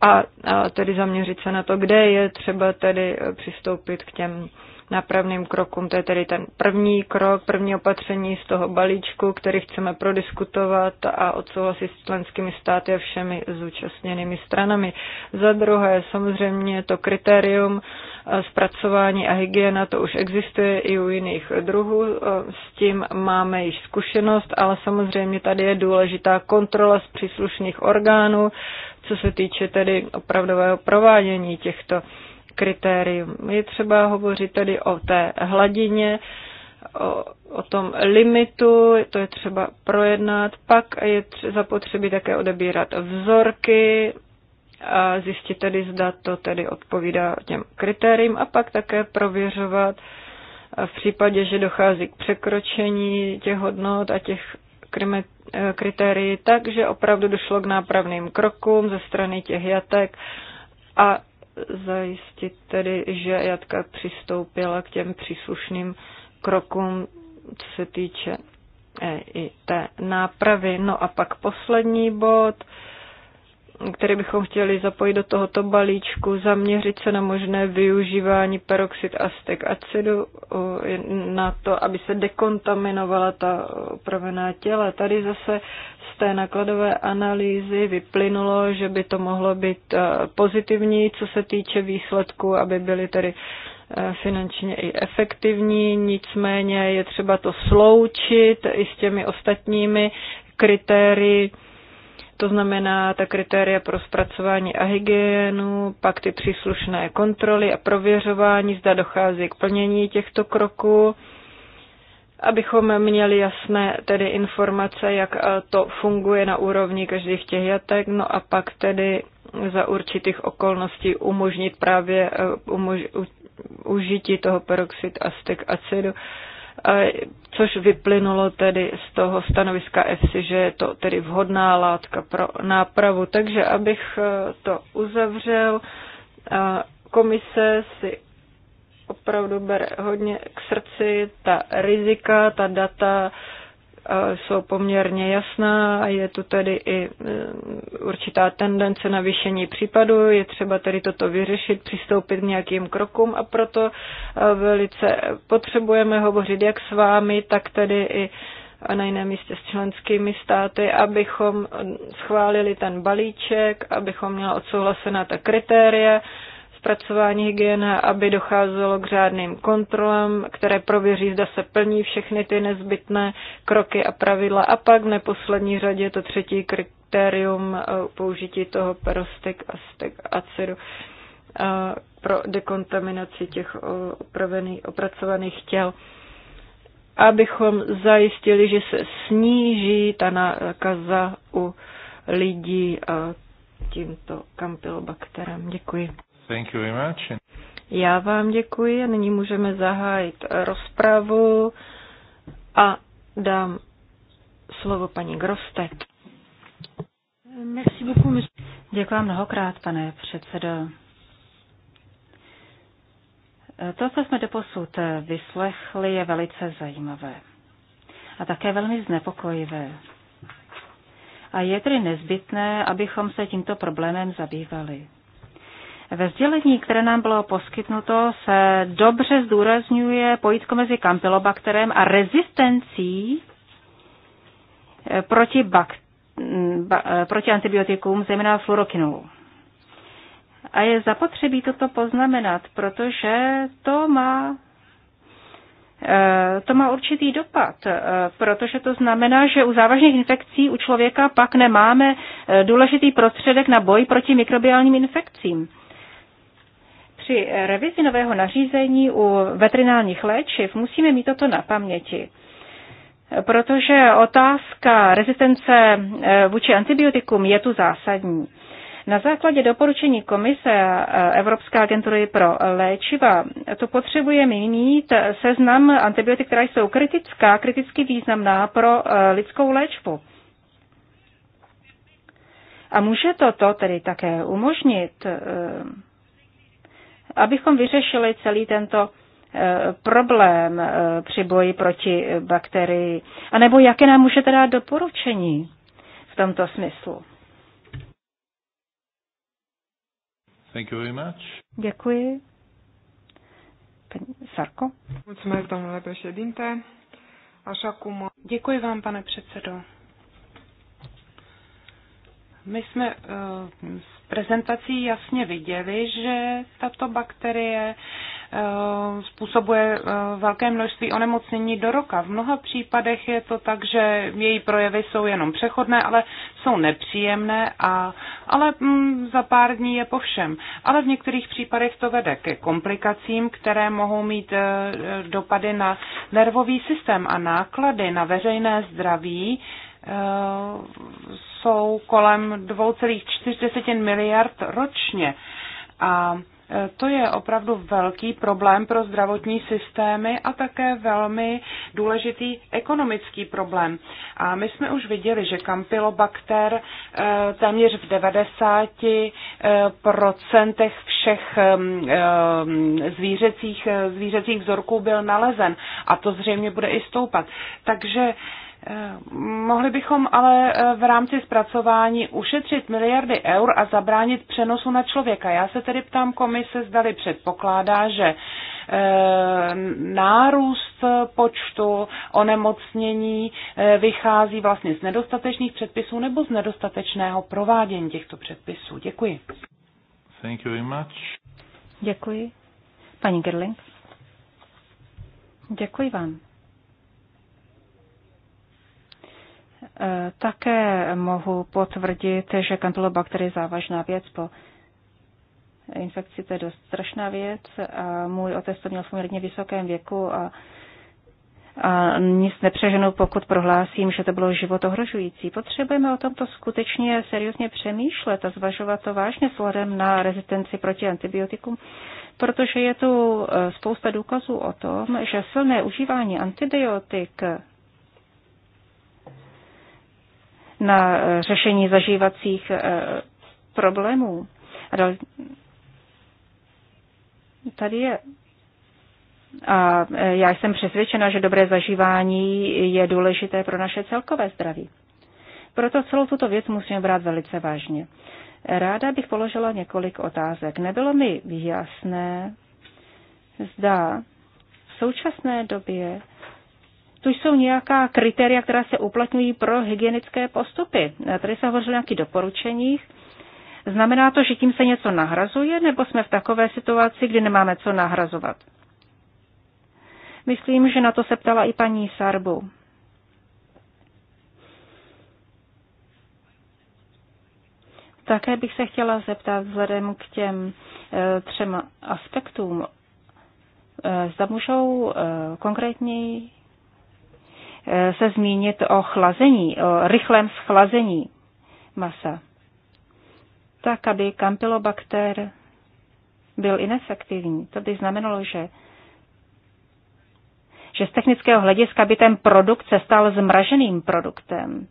a, a tedy zaměřit se na to, kde je třeba tedy eh, přistoupit k těm nápravným krokům. To je tedy ten první krok, první opatření z toho balíčku, který chceme prodiskutovat a odsouhlasit s členskými státy a všemi zúčastněnými stranami. Za druhé, samozřejmě to kritérium eh, zpracování a hygiena, to už existuje i u jiných druhů. Eh, s tím máme již zkušenost, ale samozřejmě tady je důležitá kontrola z příslušných orgánů, co se týče tedy opravdového provádění těchto kritérium. Je třeba hovořit tedy o té hladině, o, o tom limitu, to je třeba projednat, pak je tře- zapotřebí také odebírat vzorky, a zjistit tedy, zda to tedy odpovídá těm kritériím a pak také prověřovat v případě, že dochází k překročení těch hodnot a těch kritérií, takže opravdu došlo k nápravným krokům ze strany těch jatek a zajistit tedy, že Jatka přistoupila k těm příslušným krokům, co se týče e i té nápravy. No a pak poslední bod, který bychom chtěli zapojit do tohoto balíčku, zaměřit se na možné využívání peroxid astek acidu na to, aby se dekontaminovala ta opravená těla. Tady zase té nakladové analýzy vyplynulo, že by to mohlo být eh, pozitivní, co se týče výsledků, aby byly tedy eh, finančně i efektivní, nicméně je třeba to sloučit i s těmi ostatními kritérii, to znamená ta kritéria pro zpracování a hygienu, pak ty příslušné kontroly a prověřování, zda dochází k plnění těchto kroků abychom měli jasné tedy informace, jak eh, to funguje na úrovni každých těch jatek, no a pak tedy za určitých okolností umožnit právě eh, umož, u, užití toho peroxid astek acidu, eh, což vyplynulo tedy z toho stanoviska EFSI, že je to tedy vhodná látka pro nápravu. Takže abych to uzavřel, komise si opravdu bere hodně k srdci. Ta rizika, ta data eh, jsou poměrně jasná a je tu tedy i eh, určitá tendence na vyšení případů. Je třeba tedy toto vyřešit, přistoupit k nějakým krokům a proto eh, velice potřebujeme hovořit jak s vámi, tak tedy i a na jiném místě s členskými státy, abychom schválili ten balíček, abychom měla odsouhlasená ta kritéria, zpracování hygiena, aby docházelo k řádným kontrolám, které prověří, zda se plní všechny ty nezbytné kroky a pravidla. A pak v neposlední řadě to třetí kritérium eh, použití toho perostek a stek acidu eh, pro dekontaminaci těch eh, opracovaných těl abychom zajistili, že se sníží ta nákaza u lidí tímto kampylobakterem. Děkuji. Thank you very much. Já vám děkuji a nyní můžeme zahájit rozpravu a dám slovo paní Grostet. Merci beaucoup, Děkuji mnohokrát, pane předsedo. To, co jsme doposud vyslechli, je velice zajímavé a také velmi znepokojivé. A je tedy nezbytné, abychom se tímto problémem zabývali. Ve sdělení, které nám bylo poskytnuto, se dobře zdůrazňuje pojítko mezi kampylobakterem a rezistencí eh, proti, bak, ba, eh, proti antibiotikům, zejména fluorokinu. A je zapotřebí toto poznamenat, protože to má eh, to má určitý dopad, protože to znamená, že u závažných infekcí u člověka pak nemáme důležitý prostředek na boj proti mikrobiálním infekcím při revizi nového nařízení u veterinárních léčiv musíme mít toto na paměti. Protože otázka rezistence eh, vůči antibiotikum je tu zásadní. Na základě doporučení Komise eh, Evropské agentury pro léčiva to potřebujeme mít seznam antibiotik, která jsou kritická, kriticky významná pro eh, lidskou léčbu. A může toto tedy také umožnit abychom vyřešili celý tento e, problém e, při boji proti bakterii? A nebo jaké nám můžete dát doporučení v tomto smyslu? Thank you very much. Děkuji. Sarko. Děkuji vám, pane předsedo. My jsme z eh, prezentací jasně viděli, že tato bakterie eh, způsobuje eh, velké množství onemocnění do roka. V mnoha případech je to tak, že její projevy jsou jenom přechodné, ale jsou nepříjemné, a, ale mm, za pár dní je po všem. Ale v některých případech to vede ke komplikacím, které mohou mít e, dopady na nervový systém a náklady na veřejné zdraví Eh, jsou kolem 2,4 miliard ročně. A eh, to je opravdu velký problém pro zdravotní systémy a také velmi důležitý ekonomický problém. A my jsme už viděli, že kampylobakter eh, téměř v 90% všech mm, zvířecích, zvířecích vzorků byl nalezen a to zřejmě bude i stoupat. Takže Mohli bychom ale eh, v rámci zpracování ušetřit miliardy eur a zabránit přenosu na člověka. Já se tedy ptám komise, zdali předpokládá, že eh, nárůst počtu onemocnění eh, vychází vlastně z nedostatečných předpisů nebo z nedostatečného provádění těchto předpisů. Děkuji. Thank you very much. Děkuji. Paní Gerling. Děkuji vám. Eh, také mohu potvrdit, že kampylobakter je závažná věc po infekci, to je dost strašná věc. A můj otec to měl v poměrně vysokém věku a, a nic nepřeženu, pokud prohlásím, že to bylo životohrožující, Potřebujeme o tomto skutečně seriózně přemýšlet a zvažovat to vážně s na rezistenci proti antibiotikům, protože je tu eh, spousta důkazů o tom, že silné užívání antibiotik na eh, řešení zažívacích eh, problémů. Tady je. A eh, já jsem přesvědčena, že dobré zažívání je důležité pro naše celkové zdraví. Proto celou tuto věc musíme brát velice vážně. Ráda bych položila několik otázek. Nebylo mi jasné, zda v současné době to jsou nějaká kritéria, která se uplatňují pro hygienické postupy. Tady se hovořilo o nějakých doporučeních. Znamená to, že tím se něco nahrazuje, nebo jsme v takové situaci, kdy nemáme co nahrazovat? Myslím, že na to se ptala i paní Sarbu. Také bych se chtěla zeptat vzhledem k těm e, třem aspektům. E, zda můžou e, konkrétněji Eh, se zmínit o chlazení, o rychlém schlazení masa, tak aby kampylobakter byl inefektivní. To by znamenalo, že že z technického hlediska by ten produkt se stal zmraženým produktem.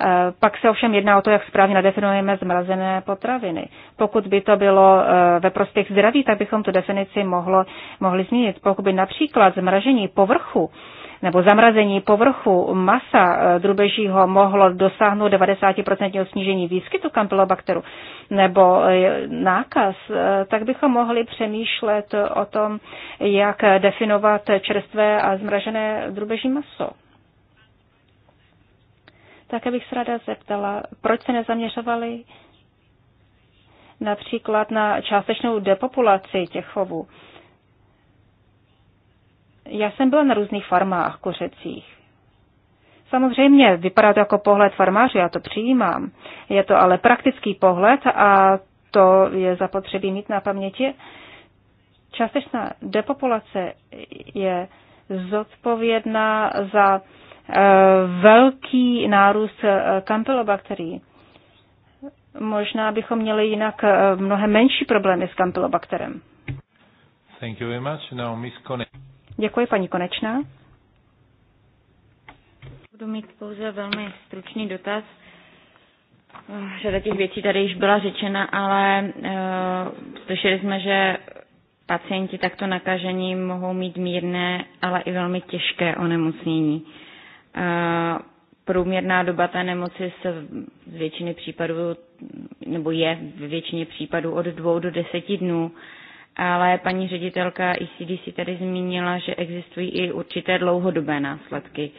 Eh, pak se ovšem jedná o to, jak správně nadefinujeme zmrazené potraviny. Pokud by to bylo eh, ve prospěch zdraví, tak bychom tu definici mohlo, mohli změnit. Pokud by například zmražení povrchu nebo zamrazení povrchu masa eh, drubežího mohlo dosáhnout 90% snížení výskytu kampylobakteru nebo nákaz, tak bychom mohli přemýšlet o tom, jak definovat čerstvé a zmražené drubeží maso. Také bych se ráda zeptala, proč se nezaměřovali například na částečnou depopulaci těch chovů. Já jsem byla na různých farmách kuřecích. Samozřejmě vypadá to jako pohled farmářů, já to přijímám. Je to ale praktický pohled a to je zapotřebí mít na paměti. Částečná depopulace je zodpovědná za Eh, velký nárůst eh, kampylobakterií. Možná bychom měli jinak eh, mnohem menší problémy s kampylobakterem. Thank you very much. Now, Kone... Děkuji, paní Konečná. Budu mít pouze velmi stručný dotaz. Řada těch věcí tady již byla řečena, ale uh, slyšeli jsme, že pacienti takto nakažení mohou mít mírné, ale i velmi těžké onemocnění. Uh, Průměrná doba té nemoci se z většiny případů, nebo je v většině případů od dvou do deseti dnů, ale paní ředitelka ECDC tady zmínila, že existují i určité dlouhodobé následky.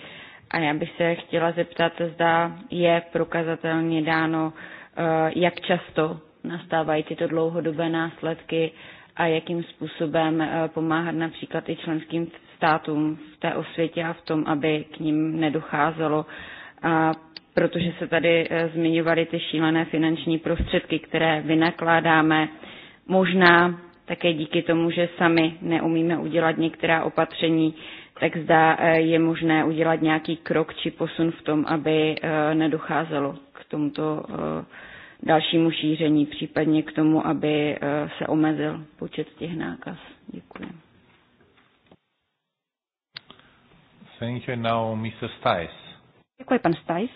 A já bych se chtěla zeptat, zda je prokazatelně dáno, eh, jak často nastávají tyto dlouhodobé následky a jakým způsobem eh, pomáhat například i členským státům v té osvětě a v tom, aby k ním nedocházelo. A protože se tady eh, zmiňovaly ty šílené finanční prostředky, které vynakládáme, možná také díky tomu, že sami neumíme udělat některá opatření, tak zda eh, je možné udělat nějaký krok či posun v tom, aby nedocházelo k tomuto dalšímu šíření, případně k tomu, aby eh, se omezil počet těch nákaz. Děkuji. Thank you. Now, Mr. Stice. Děkuji, pan Stajs.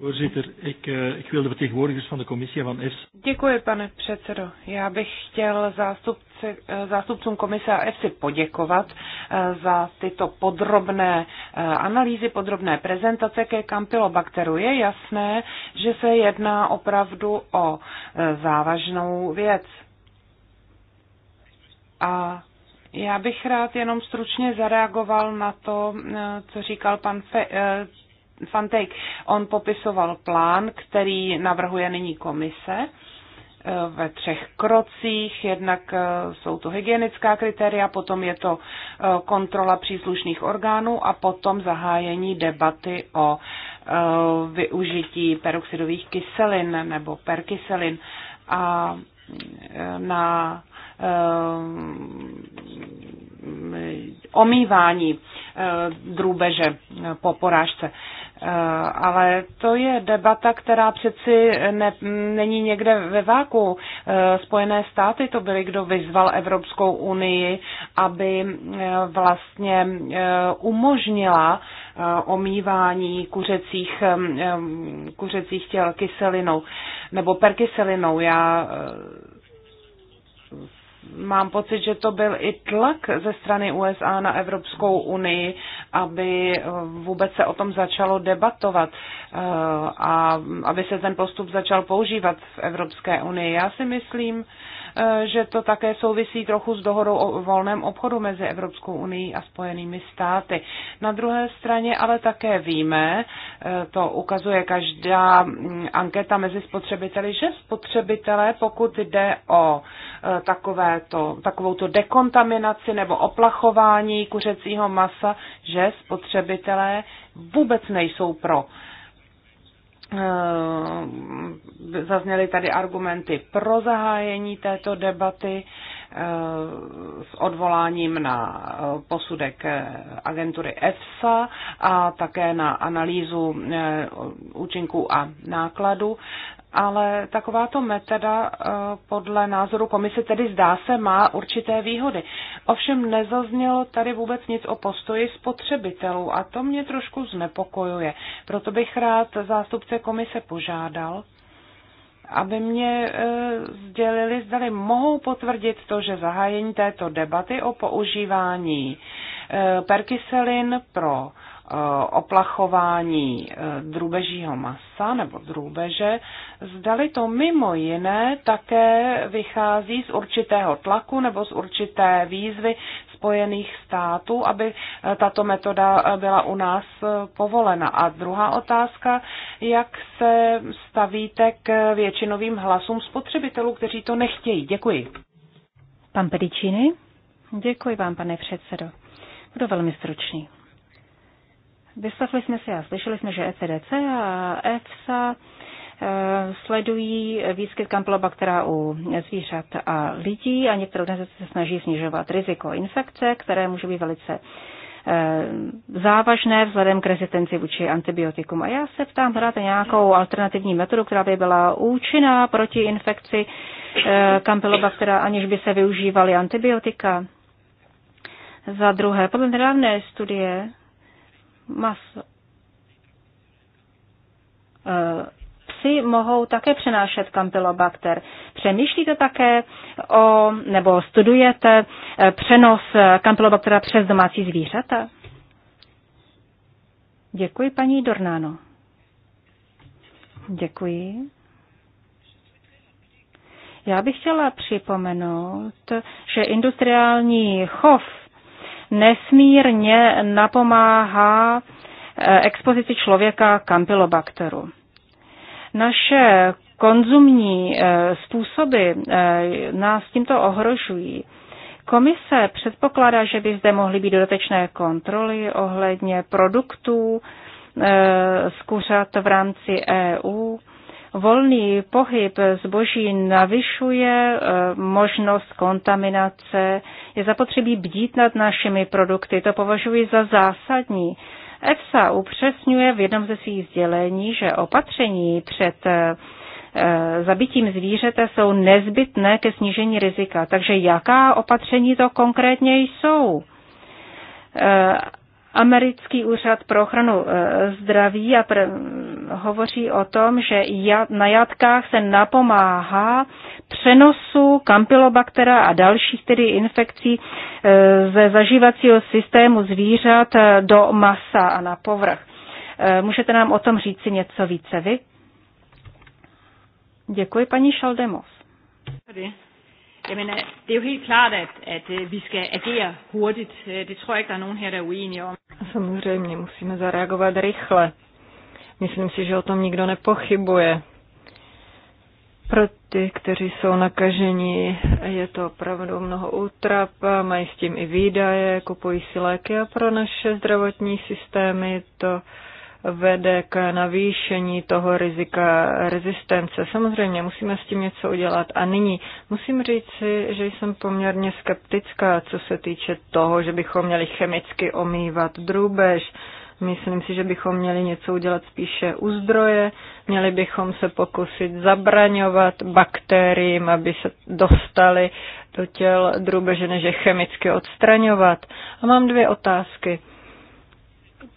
Voorzitter, ik, eh, ik wil de vertegenwoordigers van de commissie van Děkuji, pane předsedo. Já bych chtěl zástupce, eh, zástupcům komise a EFSI poděkovat eh, za tyto podrobné analýzy, podrobné prezentace ke kampylobakteru. Je jasné, že se jedná opravdu o závažnou věc. A já bych rád jenom stručně zareagoval na to, co říkal pan Fe, van Dijk. On popisoval plán, který navrhuje nyní komise e, ve třech krocích. Jednak e, jsou to hygienická kritéria, potom je to e, kontrola příslušných orgánů a potom zahájení debaty o využití peroxidových kyselin nebo perkyselin. A na omývání drůbeže po porážce. Eh, ale to je debata, která přeci ne, není někde ve váku. Eh, Spojené státy to byly, kdo vyzval Evropskou unii, aby eh, vlastně umožnila omývání kuřecích, kuřecích těl kyselinou nebo perkyselinou. Já mám pocit, že to byl i tlak ze strany USA na Evropskou unii, aby eh, vůbec se o tom začalo debatovat eh, a aby se ten postup začal používat v Evropské unii. Já si myslím, Eh, že to také souvisí trochu s dohodou o volném obchodu mezi Evropskou unii a Spojenými státy. Na druhé straně ale také víme, eh, to ukazuje každá mm, anketa mezi spotřebiteli, že spotřebitelé, pokud jde o eh, takovou to dekontaminaci nebo oplachování kuřecího masa, že spotřebitelé vůbec nejsou pro. Eh, zazněly tady argumenty pro zahájení této debaty eh, s odvoláním na eh, posudek agentury EFSA a také na analýzu účinků a nákladu ale takováto metoda eh, podle názoru komise tedy zdá se má určité výhody. Ovšem nezaznělo tady vůbec nic o postoji spotřebitelů a to mě trošku znepokojuje. Proto bych rád zástupce komise požádal, aby mě eh, sdělili, zdali mohou potvrdit to, že zahájení této debaty o používání eh, perkyselin pro Eh, oplachování eh, drůbežího masa nebo drůbeže, zdali to mimo jiné také vychází z určitého tlaku nebo z určité výzvy Spojených států, aby eh, tato metoda byla u nás povolena. A druhá otázka, jak se stavíte k většinovým hlasům spotřebitelů, kteří to nechtějí. Děkuji. Pan Pedicini. Děkuji vám, pane předsedo. Budu velmi stručný. Vyslechli jsme se a slyšeli jsme, že ECDC a EFSA eh, sledují výskyt kampylobakteria u zvířat a lidí a některé organizace se snaží snižovat riziko infekce, které může být velice eh, závažné vzhledem k rezistenci vůči antibiotikum. A já se ptám, hledáte nějakou alternativní metodu, která by byla účinná proti infekci eh, kampylobakteria, aniž by se využívaly antibiotika? Za druhé, podle nedávné studie maso. Psi eh, mohou také přenášet kampylobakter. Přemýšlíte také o, nebo studujete eh, přenos eh, kampylobaktera přes domácí zvířata? Děkuji, paní Dornáno. Děkuji. Já bych chtěla připomenout, že industriální chov nesmírně napomáhá eh, expozici člověka kampylobakteru. Naše konzumní eh, způsoby eh, nás tímto ohrožují. Komise předpokládá, že by zde mohly být dodatečné kontroly ohledně produktů z kuřat v rámci EU Volný pohyb zboží navyšuje eh, možnost kontaminace. Je zapotřebí bdít nad našimi produkty. To považuji za zásadní. EFSA upřesňuje v jednom ze svých sdělení, že opatření před eh, eh, zabitím zvířete jsou nezbytné ke snížení rizika. Takže jaká opatření to konkrétně jsou? Americký úřad pro ochranu e, zdraví a pr- hovoří o tom, že na jatkách se napomáhá přenosu kampylobaktera a dalších tedy infekcí e, ze zažívacího systému zvířat e, do masa a na povrch. Můžete nám o tom říci něco více vy? Děkuji, paní Šaldemos. Tady. Jamen, øh, det er jo helt klart, at, at øh, vi skal agere hurtigt. Øh, det tror jeg ikke, der er nogen her, der er uenige om. Samozřejmě musíme zareagovat rychle. Myslím si, že o tom nikdo nepochybuje. Pro ty, kteří jsou nakaženi, je to opravdu mnoho útrap, mají s tím i výdaje, kupují si léky a pro naše zdravotní systémy to uh, vede k navýšení toho rizika rezistence. Samozřejmě musíme s tím něco udělat. A nyní musím říci, že jsem poměrně skeptická, co se týče toho, že bychom měli chemicky omývat drůbež. Myslím si, že bychom měli něco udělat spíše u zdroje, měli bychom se pokusit zabraňovat bakteriím, aby se dostali do těl drůbeže, než je chemicky odstraňovat. A mám dvě otázky.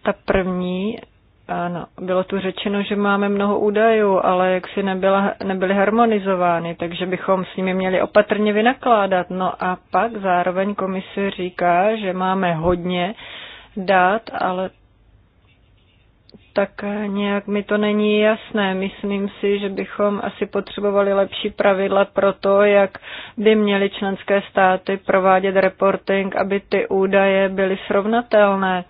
Ta první ano, bylo tu řečeno, že máme mnoho údajů, ale jaksi nebyla, nebyly harmonizovány, takže bychom s nimi měli opatrně vynakládat. No a pak zároveň komise říká, že máme hodně dát, ale tak nějak mi to není jasné. Myslím si, že bychom asi potřebovali lepší pravidla pro to, jak by měly členské státy provádět reporting, aby ty údaje byly srovnatelné.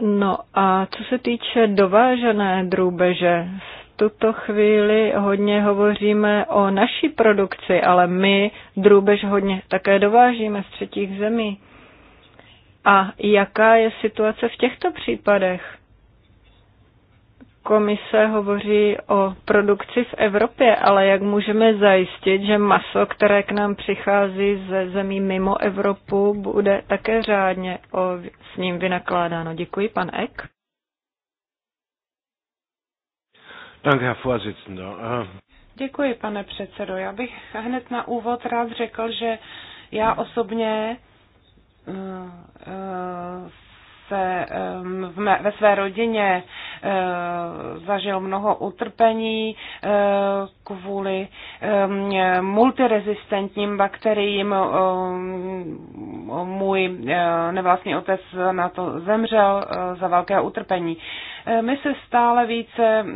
No a co se týče dovážené drůbeže, v tuto chvíli hodně hovoříme o naší produkci, ale my drůbež hodně také dovážíme z třetích zemí. A jaká je situace v těchto případech? Komise hovoří o produkci v Evropě, ale jak můžeme zajistit, že maso, které k nám přichází ze zemí mimo Evropu, bude také řádně o, s ním vynakládáno? Děkuji, pan Eck. Äh, Děkuji, pane předsedo. Já bych hned na úvod rád řekl, že já osobně eh, eh, se v mé, ve své rodině zažil mnoho utrpení kvůli multirezistentním bakteriím. Můj nevlastní otec na to zemřel za velké utrpení. My se stále více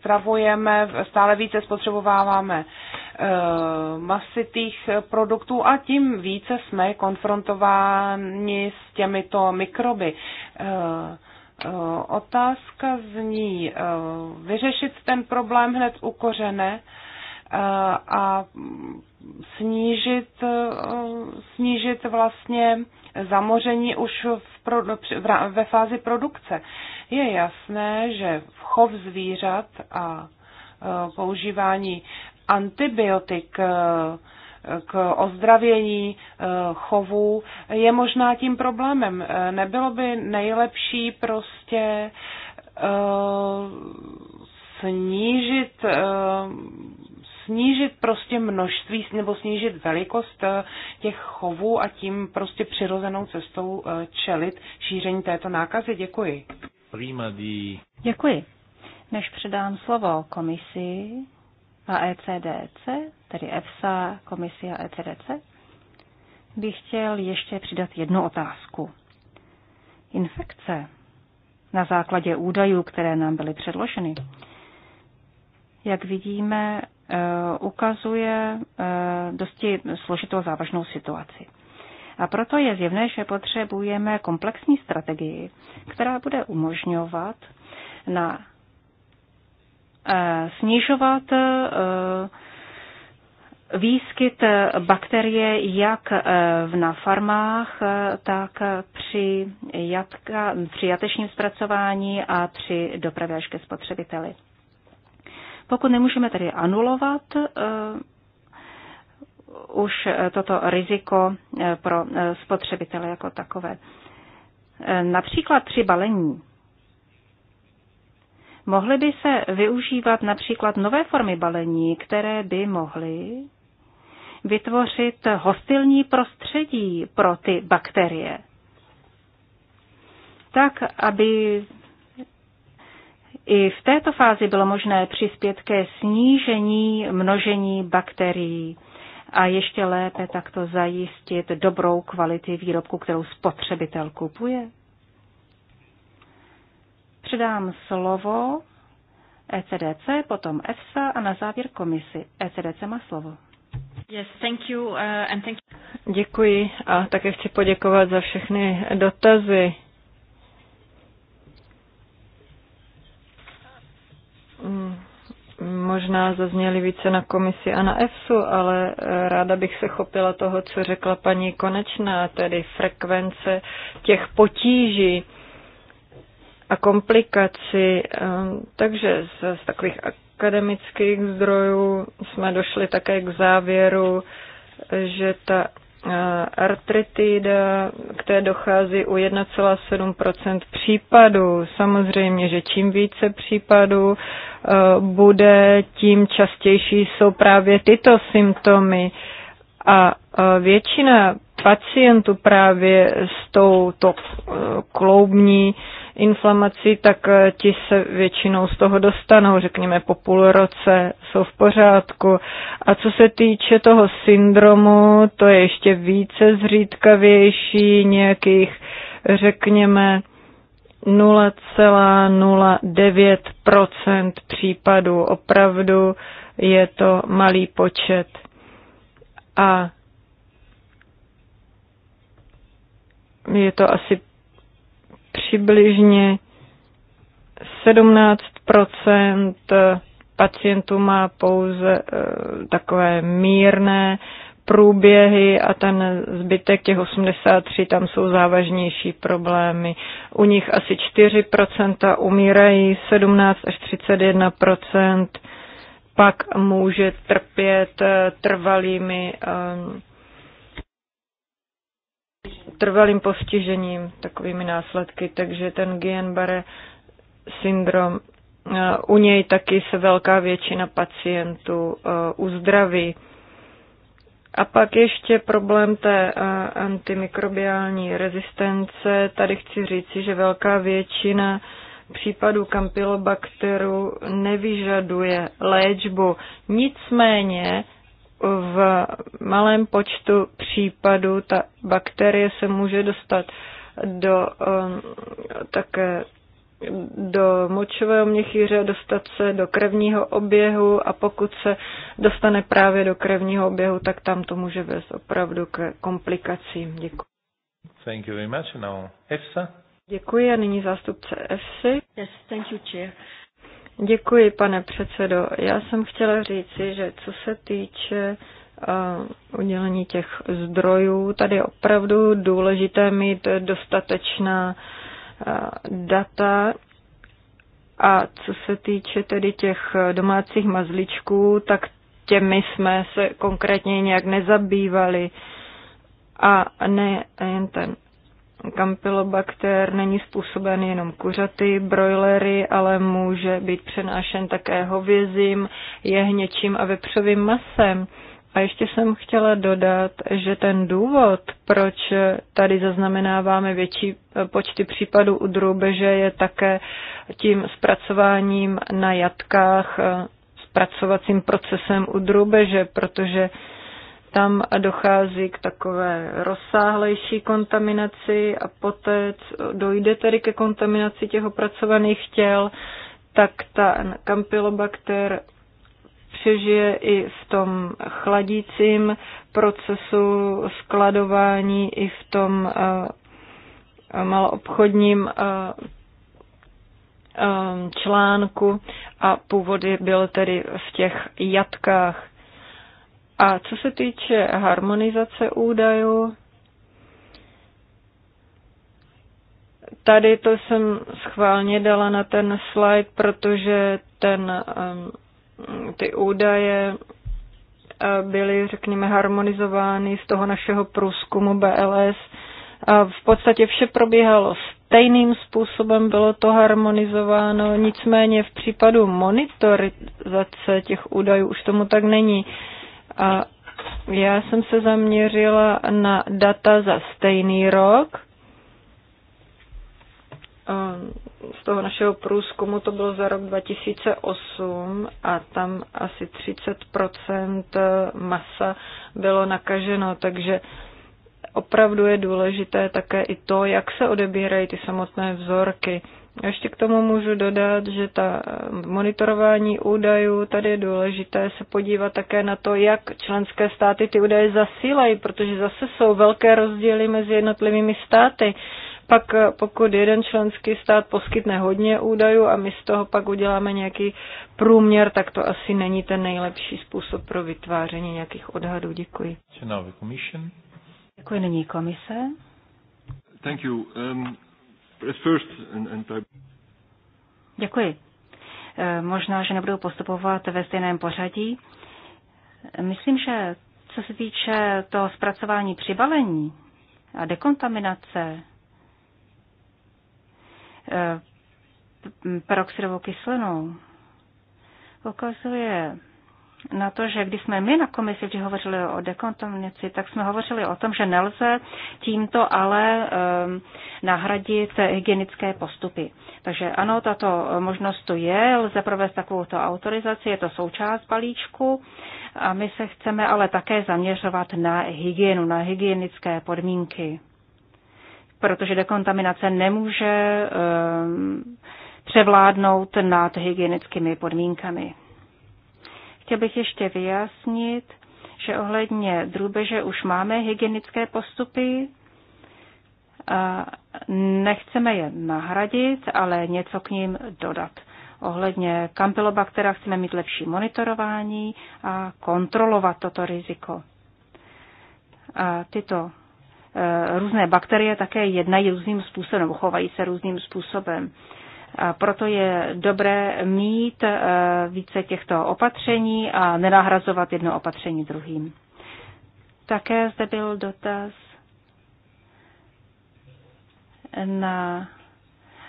stravujeme, stále více spotřebováváme Eh, masitých produktů a tím více jsme konfrontováni s těmito mikroby. Eh, eh, otázka zní vyřešit ten problém hned u kořene a snížit, snížit vlastně zamoření už v v, ve fázi produkce. Je jasné, že chov zvířat a používání antibiotik eh, k ozdravění eh, chovů je možná tím problémem. Eh, nebylo by nejlepší prostě snížit snížit prostě množství nebo snížit velikost těch chovů a tím prostě přirozenou cestou čelit šíření této nákazy. Děkuji. Prima di... Děkuji. Než předám slovo komisi, a ECDC, tedy EFSA, komisi a ECDC, e bych chtěl ještě přidat jednu otázku. Infekce na základě údajů, které nám byly předloženy, jak vidíme, e, ukazuje e, dosti složitou závažnou situaci. A proto je zjevné, že potřebujeme komplexní strategii, která bude umožňovat na Eh, snižovat eh, výskyt bakterie jak eh, na farmách, tak při, jatka, při jatečním zpracování a při dopravě až ke spotřebiteli. Pokud nemůžeme tedy anulovat už toto riziko pro spotřebitele jako takové. Například při balení Mohly by se využívat například nové formy balení, které by mohly vytvořit hostilní prostředí pro ty bakterie. Tak, aby i v této fázi bylo možné přispět ke snížení množení bakterií a ještě lépe takto zajistit dobrou kvalitu výrobku, kterou spotřebitel kupuje. Předám slovo ECDC, potom EFSA a na závěr komisi. ECDC má slovo. Yes, thank you, uh, and thank you. Děkuji a také chci poděkovat za všechny dotazy. Mm, možná zazněly více na komisi a na EFSU, ale eh, ráda bych se chopila toho, co řekla paní Konečná, tedy frekvence těch potíží a komplikaci. Eh, takže z, z takových akademických zdrojů jsme došli také k závěru, že ta eh, artritida, k té dochází u 1,7 případů. Samozřejmě, že čím více případů eh, bude, tím častější jsou právě tyto symptomy. A většina pacientů právě s touto kloubní inflamací, tak eh, ti se většinou z toho dostanou, řekněme po půl roce, jsou v pořádku. A co se týče toho syndromu, to je ještě více zřídkavější, nějakých, řekněme, 0,09 případů. Opravdu je to malý počet. A je to asi přibližně 17 pacientů má pouze eh, takové mírné průběhy a ten zbytek těch 83, tam jsou závažnější problémy. U nich asi 4% umírají, 17 až 31% pak může trpět eh, trvalými eh, trvalým postižením, takovými následky, takže ten Guillain-Barré syndrom, eh, u něj taky se velká většina pacientů eh, uzdraví. A pak ještě problém té eh, antimikrobiální rezistence. Tady chci říci, že velká většina případů kampylobakteru nevyžaduje léčbu. Nicméně v malém počtu případů ta bakterie se může dostat do um, také do močového měchýře, dostat se do krevního oběhu a pokud se dostane právě do krevního oběhu, tak tam to může vést opravdu k komplikacím. Děkuji. Thank you very much. Now, EFSA. Děkuji a nyní zástupce EFSI. Yes, thank you, chair. Děkuji, pane předsedo. Já jsem chtěla říci, že co se týče eh, udělení těch zdrojů, tady je opravdu důležité mít dostatečná eh, data. A co se týče tedy těch domácích mazličků, tak těmi jsme se konkrétně nějak nezabývali. A ne jen ten Campylobacter není způsoben jenom kuřaty, brojlery, ale může být přenášen také hovězím, jehněčím a vepřovým masem. A ještě jsem chtěla dodat, že ten důvod, proč tady zaznamenáváme větší eh, počty případů u drůbeže, je také tím zpracováním na jatkách, eh, zpracovacím procesem u drůbeže, protože tam dochází k takové rozsáhlejší kontaminaci a poté dojde tedy ke kontaminaci těch opracovaných těl, tak ta kampylobakter přežije i v tom chladícím procesu skladování, i v tom eh, maloobchodním eh, eh, článku a původy byl tedy v těch jatkách. A co se týče harmonizace údajů, tady to jsem schválně dala na ten slide, protože ten, ty údaje eh, byly, řekněme, harmonizovány z toho našeho průzkumu BLS. A v podstatě vše probíhalo stejným způsobem, bylo to harmonizováno, nicméně v případu monitorizace těch údajů už tomu tak není. A já jsem se zaměřila na data za stejný rok. Z toho našeho průzkumu to bylo za rok 2008 a tam asi 30 masa bylo nakaženo, takže opravdu je důležité také i to, jak se odebírají ty samotné vzorky. Ještě k tomu můžu dodat, že ta eh, monitorování údajů, tady je důležité se podívat také na to, jak členské státy ty údaje zasílají, protože zase jsou velké rozdíly mezi jednotlivými státy. Pak eh, pokud jeden členský stát poskytne hodně údajů a my z toho pak uděláme nějaký průměr, tak to asi není ten nejlepší způsob pro vytváření nějakých odhadů. Děkuji. Děkuji, nyní komise. Thank you. Um... Děkuji. E, možná, že nebudu postupovat ve stejném pořadí. Myslím, že co se týče toho zpracování přibalení a dekontaminace e, peroxidovou kyselinou, ukazuje na to, že když jsme my na komisi vždy hovořili o dekontaminaci, tak jsme hovořili o tom, že nelze tímto ale um, nahradit hygienické postupy. Takže ano, tato možnost tu je, lze provést takovouto autorizaci, je to součást balíčku a my se chceme ale také zaměřovat na hygienu, na hygienické podmínky. Protože dekontaminace nemůže um, převládnout nad hygienickými podmínkami. Chtěl bych ještě vyjasnit, že ohledně drůbeže už máme hygienické postupy, nechceme je nahradit, ale něco k ním dodat. Ohledně kampylobaktera chceme mít lepší monitorování a kontrolovat toto riziko. A tyto e, různé bakterie také jednají různým způsobem, chovají se různým způsobem proto je dobré mít eh, více těchto opatření a nenahrazovat jedno opatření druhým. Také zde byl dotaz na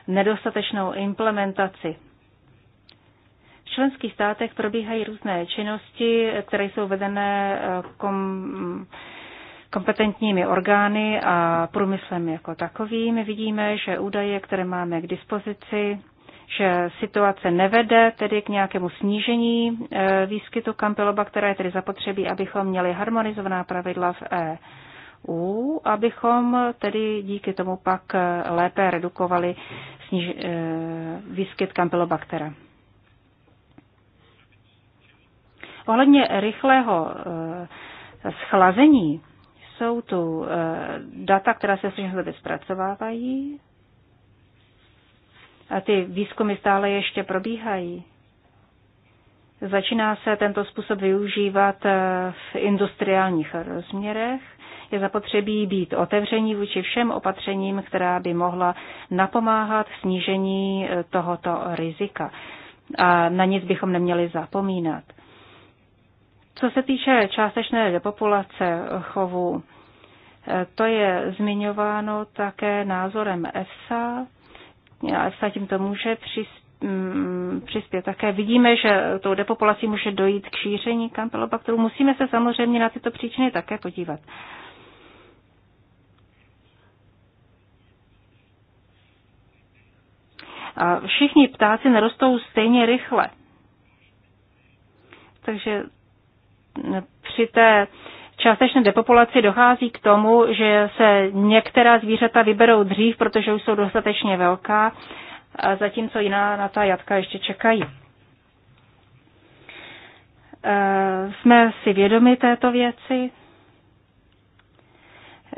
nedostatečnou implementaci. V členských státech probíhají různé činnosti, které jsou vedené eh, kom, kompetentními orgány a průmyslem jako takovým. Vidíme, že údaje, které máme k dispozici, že situace nevede tedy k nějakému snížení e, výskytu kampylobakterie, je tedy zapotřebí, abychom měli harmonizovaná pravidla v EU, abychom tedy díky tomu pak e, lépe redukovali sníž, e, výskyt kampylobaktera. Ohledně rychlého schlazení jsou tu eh, data, která se snaží zpracovávají a ty výzkumy stále ještě probíhají. Začíná se tento způsob využívat eh, v industriálních rozměrech. Je zapotřebí být otevření vůči všem opatřením, která by mohla napomáhat snížení eh, tohoto rizika. A na nic bychom neměli zapomínat. Co se týče částečné depopulace chovů, eh, to je zmiňováno také názorem EFSA. EFSA tímto může mm, přispět také. Vidíme, že tou depopulací může dojít k šíření kampelobakterů. Musíme se samozřejmě na tyto příčiny také podívat. A všichni ptáci nerostou stejně rychle. Takže při té částečné depopulaci dochází k tomu, že se některá zvířata vyberou dřív, protože už jsou dostatečně velká, a zatímco jiná na ta jatka ještě čekají. E, jsme si vědomi této věci,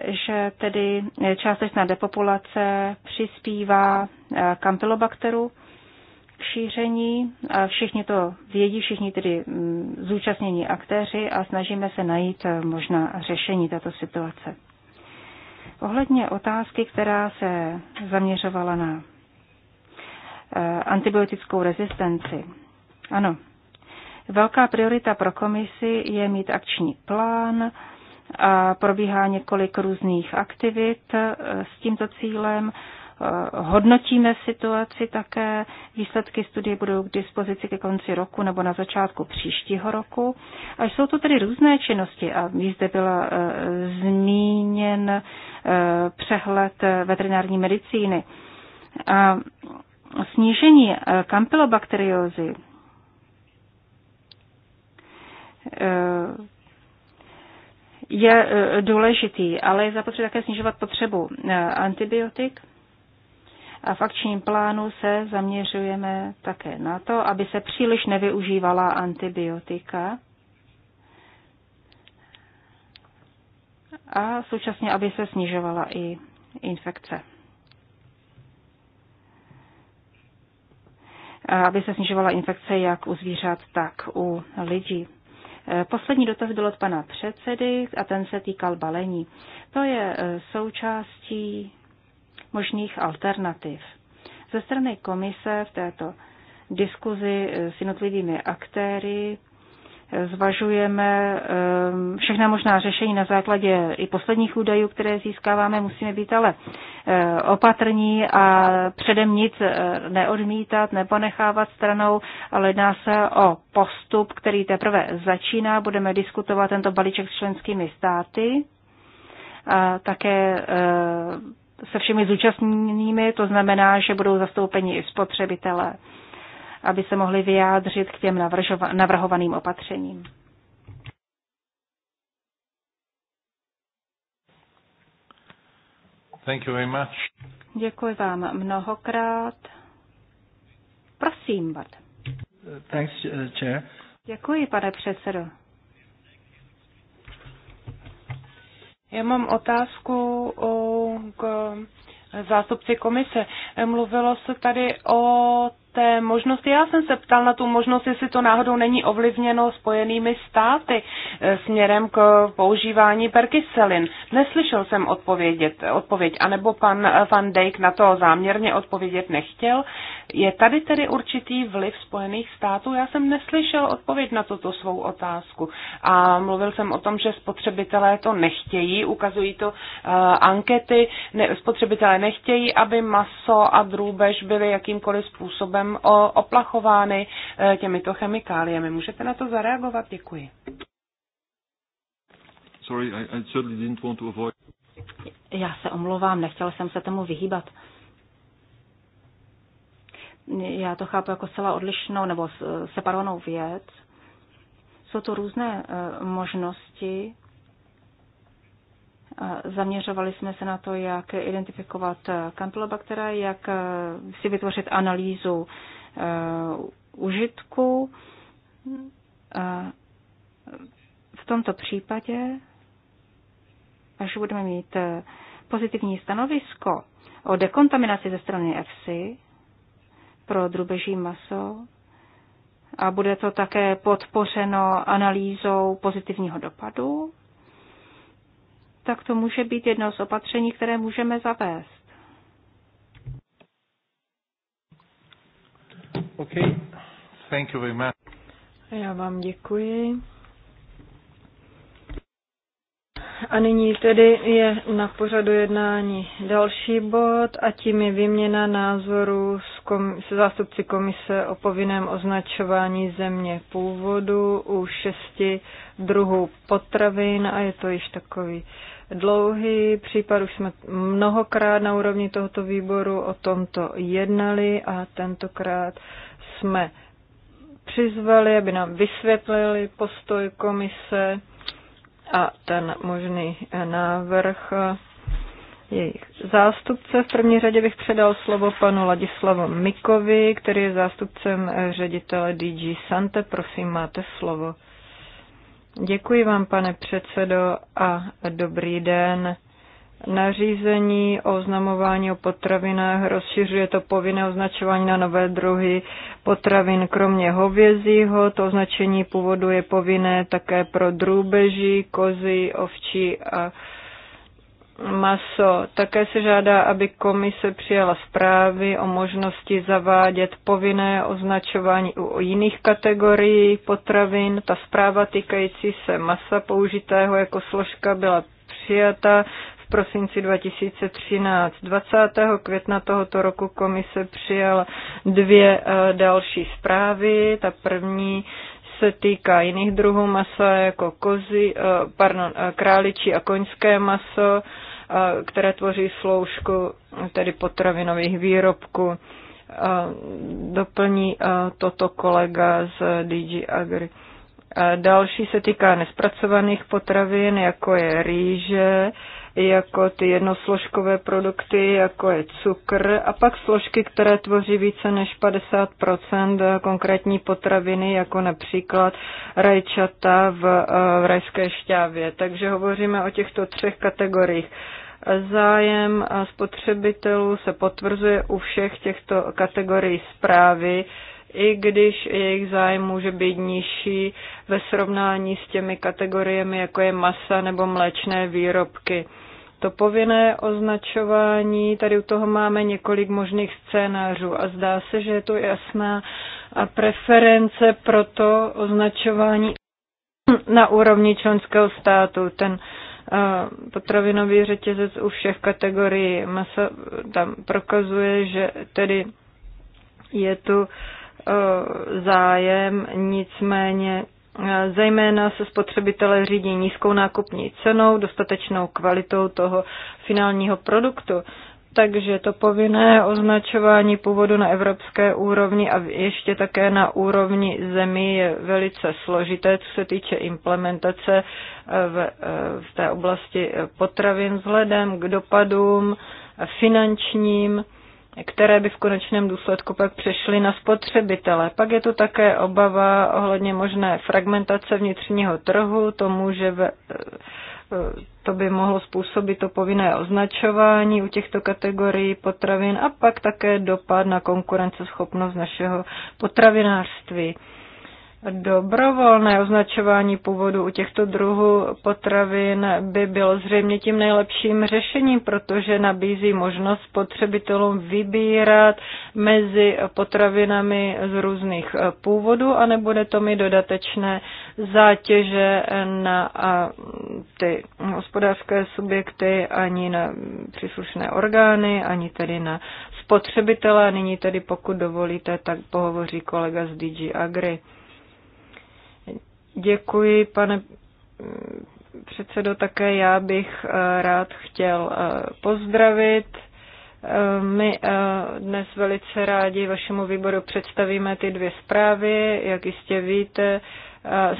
že tedy částečná depopulace přispívá kampylobakteru e, šíření a všichni to vědí, všichni tedy mm, zúčastnění aktéři a snažíme se najít eh, možná řešení této situace. Ohledně otázky, která se zaměřovala na eh, antibiotickou rezistenci. Ano, velká priorita pro komisi je mít akční plán, a probíhá několik různých aktivit eh, s tímto cílem Eh, hodnotíme situaci také. Výsledky studie budou k dispozici ke konci roku nebo na začátku příštího roku. A jsou to tedy různé činnosti a zde byl eh, zmíněn eh, přehled veterinární medicíny. A snížení kampylobakteriózy je důležitý, ale je zapotřebí také snižovat potřebu antibiotik a v akčním plánu se zaměřujeme také na to, aby se příliš nevyužívala antibiotika a současně, aby se snižovala i infekce. aby se snižovala infekce jak u zvířat, tak u lidí. E, poslední dotaz byl od pana předsedy a ten se týkal balení. To je e, součástí možných alternativ. Ze strany komise v této diskuzi s jednotlivými aktéry eh, zvažujeme eh, všechna možná řešení na základě i posledních údajů, které získáváme. Musíme být ale eh, opatrní a předem nic neodmítat, neponechávat stranou, ale jedná se o postup, který teprve začíná. Budeme diskutovat tento balíček s členskými státy. A také se všemi zúčastněnými, to znamená, že budou zastoupeni i spotřebitelé, aby se mohli vyjádřit k těm navrhovaným opatřením. Thank you very much. Děkuji vám mnohokrát. Prosím, Bart. Thanks, uh, chair. Děkuji, pane předsedo. Já mám otázku k zástupci komise. Mluvilo se tady o té možnosti. Já jsem se ptal na tu možnost, jestli to náhodou není ovlivněno spojenými státy eh, směrem k používání perkyselin. Neslyšel jsem odpovědět, odpověď, anebo pan eh, Van Dijk na to záměrně odpovědět nechtěl. Je tady tedy určitý vliv Spojených států? Já jsem neslyšel odpověď na tuto svou otázku. A mluvil jsem o tom, že spotřebitelé to nechtějí, ukazují to uh, ankety, ne, spotřebitelé nechtějí, aby maso a drůbež byly jakýmkoliv způsobem způsobem oplachovány eh, těmito chemikáliemi. Můžete na to zareagovat? Děkuji. Sorry, I, I certainly didn't want to avoid. Já se omlouvám, nechtěl jsem se tomu vyhýbat. Já to chápu jako celá odlišnou nebo separovanou věc. Jsou to různé eh, možnosti Zaměřovali jsme se na to, jak identifikovat eh, kantilobakteria, jak eh, si vytvořit analýzu eh, užitku. V tomto případě, až budeme mít pozitivní stanovisko o dekontaminaci ze strany EFSI pro drubeží maso, a bude to také podpořeno analýzou pozitivního dopadu tak to může být jedno z opatření, které můžeme zavést. Okay. Thank you very much. Já vám děkuji. A nyní tedy je na pořadu jednání další bod a tím je výměna názoru s kom- s zástupci komise o povinném označování země původu u šesti druhů potravin a je to již takový dlouhý případ, už jsme mnohokrát na úrovni tohoto výboru o tomto jednali a tentokrát jsme přizvali, aby nám vysvětlili postoj komise a ten možný eh, návrh eh, jejich zástupce. V první řadě bych předal slovo panu Ladislavu Mikovi, který je zástupcem eh, ředitele DG Sante. Prosím, máte slovo. Děkuji vám, pane předsedo, a dobrý den. Nařízení o oznamování o potravinách rozšiřuje to povinné označování na nové druhy potravin, kromě hovězího. To označení původu je povinné také pro drůbeží, kozy, ovčí a maso. Také se žádá, aby komise přijala zprávy o možnosti zavádět povinné označování u jiných kategorií potravin. Ta zpráva týkající se masa použitého jako složka byla přijata v prosinci 2013. 20. května tohoto roku komise přijala dvě eh, další zprávy. Ta první se týká jiných druhů masa, jako kozy, eh, pardon, eh, králičí a koňské maso Eh, které tvoří sloužku tedy potravinových výrobků. Eh, doplní eh, toto kolega z DG Agri. Další se týká nespracovaných potravin, jako je rýže, jako ty jednosložkové produkty, jako je cukr, a pak složky, které tvoří více než 50 konkrétní potraviny, jako například rajčata v, eh, v rajské šťávě. Takže hovoříme o těchto třech kategoriích. Zájem spotřebitelů se potvrzuje u všech těchto kategorií zprávy i když jejich zájem může být nižší ve srovnání s těmi kategoriemi, jako je masa nebo mléčné výrobky. To povinné označování, tady u toho máme několik možných scénářů a zdá se, že je tu jasná preference pro to označování [CLEARS THROAT] na úrovni členského státu. Ten eh, potravinový řetězec u všech kategorií masa tam prokazuje, že tedy je tu eh, zájem, nicméně Zejména se spotřebitelé řídí nízkou nákupní cenou, dostatečnou kvalitou toho finálního produktu. Takže to povinné označování původu na evropské úrovni a ještě také na úrovni zemí je velice složité, co se týče implementace eh, v, eh, v té oblasti potravin vzhledem k dopadům finančním které by v konečném důsledku pak přešly na spotřebitele. Pak je tu také obava ohledně možné fragmentace vnitřního trhu, tomu, že ve, to by mohlo způsobit to povinné označování u těchto kategorií potravin a pak také dopad na konkurenceschopnost našeho potravinářství. Dobrovolné označování původu u těchto druhů potravin by bylo zřejmě tím nejlepším řešením, protože nabízí možnost spotřebitelům vybírat mezi potravinami z různých původů a nebude to mít dodatečné zátěže na ty hospodářské subjekty, ani na příslušné orgány, ani tedy na spotřebitele. Nyní tedy, pokud dovolíte, tak pohovoří kolega z DG Agri. Děkuji, pane předsedo, také já bych eh, rád chtěl eh, pozdravit. Eh, my dnes velice rádi vašemu výboru představíme ty dvě zprávy. Jak jistě víte,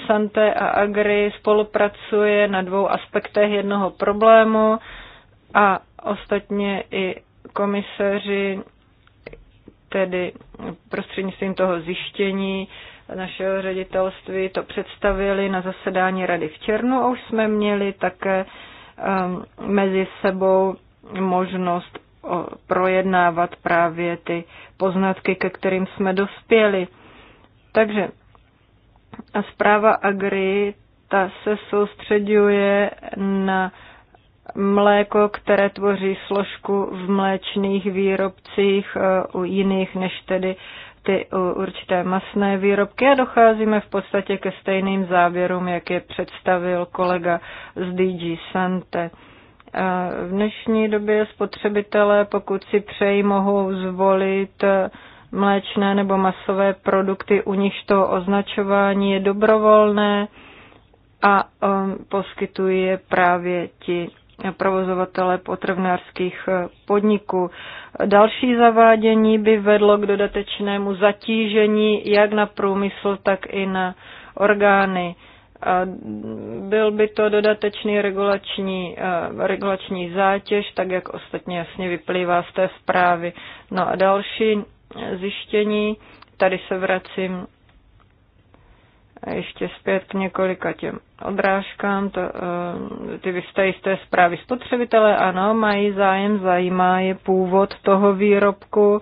Sante a Agri spolupracuje na dvou aspektech jednoho problému a ostatně i komisaři tedy prostřednictvím toho zjištění našeho ředitelství to představili na zasedání rady v černu a už jsme měli také um, mezi sebou možnost projednávat právě ty poznatky, ke kterým jsme dospěli. Takže a zpráva Agri, ta se soustředuje na mléko, které tvoří složku v mléčných výrobcích e, u jiných než tedy ty určité masné výrobky a docházíme v podstatě ke stejným závěrům, jak je představil kolega z DG Sante. V dnešní době spotřebitelé, pokud si přejí, mohou zvolit e, mléčné nebo masové produkty, u nichž to označování je dobrovolné a e, poskytují je právě ti provozovatele potravnářských eh, podniků. Další zavádění by vedlo k dodatečnému zatížení jak na průmysl, tak i na orgány. A byl by to dodatečný regulační, eh, regulační zátěž, tak jak ostatně jasně vyplývá z té zprávy. No a další eh, zjištění, tady se vracím ještě zpět k několika těm odrážkám. To, eh, ty vystají z té zprávy spotřebitele, ano, mají zájem, zajímá je původ toho výrobku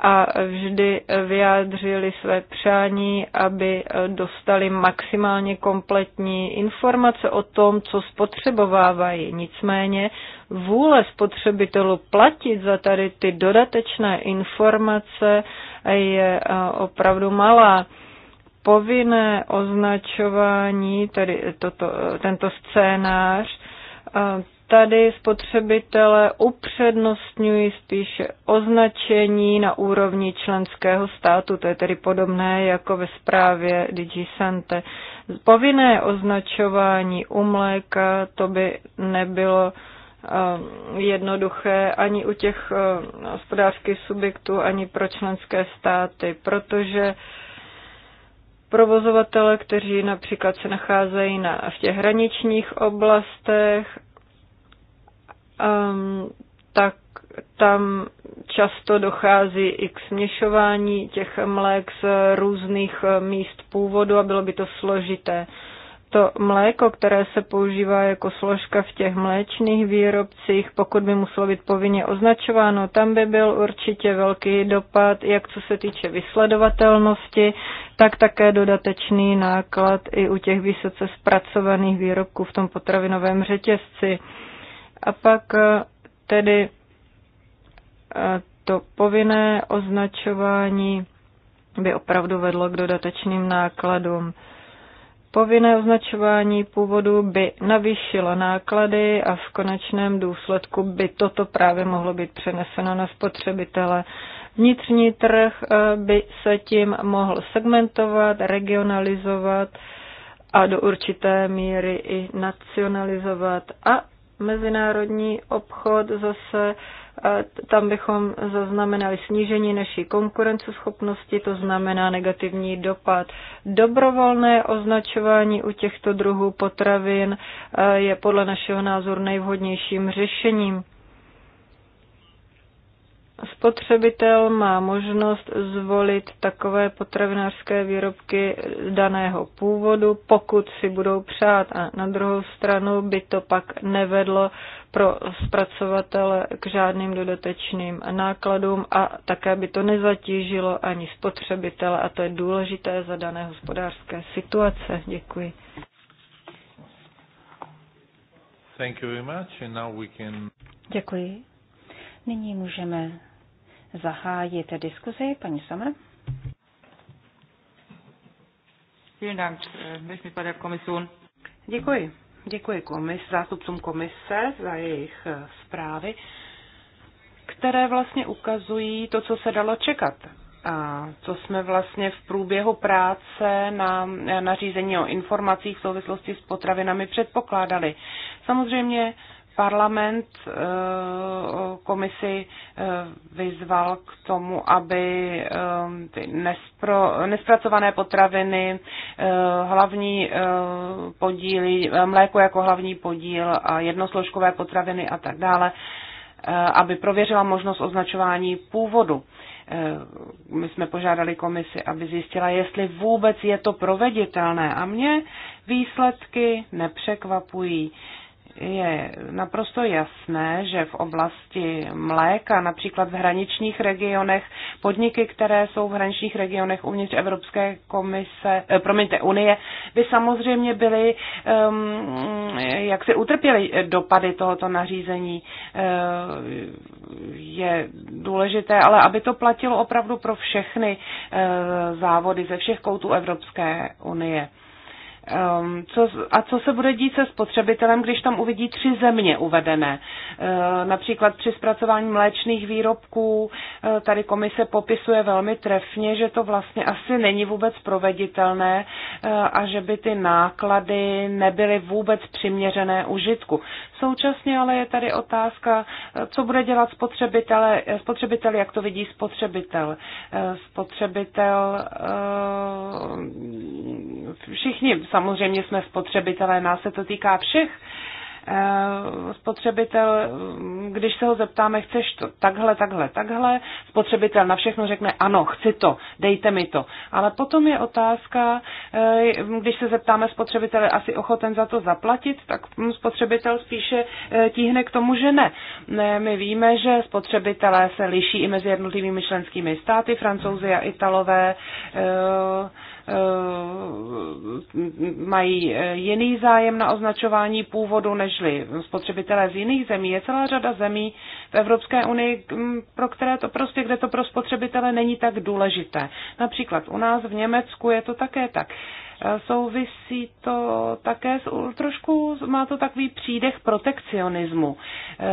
a vždy vyjádřili své přání, aby eh, dostali maximálně kompletní informace o tom, co spotřebovávají. Nicméně vůle spotřebitelů platit za tady ty dodatečné informace je eh, opravdu malá povinné označování, tedy toto, tento scénář, tady spotřebitelé upřednostňují spíše označení na úrovni členského státu, to je tedy podobné jako ve zprávě DigiSante. Povinné označování u mléka to by nebylo um, jednoduché ani u těch um, hospodářských subjektů, ani pro členské státy, protože provozovatele, kteří například se nacházejí na, v těch hraničních oblastech, um, tak tam často dochází i k směšování těch mlék z různých eh, míst původu a bylo by to složité. Uh, to mléko, které se používá jako složka v těch mléčných výrobcích, pokud by muselo být povinně označováno, tam by byl určitě velký dopad, jak co se týče vysledovatelnosti, tak také dodatečný náklad i u těch vysoce zpracovaných výrobků v tom potravinovém řetězci. A pak eh, tedy eh, to povinné označování by opravdu vedlo k dodatečným nákladům. Povinné označování původu by navýšilo náklady a v konečném důsledku by toto právě mohlo být přeneseno na spotřebitele. Vnitřní trh eh, by se tím mohl segmentovat, regionalizovat a do určité míry i nacionalizovat. A mezinárodní obchod zase E, tam bychom zaznamenali snížení naší konkurenceschopnosti, to znamená negativní dopad. Dobrovolné označování u těchto druhů potravin e, je podle našeho názoru nejvhodnějším řešením spotřebitel má možnost zvolit takové potravinářské výrobky daného původu, pokud si budou přát. A na druhou stranu by to pak nevedlo pro zpracovatele k žádným dodatečným nákladům a také by to nezatížilo ani spotřebitele a to je důležité za dané hospodářské situace. Děkuji. Thank you very much. And now we can... Děkuji. Nyní můžeme zahájit diskuzi. Paní Sommer. Äh, Děkuji. Děkuji komis, zástupcům komise za jejich eh, zprávy, které vlastně ukazují to, co se dalo čekat. A co jsme vlastně v průběhu práce na nařízení o informacích v souvislosti s potravinami předpokládali. Samozřejmě Parlament eh, komisi eh, vyzval k tomu, aby eh, ty nespro, nespracované potraviny, hlavní podíly, mléko jako hlavní podíl a jednosložkové potraviny a tak dále, aby prověřila možnost označování původu. My jsme požádali komisi, aby zjistila, jestli vůbec je to proveditelné a mě výsledky nepřekvapují je naprosto jasné, že v oblasti mléka, například v hraničních regionech, podniky, které jsou v hraničních regionech uvnitř Evropské komise, eh, promiňte, Unie, by samozřejmě byly, um, jak se utrpěly dopady tohoto nařízení. Eh, je důležité, ale aby to platilo opravdu pro všechny eh, závody ze všech koutů Evropské unie. Um, co, a co se bude dít se spotřebitelem, když tam uvidí tři země uvedené? Uh, například při zpracování mléčných výrobků, uh, tady komise popisuje velmi trefně, že to vlastně asi není vůbec proveditelné uh, a že by ty náklady nebyly vůbec přiměřené užitku. Současně ale je tady otázka, co bude dělat spotřebitel, spotřebitel jak to vidí spotřebitel. Eh, spotřebitel, eh, všichni samozřejmě jsme spotřebitelé, nás se to týká všech Eh, spotřebitel, když se ho zeptáme, chceš to takhle, takhle, takhle, spotřebitel na všechno řekne, ano, chci to, dejte mi to. Ale potom je otázka, eh, když se zeptáme spotřebitele, asi ochoten za to zaplatit, tak spotřebitel spíše eh, tíhne k tomu, že ne. My víme, že spotřebitelé se liší i mezi jednotlivými členskými státy, francouzi a italové Eh, mají eh, jiný zájem na označování původu nežli spotřebitelé z jiných zemí. Je celá řada zemí v Evropské unii, hm, pro které to prostě, kde to pro spotřebitele není tak důležité. Například u nás v Německu je to také tak. Souvisí to také s, trošku má to takový přídech protekcionismu. Eh,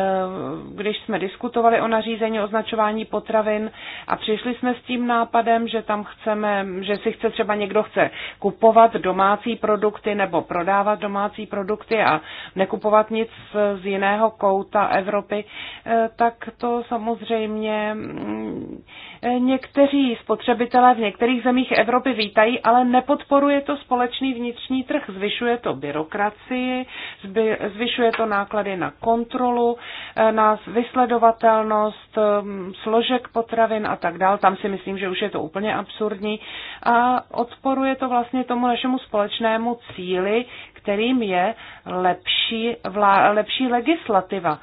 když jsme diskutovali o nařízení označování potravin a přišli jsme s tím nápadem, že tam chceme, že si chce třeba někdo chce kupovat domácí produkty nebo prodávat domácí produkty a nekupovat nic z jiného kouta Evropy, eh, tak to samozřejmě mm, eh, někteří spotřebitelé v některých zemích Evropy vítají, ale nepodporuje to společný vnitřní trh, zvyšuje to byrokracii, zvyšuje to náklady na kontrolu, eh, na vysledovatelnost eh, složek potravin a tak dál. Tam si myslím, že už je to úplně absurdní a odporuje to vlastně tomu našemu společnému cíli, kterým je lepší, vlá, lepší legislativa.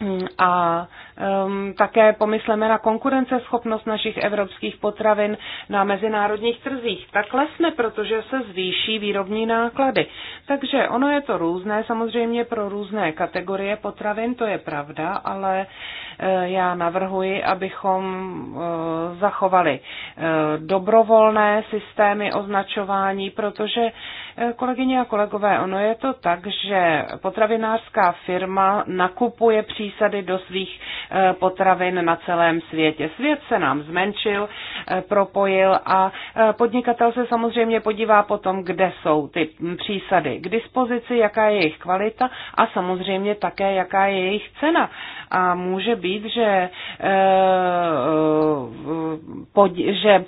Mm, a Ehm, také pomysleme na konkurenceschopnost našich evropských potravin na mezinárodních trzích. Tak lesne, protože se zvýší výrobní náklady. Takže ono je to různé, samozřejmě pro různé kategorie potravin, to je pravda, ale eh, já navrhuji, abychom eh, zachovali eh, dobrovolné systémy označování, protože kolegyně a kolegové, ono je to tak, že potravinářská firma nakupuje přísady do svých potravin na celém světě. Svět se nám zmenšil, eh, propojil a eh, podnikatel se samozřejmě podívá potom, kde jsou ty přísady k dispozici, jaká je jejich kvalita a samozřejmě také, jaká je jejich cena. A může být, že, eh, že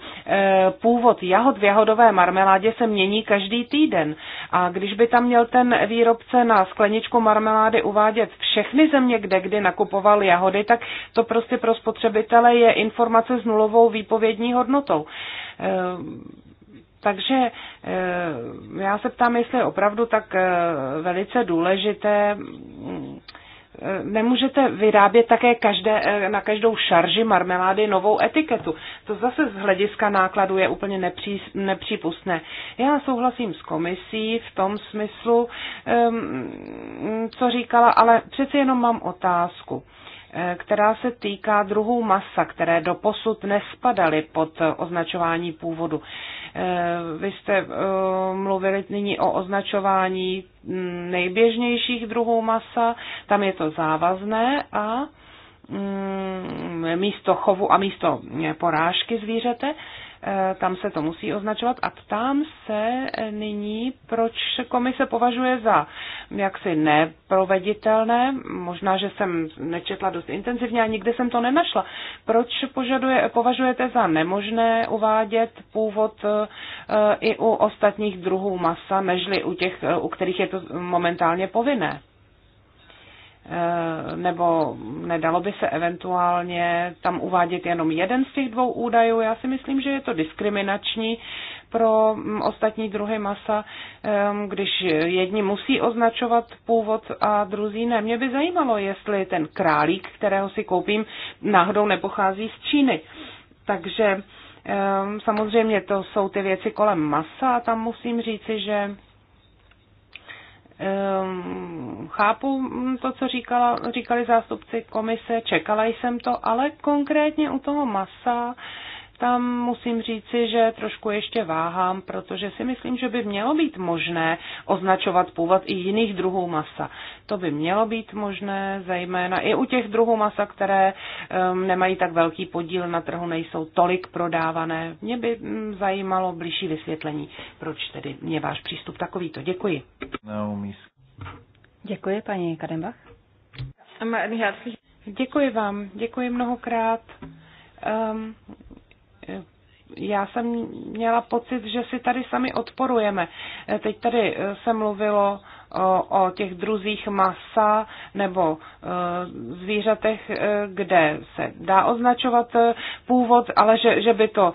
původ jahod v jahodové marmeládě se mění každý týden. A když by tam měl ten výrobce na skleničku marmelády uvádět všechny země, kde kdy nakupoval jahody, tak tak to prostě pro spotřebitele je informace s nulovou výpovědní hodnotou. E, takže e, já se ptám, jestli je opravdu tak e, velice důležité nemůžete vyrábět také každé, na každou šarži marmelády novou etiketu. To zase z hlediska nákladu je úplně nepří, nepřípustné. Já souhlasím s komisí v tom smyslu, um, co říkala, ale přeci jenom mám otázku. Eh, která se týká druhů masa, které doposud nespadaly pod označování původu. Eh, vy jste eh, mluvili nyní o označování mm, nejběžnějších druhů masa, tam je to závazné a mm, místo chovu a místo porážky zvířete. Eh, tam se to musí označovat a tam se nyní, proč komise považuje za jaksi neproveditelné, možná, že jsem nečetla dost intenzivně a nikde jsem to nenašla, proč požaduje, považujete za nemožné uvádět původ eh, i u ostatních druhů masa, nežli u těch, eh, u kterých je to momentálně povinné? Eh, nebo nedalo by se eventuálně tam uvádět jenom jeden z těch dvou údajů. Já si myslím, že je to diskriminační pro mm, ostatní druhy masa, když jedni musí označovat původ a druzí ne. Mě by zajímalo, jestli ten králík, kterého si koupím, náhodou nepochází z Číny. Takže samozřejmě to jsou ty věci kolem masa a tam musím říci, že Ehm, chápu to, co říkala, říkali zástupci komise, čekala jsem to, ale konkrétně u toho masa tam musím říci, že trošku ještě váhám, protože si myslím, že by mělo být možné označovat původ i jiných druhů masa. To by mělo být možné, zejména i u těch druhů masa, které um, nemají tak velký podíl na trhu, nejsou tolik prodávané. Mě by um, zajímalo blížší vysvětlení, proč tedy mě váš přístup takovýto. Děkuji. Naomi. Děkuji, paní Kadembach. Děkuji vám, děkuji mnohokrát. Um, já jsem měla pocit, že si tady sami odporujeme. Teď tady se mluvilo o, o těch druzích masa nebo e, zvířatech, e, kde se dá označovat e, původ, ale že, že by to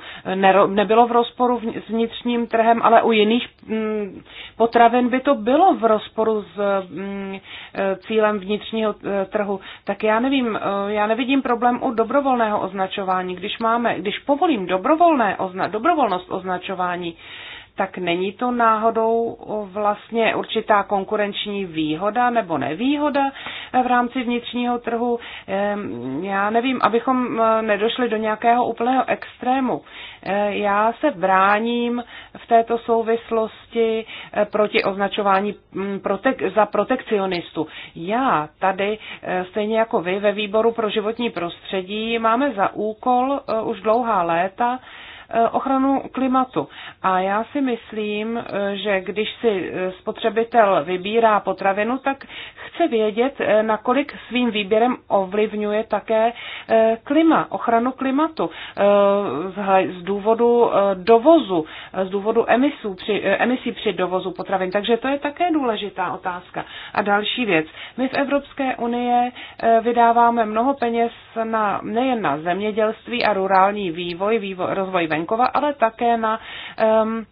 nebylo v rozporu s vnitřním trhem, ale u jiných mm, potravin by to bylo v rozporu s mm, cílem vnitřního trhu. Tak já nevím, já nevidím problém u dobrovolného označování. Když máme, když povolím dobrovolné, ozna, dobrovolnost označování, tak není to náhodou vlastně určitá konkurenční výhoda nebo nevýhoda eh, v rámci vnitřního trhu. Já nevím, abychom eh, nedošli do nějakého úplného extrému. Eh, já se bráním v této souvislosti proti označování mm, protek- za protekcionistu. Já tady, stejně jako vy ve výboru pro životní prostředí, máme za úkol už dlouhá léta, Eh, ochranu klimatu. A já si myslím, eh, že když si eh, spotřebitel vybírá potravinu, tak chce vědět, nakolik svým výběrem ovlivňuje také klima, ochranu klimatu z důvodu dovozu, z důvodu emisů při, emisí při dovozu potravin. Takže to je také důležitá otázka. A další věc. My v Evropské unie vydáváme mnoho peněz na, nejen na zemědělství a rurální vývoj, vývoj rozvoj venkova, venkova, ale také na um,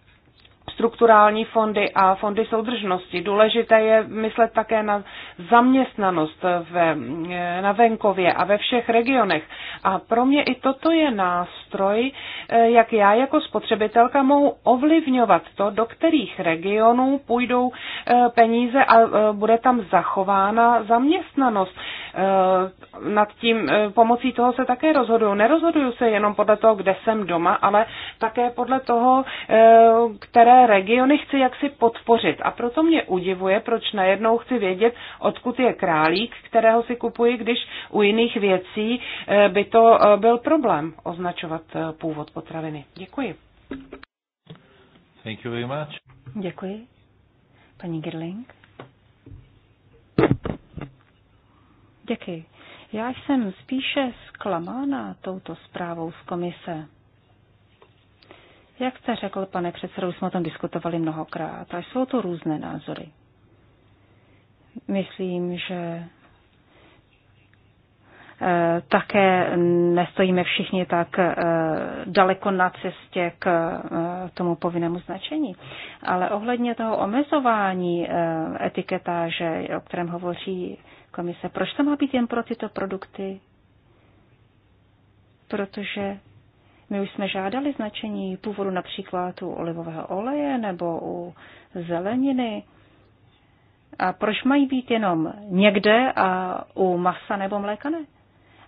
strukturální fondy a fondy soudržnosti. Důležité je myslet také na zaměstnanost ve, eh, na venkově a ve všech regionech. A pro mě i toto je nástroj, eh, jak já jako spotřebitelka mohu ovlivňovat to, do kterých regionů půjdou eh, peníze a bude tam zachována zaměstnanost. Eh, nad tím eh, pomocí toho se také rozhoduju. Nerozhoduju se jenom podle toho, kde jsem doma, ale také podle toho, eh, které regiony chci jaksi podpořit. A proto mě udivuje, proč najednou chci vědět, odkud je králík, kterého si kupuji, když u jiných věcí by to byl problém označovat původ potraviny. Děkuji. Thank you very much. Děkuji. Paní Girling. Děkuji. Já jsem spíše zklamána touto zprávou z komise. Jak jste řekl, pane předsedo, jsme o tom diskutovali mnohokrát a jsou to různé názory. Myslím, že eh, také nestojíme všichni tak eh, daleko na cestě k eh, tomu povinnému značení. Ale ohledně toho omezování etiketáže, o kterém hovoří komise. Proč to má být jen pro tyto produkty? Protože my už jsme žádali značení původu například u olivového oleje nebo u zeleniny. A proč mají být jenom někde a u masa nebo mléka ne?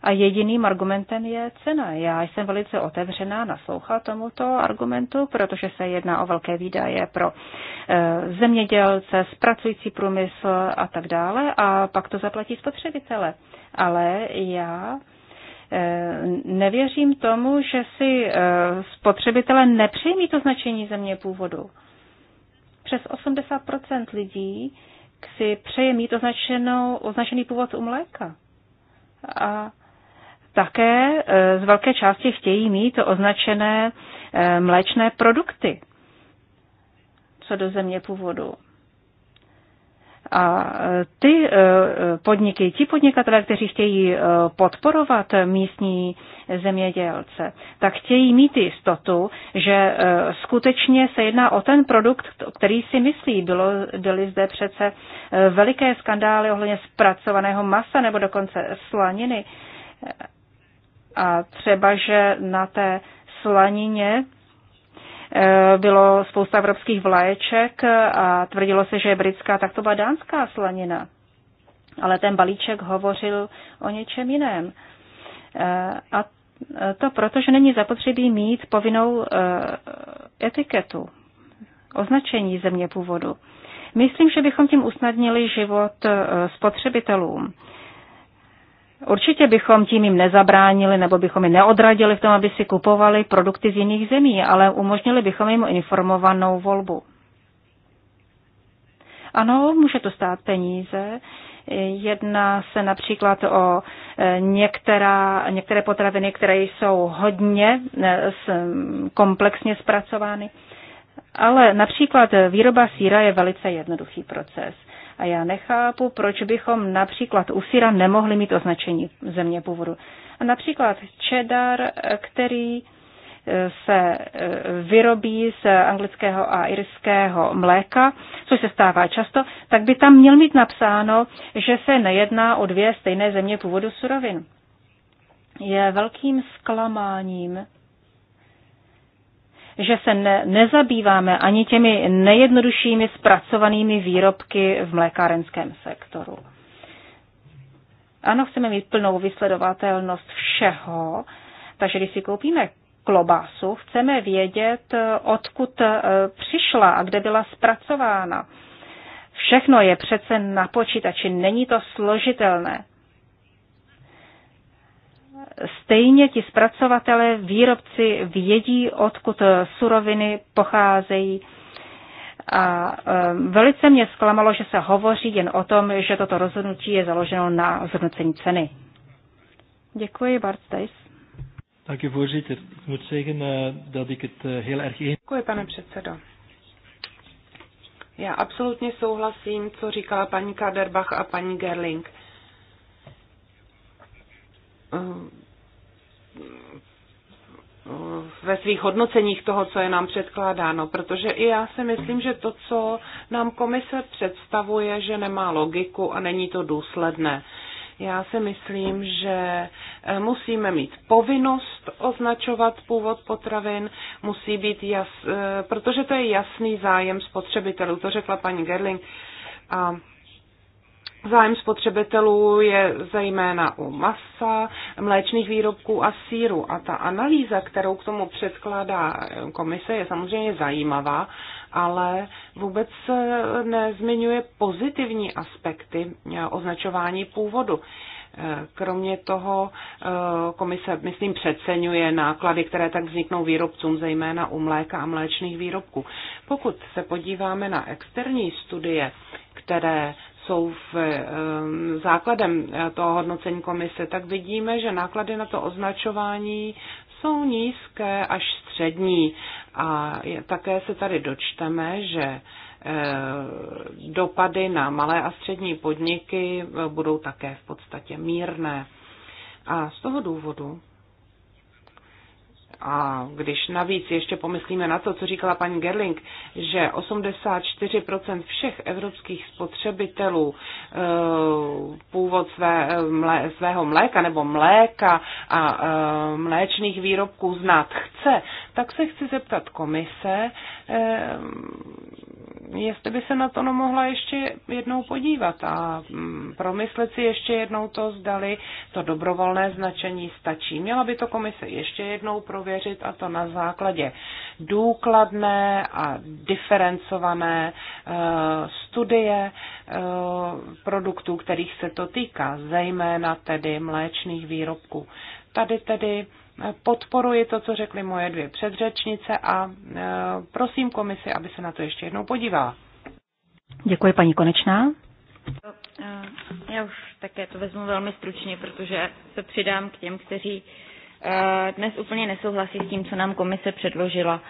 A jediným argumentem je cena. Já jsem velice otevřená naslouchat tomuto argumentu, protože se jedná o velké výdaje pro eh, zemědělce, zpracující průmysl a tak dále. A pak to zaplatí spotřebitele. Ale já eh, nevěřím tomu, že si eh, spotřebitele nepřijmí to značení země původu. Přes 80 lidí si přeje mít označenou, označený původ u mléka. A také eh, z velké části chtějí mít označené eh, mléčné produkty co do země původu. A eh, ty podniky, ti podnikatelé, kteří chtějí podporovat místní zemědělce, tak chtějí mít jistotu, že skutečně se jedná o ten produkt, který si myslí. Bylo, byly zde přece veliké skandály ohledně zpracovaného masa nebo dokonce slaniny. A třeba, že na té slanině e, bylo spousta evropských vlaječek a tvrdilo se, že je britská, tak to byla dánská slanina. Ale ten balíček hovořil o něčem jiném. E, a to proto, že není zapotřebí mít povinnou e, etiketu, označení země původu. Myslím, že bychom tím usnadnili život spotřebitelům. Určitě bychom tím jim nezabránili nebo bychom je neodradili v tom, aby si kupovali produkty z jiných zemí, ale umožnili bychom jim informovanou volbu. Ano, může to stát peníze. Jedná se například o e, některá, některé potraviny, které jsou hodně e, komplexně zpracovány. Ale například výroba síra je velice jednoduchý proces. A já nechápu, proč bychom například u syra nemohli mít označení země původu. A například čedar, který eh, se eh, vyrobí z anglického a irského mléka, což se stává často, tak by tam měl mít napsáno, že se nejedná o dvě stejné země původu surovin. Je velkým zklamáním že se ne, nezabýváme ani těmi nejjednoduššími zpracovanými výrobky v mlékárenském sektoru. Ano, chceme mít plnou vysledovatelnost všeho, takže když si koupíme klobásu, chceme vědět, odkud eh, přišla a kde byla zpracována. Všechno je přece na počítači, není to složitelné. Stejně ti zpracovatele, výrobci vědí, odkud suroviny pocházejí. A ehm, velice mě zklamalo, že se hovoří jen o tom, že toto rozhodnutí je založeno na zhodnocení ceny. Děkuji, Bart Stajs. Eh, eh, Děkuji, pane předsedo. Já absolutně souhlasím, co říkala paní Kaderbach a paní Gerling. Eh, ve svých hodnoceních toho, co je nám předkládáno, protože i já si myslím, že to, co nám komise představuje, že nemá logiku a není to důsledné. Já si myslím, že eh, musíme mít povinnost označovat původ potravin, musí být jas, eh, protože to je jasný zájem spotřebitelů, to řekla paní Gerling. A Zájem spotřebitelů je zejména u masa, mléčných výrobků a síru. A ta analýza, kterou k tomu předkládá komise, je samozřejmě zajímavá, ale vůbec nezmiňuje pozitivní aspekty označování původu. Kromě toho eh, komise, myslím, přeceňuje náklady, které tak vzniknou výrobcům, zejména u mléka a mléčných výrobků. Pokud se podíváme na externí studie, které jsou v základem eh, toho hodnocení komise, tak vidíme, že náklady na to označování jsou nízké až střední. A také se tady dočteme, že eh, dopady na malé a střední podniky eh, budou také v podstatě mírné. A z toho důvodu a když navíc ještě pomyslíme na to, co říkala paní Gerling, že 84% všech evropských spotřebitelů e, původ své, e, mlé, svého mléka nebo mléka a e, mléčných výrobků znát chce, tak se chci zeptat komise, jestli by se na to mohla ještě jednou podívat a mm, promyslet si ještě jednou to, zdali to dobrovolné značení stačí. Měla by to komise ještě jednou prověřit a to na základě důkladné a diferencované e, studie e, produktů, kterých se to týká, zejména tedy mléčných výrobků. Tady tedy podporuji to, co řekly moje dvě předřečnice a e, prosím komisi, aby se na to ještě jednou podívala. Děkuji, paní Konečná. E, já už také to vezmu velmi stručně, protože se přidám k těm, kteří e, dnes úplně nesouhlasí s tím, co nám komise předložila.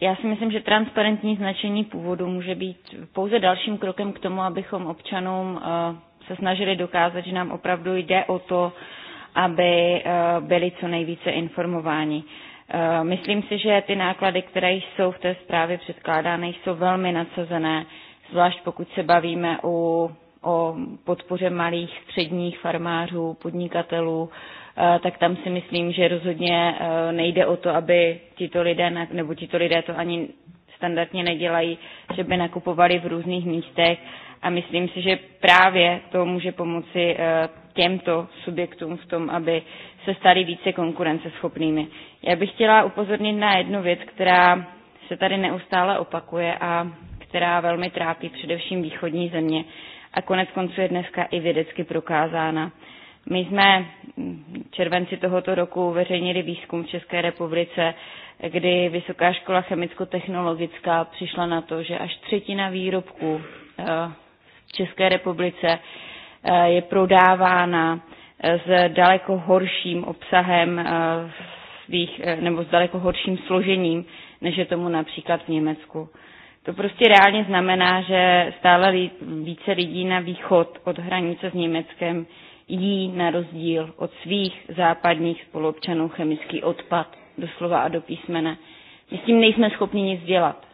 Já si myslím, že transparentní značení původu může být pouze dalším krokem k tomu, abychom občanům se snažili dokázat, že nám opravdu jde o to, aby eh, byli co nejvíce informováni. Eh, myslím si, že ty náklady, které jsou v té zprávě předkládány, jsou velmi nadsazené, zvlášť pokud se bavíme o, o podpoře malých, středních farmářů, podnikatelů, eh, tak tam si myslím, že rozhodně nejde o to, aby tito lidé, nebo tito lidé to ani standardně nedělají, že by nakupovali v různých místech a myslím si, že právě to může pomoci těmto subjektům v tom, aby se staly více konkurenceschopnými. Já bych chtěla upozornit na jednu věc, která se tady neustále opakuje a která velmi trápí především východní země a konec konců je dneska i vědecky prokázána. My jsme v červenci tohoto roku uveřejnili výzkum v České republice, kdy Vysoká škola chemicko-technologická přišla na to, že až třetina výrobků eh, v České republice Eh, je prodávána eh, s daleko horším obsahem eh, svých, nebo s daleko horším složením, než je tomu například v Německu. To prostě reálně znamená, že stále více lidí na východ od hranice s Německem jí na rozdíl od svých západních spoluobčanů chemický odpad, doslova a do písmene. My s tím nejsme schopni nic dělat.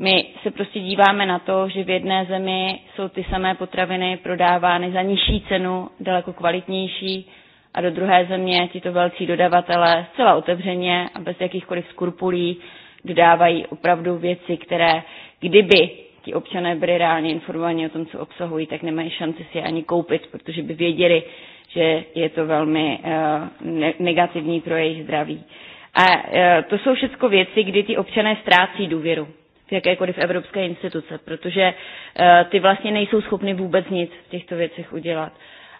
My se prostě díváme na to, že v jedné zemi jsou ty samé potraviny prodávány za nižší cenu, daleko kvalitnější, a do druhé země tito velcí dodavatelé zcela otevřeně a bez jakýchkoliv skrupulí dodávají opravdu věci, které kdyby ti občané byli reálně informovaní o tom, co obsahují, tak nemají šanci si je ani koupit, protože by věděli, že je to velmi eh, negativní pro jejich zdraví. A eh, to jsou všechno věci, kdy ty občané ztrácí důvěru v jakékoliv evropské instituce, protože eh, ty vlastně nejsou schopny vůbec nic v těchto věcech udělat.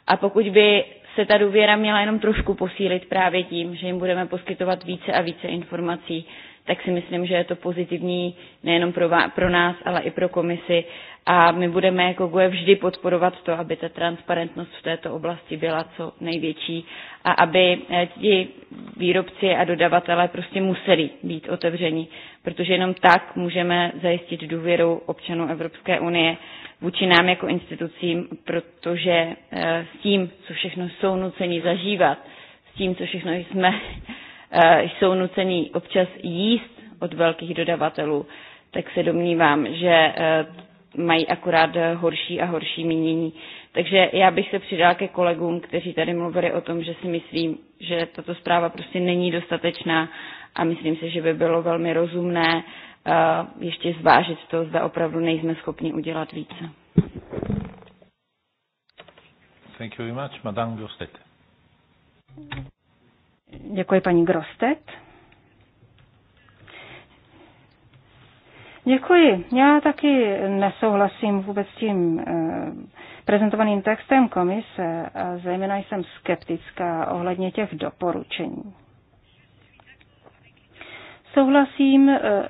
A pokud by se ta důvěra měla jenom trošku posílit právě tím, že jim budeme poskytovat více a více informací, tak si myslím, že je to pozitivní nejenom pro, vás, pro nás, ale i pro komisi a my budeme jako GUE vždy podporovat to, aby ta transparentnost v této oblasti byla co největší a aby eh, ti výrobci a dodavatelé prostě museli být otevření, protože jenom tak můžeme zajistit důvěru občanů Evropské unie vůči nám jako institucím, protože eh, s tím, co všechno jsou nuceni zažívat, s tím, co všechno jsme Eh, jsou nuceni občas jíst od velkých dodavatelů, tak se domnívám, že eh, mají akorát eh, horší a horší mínění. Takže já bych se přidala ke kolegům, kteří tady mluvili o tom, že si myslím, že tato zpráva prostě není dostatečná a myslím si, že by bylo velmi rozumné ještě zvážit to, zda opravdu nejsme schopni udělat více. Thank you very much, Madame Grostet. Děkuji paní Grostet. Děkuji. Já taky nesouhlasím vůbec s tím eh, prezentovaným textem komise a zejména jsem skeptická ohledně těch doporučení. Souhlasím eh, eh,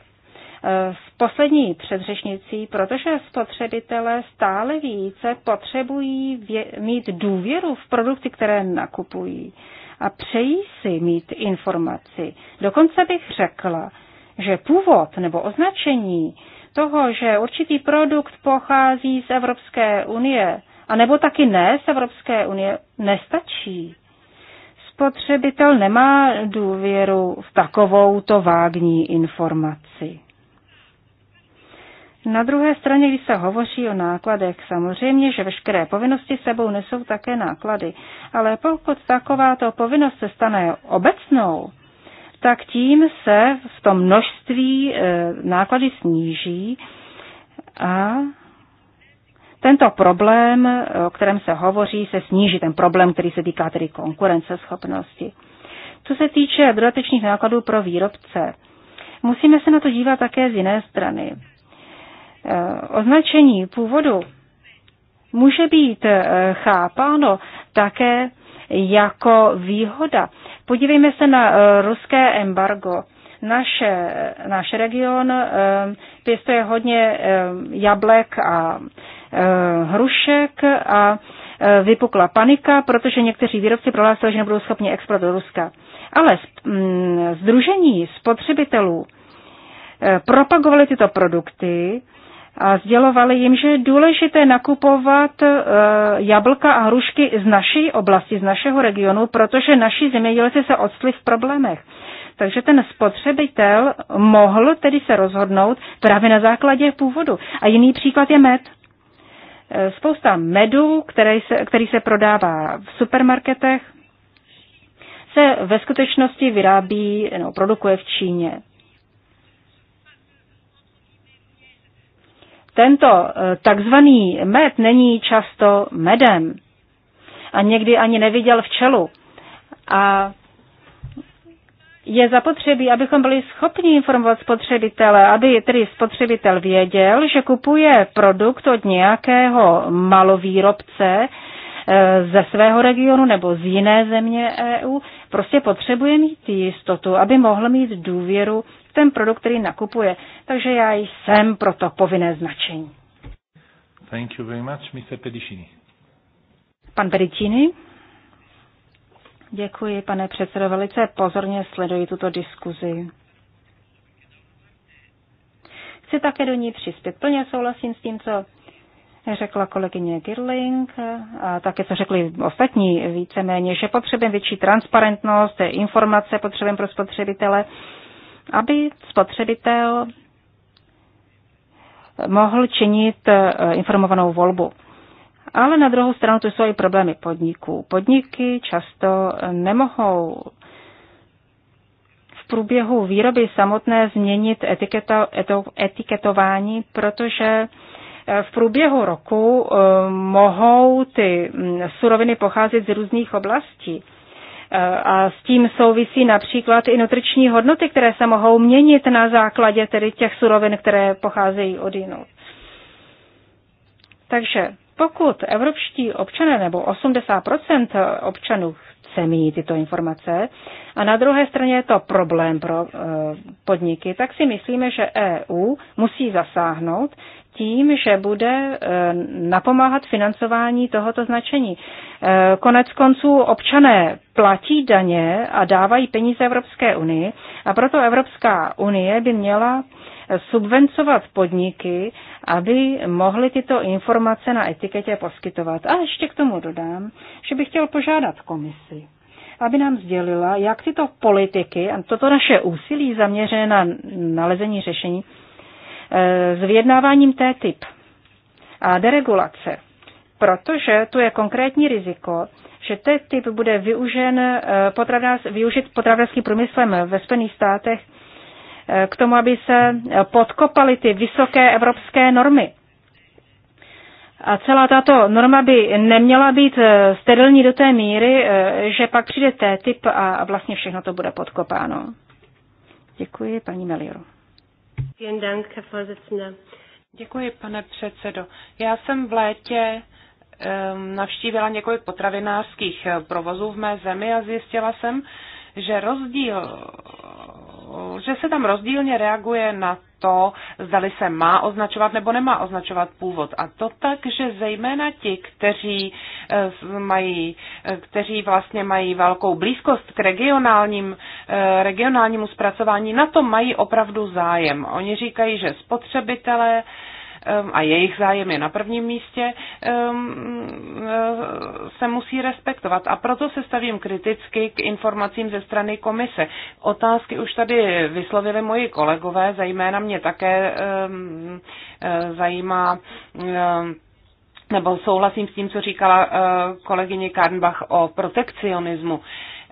s poslední předřečnicí, protože spotřebitelé stále více potřebují mít důvěru v produkty, které nakupují a přejí si mít informaci. Dokonce bych řekla, že původ nebo označení toho, že určitý produkt pochází z Evropské unie, a nebo taky ne z Evropské unie, nestačí. Spotřebitel nemá důvěru v takovouto vágní informaci. Na druhé straně, když se hovoří o nákladech, samozřejmě, že veškeré povinnosti sebou nesou také náklady. Ale pokud takováto povinnost se stane obecnou, tak tím se v tom množství eh, náklady sníží a tento problém, o kterém se hovoří, se sníží, ten problém, který se týká tedy konkurenceschopnosti. Co se týče dodatečných nákladů pro výrobce, musíme se na to dívat také z jiné strany. Eh, označení původu může být eh, chápáno také jako výhoda. Podívejme se na eh, ruské embargo. Naše, náš region pěstuje hodně jablek a hrušek a vypukla panika, protože někteří výrobci prohlásili, že nebudou schopni export do Ruska. Ale Združení mm, spotřebitelů propagovali tyto produkty a sdělovali jim, že je důležité nakupovat e, jablka a hrušky z naší oblasti, z našeho regionu, protože naši zemědělci se odstli v problémech. Takže ten spotřebitel mohl tedy se rozhodnout právě na základě původu. A jiný příklad je med. E, spousta medu, který se, který se prodává v supermarketech, se ve skutečnosti vyrábí, no, produkuje v Číně. Tento eh, takzvaný med není často medem a někdy ani neviděl včelu. A je zapotřebí, abychom byli schopni informovat spotřebitele, aby tedy spotřebitel věděl, že kupuje produkt od nějakého malovýrobce eh, ze svého regionu nebo z jiné země EU. Prostě potřebuje mít jistotu, aby mohl mít důvěru ten produkt, který nakupuje. Takže já jsem pro to povinné značení. Thank you very much, Mr. Pedicini. Pan Pedicini. Děkuji, pane předsedo. Velice pozorně sleduji tuto diskuzi. Chci také do ní přispět. Plně souhlasím s tím, co řekla kolegyně Girling a také, co řekli ostatní víceméně, že potřebujeme větší transparentnost, informace potřebujeme pro spotřebitele aby spotřebitel mohl činit eh, informovanou volbu. Ale na druhou stranu tu jsou i problémy podniků. Podniky často nemohou v průběhu výroby samotné změnit etiketo, eto, etiketování, protože eh, v průběhu roku eh, mohou ty mm, suroviny pocházet z různých oblastí. A s tím souvisí například i nutriční hodnoty, které se mohou měnit na základě tedy těch surovin, které pocházejí od jinou. Takže pokud evropští občané nebo 80% občanů chce mít tyto informace a na druhé straně je to problém pro eh, podniky, tak si myslíme, že EU musí zasáhnout tím, že bude e, napomáhat financování tohoto značení. E, konec konců občané platí daně a dávají peníze Evropské unii a proto Evropská unie by měla subvencovat podniky, aby mohly tyto informace na etiketě poskytovat. A ještě k tomu dodám, že bych chtěl požádat komisi, aby nám sdělila, jak tyto politiky a toto naše úsilí zaměřené na nalezení řešení, Eh, s vyjednáváním TTIP a deregulace, protože tu je konkrétní riziko, že TTIP bude využen, eh, využit potravinářským průmyslem ve Spojených státech eh, k tomu, aby se podkopaly ty vysoké evropské normy. A celá tato norma by neměla být sterilní do té míry, že pak přijde T-typ a vlastně všechno to bude podkopáno. Děkuji, paní Melioru. Děkuji, pane předsedo. Já jsem v létě ehm, navštívila několik potravinářských eh, provozů v mé zemi a zjistila jsem, že rozdíl, že se tam rozdílně reaguje na to, zdali se má označovat nebo nemá označovat původ. A to tak, že zejména ti, kteří mají, kteří vlastně mají velkou blízkost k regionálním, eh, regionálnímu zpracování, na to mají opravdu zájem. Oni říkají, že spotřebitelé eh, a jejich zájem je na prvním místě, eh, se musí respektovat. A proto se stavím kriticky k informacím ze strany komise. Otázky už tady vyslovili moji kolegové, zejména mě také zajímá nebo souhlasím s tím, co říkala eh, kolegyně Karnbach o protekcionismu.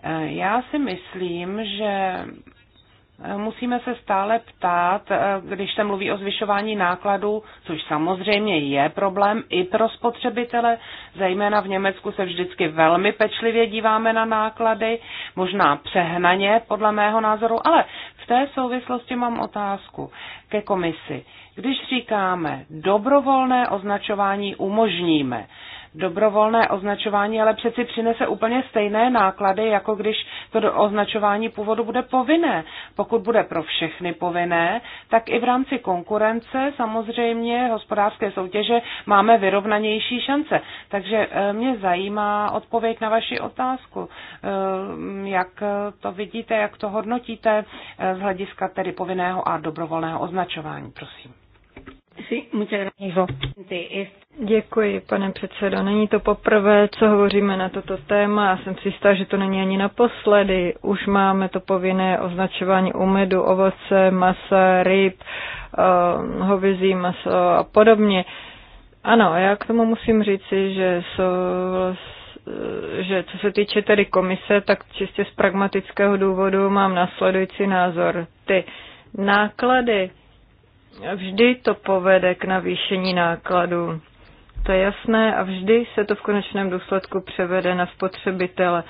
Eh, já si myslím, že eh, musíme se stále ptát, když se mluví o zvyšování nákladů, což samozřejmě je problém i pro spotřebitele, zejména v Německu se vždycky velmi pečlivě díváme na náklady, možná přehnaně podle mého názoru, ale v té souvislosti mám otázku ke komisi. Když říkáme dobrovolné označování umožníme, dobrovolné označování ale přeci přinese úplně stejné náklady, jako když to označování původu bude povinné. Pokud bude pro všechny povinné, tak i v rámci konkurence samozřejmě hospodářské soutěže máme vyrovnanější šance. Takže eh, mě zajímá odpověď na vaši otázku. Eh, jak eh, to vidíte, jak to hodnotíte z hlediska tedy povinného a dobrovolného označování, prosím. Děkuji, pane předsedo. Není to poprvé, co hovoříme na toto téma. Já jsem si jistá, že to není ani naposledy. Už máme to povinné označování medu, ovoce, masa, ryb, eh, hovězí maso a podobně. Ano, já k tomu musím říci, že jsou eh, že co se týče tedy komise, tak čistě z pragmatického důvodu mám následující názor. Ty náklady Vždy to povede k navýšení nákladů. To je jasné a vždy se to v konečném důsledku převede na spotřebitele.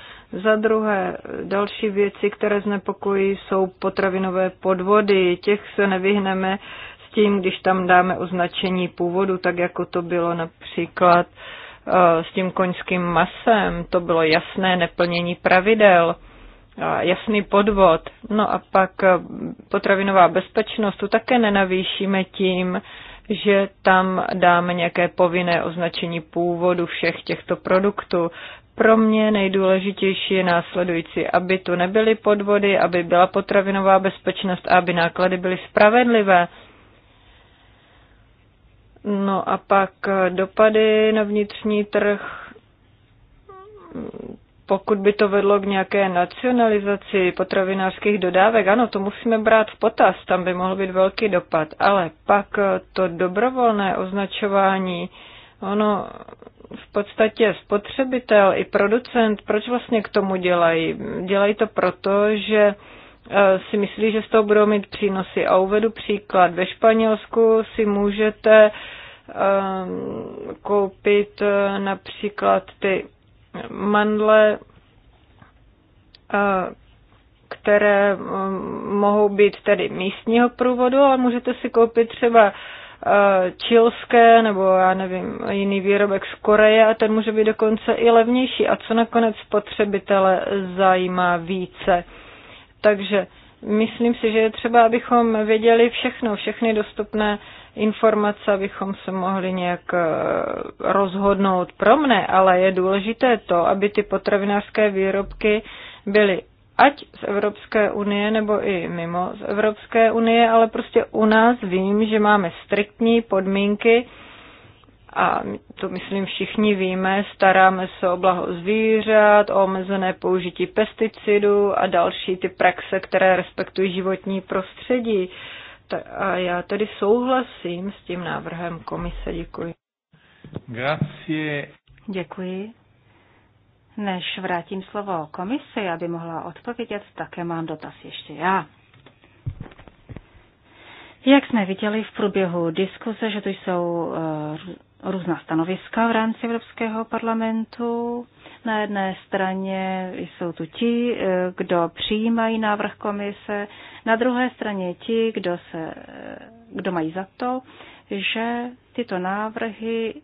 Za druhé, další věci, které znepokojí, jsou potravinové podvody. Těch se nevyhneme s tím, když tam dáme označení původu, tak jako to bylo například eh, s tím koňským masem. To bylo jasné neplnění pravidel jasný podvod. No a pak eh, potravinová bezpečnost tu také nenavýšíme tím, že tam dáme nějaké povinné označení původu všech těchto produktů. Pro mě nejdůležitější je následující, aby tu nebyly podvody, aby byla potravinová bezpečnost a aby náklady byly spravedlivé. No a pak eh, dopady na vnitřní trh pokud by to vedlo k nějaké nacionalizaci potravinářských dodávek, ano, to musíme brát v potaz, tam by mohl být velký dopad, ale pak eh, to dobrovolné označování, ono v podstatě spotřebitel i producent, proč vlastně k tomu dělají? Dělají to proto, že eh, si myslí, že z toho budou mít přínosy. A uvedu příklad. Ve Španělsku si můžete ehm, koupit eh, například ty mandle, eh, které eh, mohou být tedy místního průvodu, ale můžete si koupit třeba čilské eh, nebo já nevím, jiný výrobek z Koreje a ten může být dokonce i levnější. A co nakonec spotřebitele zajímá více? Takže myslím si, že je třeba, abychom věděli všechno, všechny dostupné informace, abychom se mohli nějak eh, rozhodnout. Pro mne ale je důležité to, aby ty potravinářské výrobky byly ať z Evropské unie nebo i mimo z Evropské unie, ale prostě u nás vím, že máme striktní podmínky a to myslím všichni víme, staráme se o blaho zvířat, o omezené použití pesticidů a další ty praxe, které respektují životní prostředí. Uh, a já tedy souhlasím s tím návrhem komise. Děkuji. Grazie. Děkuji. Než vrátím slovo komisi, aby mohla odpovědět, také mám dotaz ještě já. Jak jsme viděli v průběhu diskuse, že tu jsou eh, různá stanoviska v rámci Evropského parlamentu. Na jedné straně jsou tu ti, eh, kdo přijímají návrh komise, na druhé straně ti, kdo, se, eh, kdo mají za to, že tyto návrhy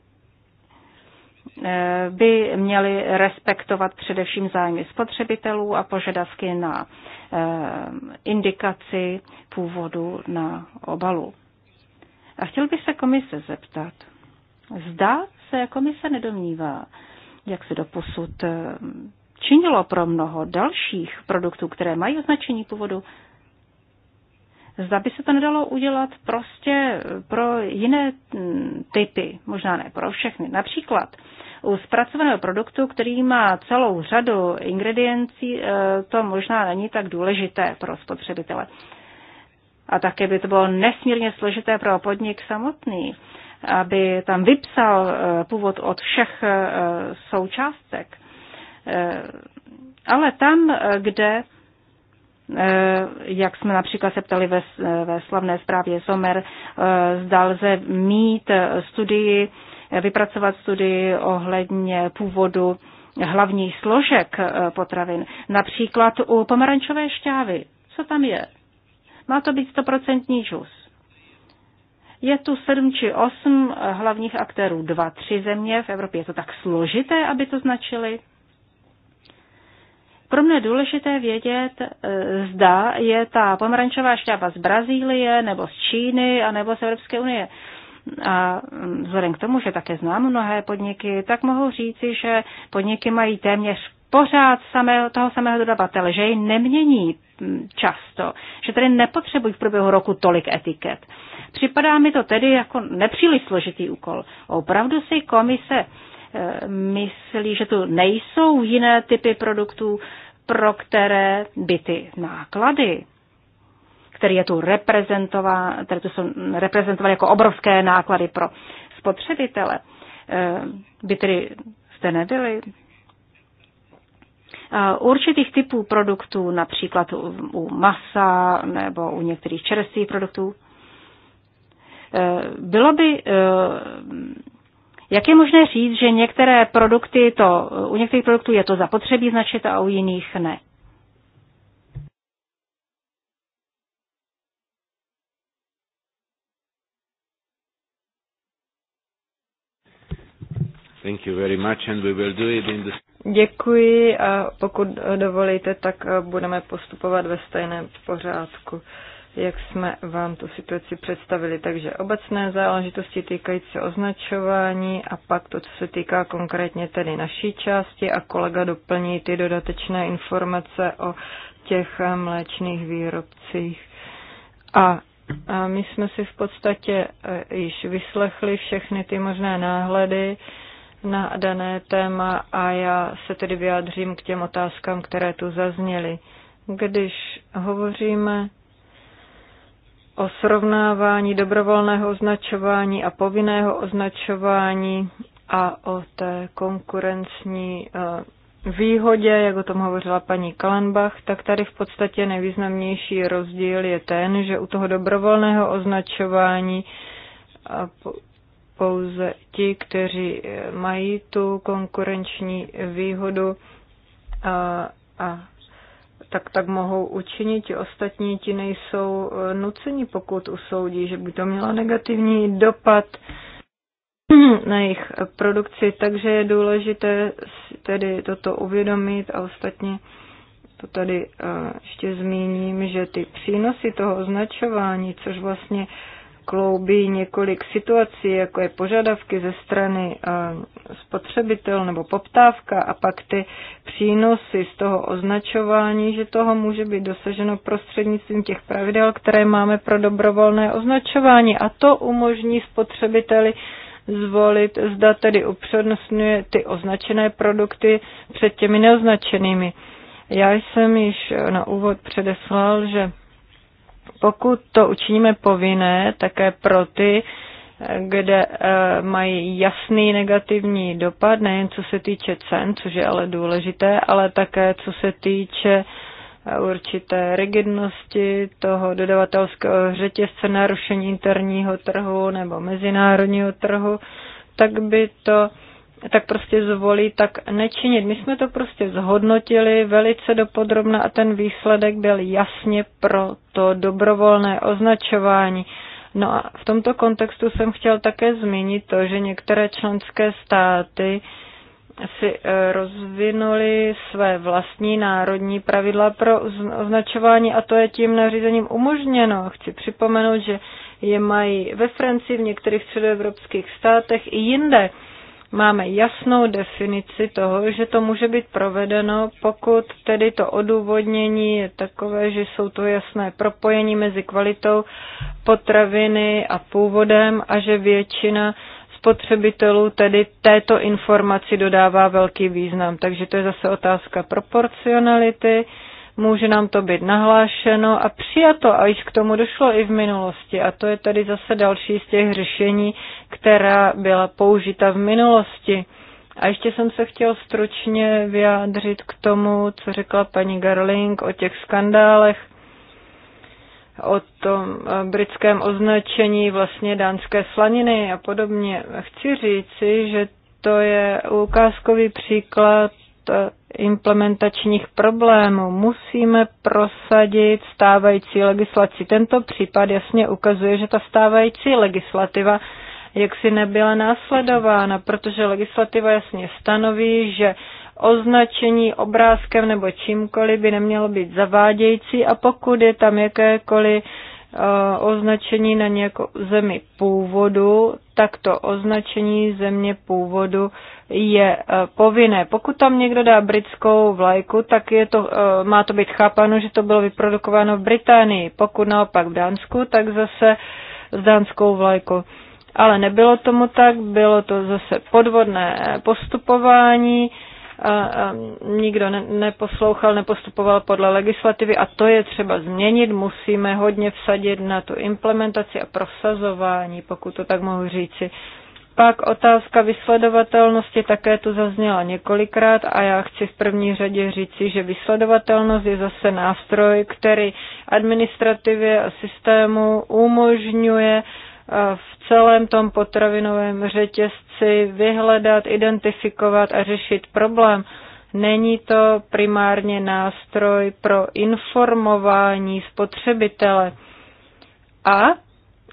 eh, by měly respektovat především zájmy spotřebitelů a požadavky na indikaci původu na obalu. A chtěl bych se komise zeptat, Zda se komise nedomnívá, jak se doposud eh, činilo pro mnoho dalších produktů, které mají označení původu, Zda by se to nedalo udělat prostě eh, pro jiné mm, typy, možná ne pro všechny. Například u zpracovaného produktu, který má celou řadu ingrediencí, eh, to možná není tak důležité pro spotřebitele. A také by to bylo nesmírně složité pro podnik samotný aby tam vypsal eh, původ od všech eh, součástek. Eh, ale tam, kde, jak jsme například se ptali ve, ve slavné zprávě Somer, zda lze mít studii, vypracovat studii ohledně původu hlavních složek potravin, například u pomarančové šťávy. Co tam je? Má to být stoprocentní žus. Je tu sedm či osm hlavních aktérů, dva, tři země. V Evropě je to tak složité, aby to značili. Pro mě je důležité vědět, e, zda je ta pomarančová šťáva z Brazílie, nebo z Číny, a nebo z Evropské unie. A mm, vzhledem k tomu, že také znám mnohé podniky, tak mohu říci, že podniky mají téměř pořád samého, toho samého dodavatele, že ji nemění často, že tedy nepotřebují v průběhu roku tolik etiket. Připadá mi to tedy jako nepříliš složitý úkol. Opravdu si komise eh, myslí, že tu nejsou jiné typy produktů, pro které by ty náklady, které je tu které tu jsou reprezentovány jako obrovské náklady pro spotřebitele, eh, by tedy zde nebyli Eh, určitých typů produktů, například u masa nebo u některých čerstvých produktů. Eh, bylo by, eh, jak je možné říct, že některé produkty to, u některých produktů je to zapotřebí značit a u jiných ne? Děkuji a pokud dovolíte, tak eh, budeme postupovat ve stejném pořádku, jak jsme vám tu situaci představili. Takže obecné záležitosti týkající se označování a pak to, co se týká konkrétně tedy naší části a kolega doplní ty dodatečné informace o těch eh, mléčných výrobcích. A a my jsme si v podstatě eh, již vyslechli všechny ty možné náhledy na dané téma a já se tedy vyjádřím k těm otázkám, které tu zazněly. Když hovoříme o srovnávání dobrovolného označování a povinného označování a o té konkurenční eh, výhodě, jak o tom hovořila paní Kalenbach, tak tady v podstatě nejvýznamnější rozdíl je ten, že u toho dobrovolného označování pouze ti, kteří eh, mají tu konkurenční výhodu a, a tak, tak mohou učinit. Ti ostatní ti nejsou eh, nuceni, pokud usoudí, že by to mělo negativní dopad [CLEARS THROAT] na jejich produkci, takže je důležité tedy toto uvědomit a ostatně to tady eh, ještě zmíním, že ty přínosy toho označování, což vlastně kloubí několik situací, jako je požadavky ze strany eh, spotřebitel nebo poptávka a pak ty přínosy z toho označování, že toho může být dosaženo prostřednictvím těch pravidel, které máme pro dobrovolné označování a to umožní spotřebiteli zvolit, zda tedy upřednostňuje ty označené produkty před těmi neoznačenými. Já jsem již na úvod předeslal, že pokud to učiníme povinné, také pro ty, kde eh, mají jasný negativní dopad, nejen co se týče cen, což je ale důležité, ale také co se týče eh, určité rigidnosti toho dodavatelského řetězce, narušení interního trhu nebo mezinárodního trhu, tak by to tak prostě zvolí tak nečinit. My jsme to prostě zhodnotili velice dopodrobna a ten výsledek byl jasně pro to dobrovolné označování. No a v tomto kontextu jsem chtěl také zmínit to, že některé členské státy si eh, rozvinuli své vlastní národní pravidla pro označování a to je tím nařízením umožněno. Chci připomenout, že je mají ve Francii, v některých středoevropských státech i jinde. Máme jasnou definici toho, že to může být provedeno, pokud tedy to odůvodnění je takové, že jsou to jasné propojení mezi kvalitou potraviny a původem a že většina spotřebitelů tedy této informaci dodává velký význam. Takže to je zase otázka proporcionality může nám to být nahlášeno a přijato a již k tomu došlo i v minulosti a to je tady zase další z těch řešení, která byla použita v minulosti. A ještě jsem se chtěl stručně vyjádřit k tomu, co řekla paní Garling o těch skandálech, o tom eh, britském označení vlastně dánské slaniny a podobně. Chci říci, že to je ukázkový příklad eh, implementačních problémů. Musíme prosadit stávající legislaci. Tento případ jasně ukazuje, že ta stávající legislativa jaksi nebyla následována, protože legislativa jasně stanoví, že označení obrázkem nebo čímkoliv by nemělo být zavádějící a pokud je tam jakékoliv Eh, označení na nějakou zemi původu, tak to označení země původu je eh, povinné. Pokud tam někdo dá britskou vlajku, tak je to, eh, má to být chápáno, že to bylo vyprodukováno v Británii. Pokud naopak v Dánsku, tak zase s dánskou vlajkou. Ale nebylo tomu tak, bylo to zase podvodné postupování, nikdo ne- neposlouchal, nepostupoval podle legislativy a to je třeba změnit. Musíme hodně vsadit na tu implementaci a prosazování, pokud to tak mohu říci. Pak otázka vysledovatelnosti také tu zazněla několikrát a já chci v první řadě říci, že vysledovatelnost je zase nástroj, který administrativě a systému umožňuje v celém tom potravinovém řetězci pomoci vyhledat, identifikovat a řešit problém. Není to primárně nástroj pro informování spotřebitele. A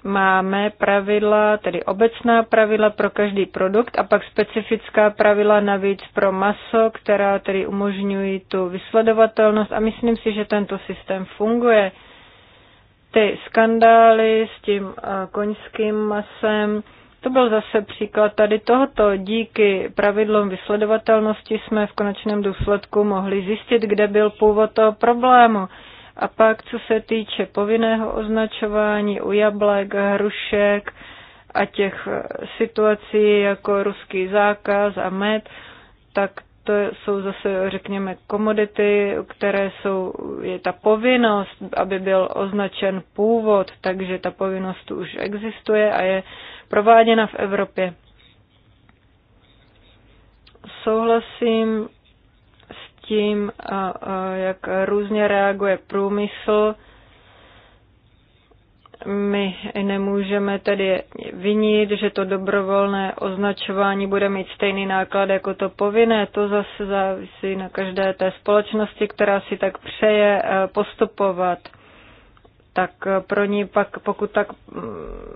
máme pravidla, tedy obecná pravidla pro každý produkt a pak specifická pravidla navíc pro maso, která tedy umožňují tu vysledovatelnost a myslím si, že tento systém funguje. Ty skandály s tím eh, koňským masem, to byl zase příklad tady tohoto. Díky pravidlům vysledovatelnosti jsme v konečném důsledku mohli zjistit, kde byl původ toho problému. A pak, co se týče povinného označování u jablek, hrušek a těch eh, situací jako ruský zákaz a med, tak to jsou zase, řekněme, komodity, které jsou, je ta povinnost, aby byl označen původ, takže ta povinnost už existuje a je prováděna v Evropě. Souhlasím s tím, jak různě reaguje průmysl. My nemůžeme tedy vinit, že to dobrovolné označování bude mít stejný náklad jako to povinné. To zase závisí na každé té společnosti, která si tak přeje postupovat tak pro ní pak, pokud tak mm,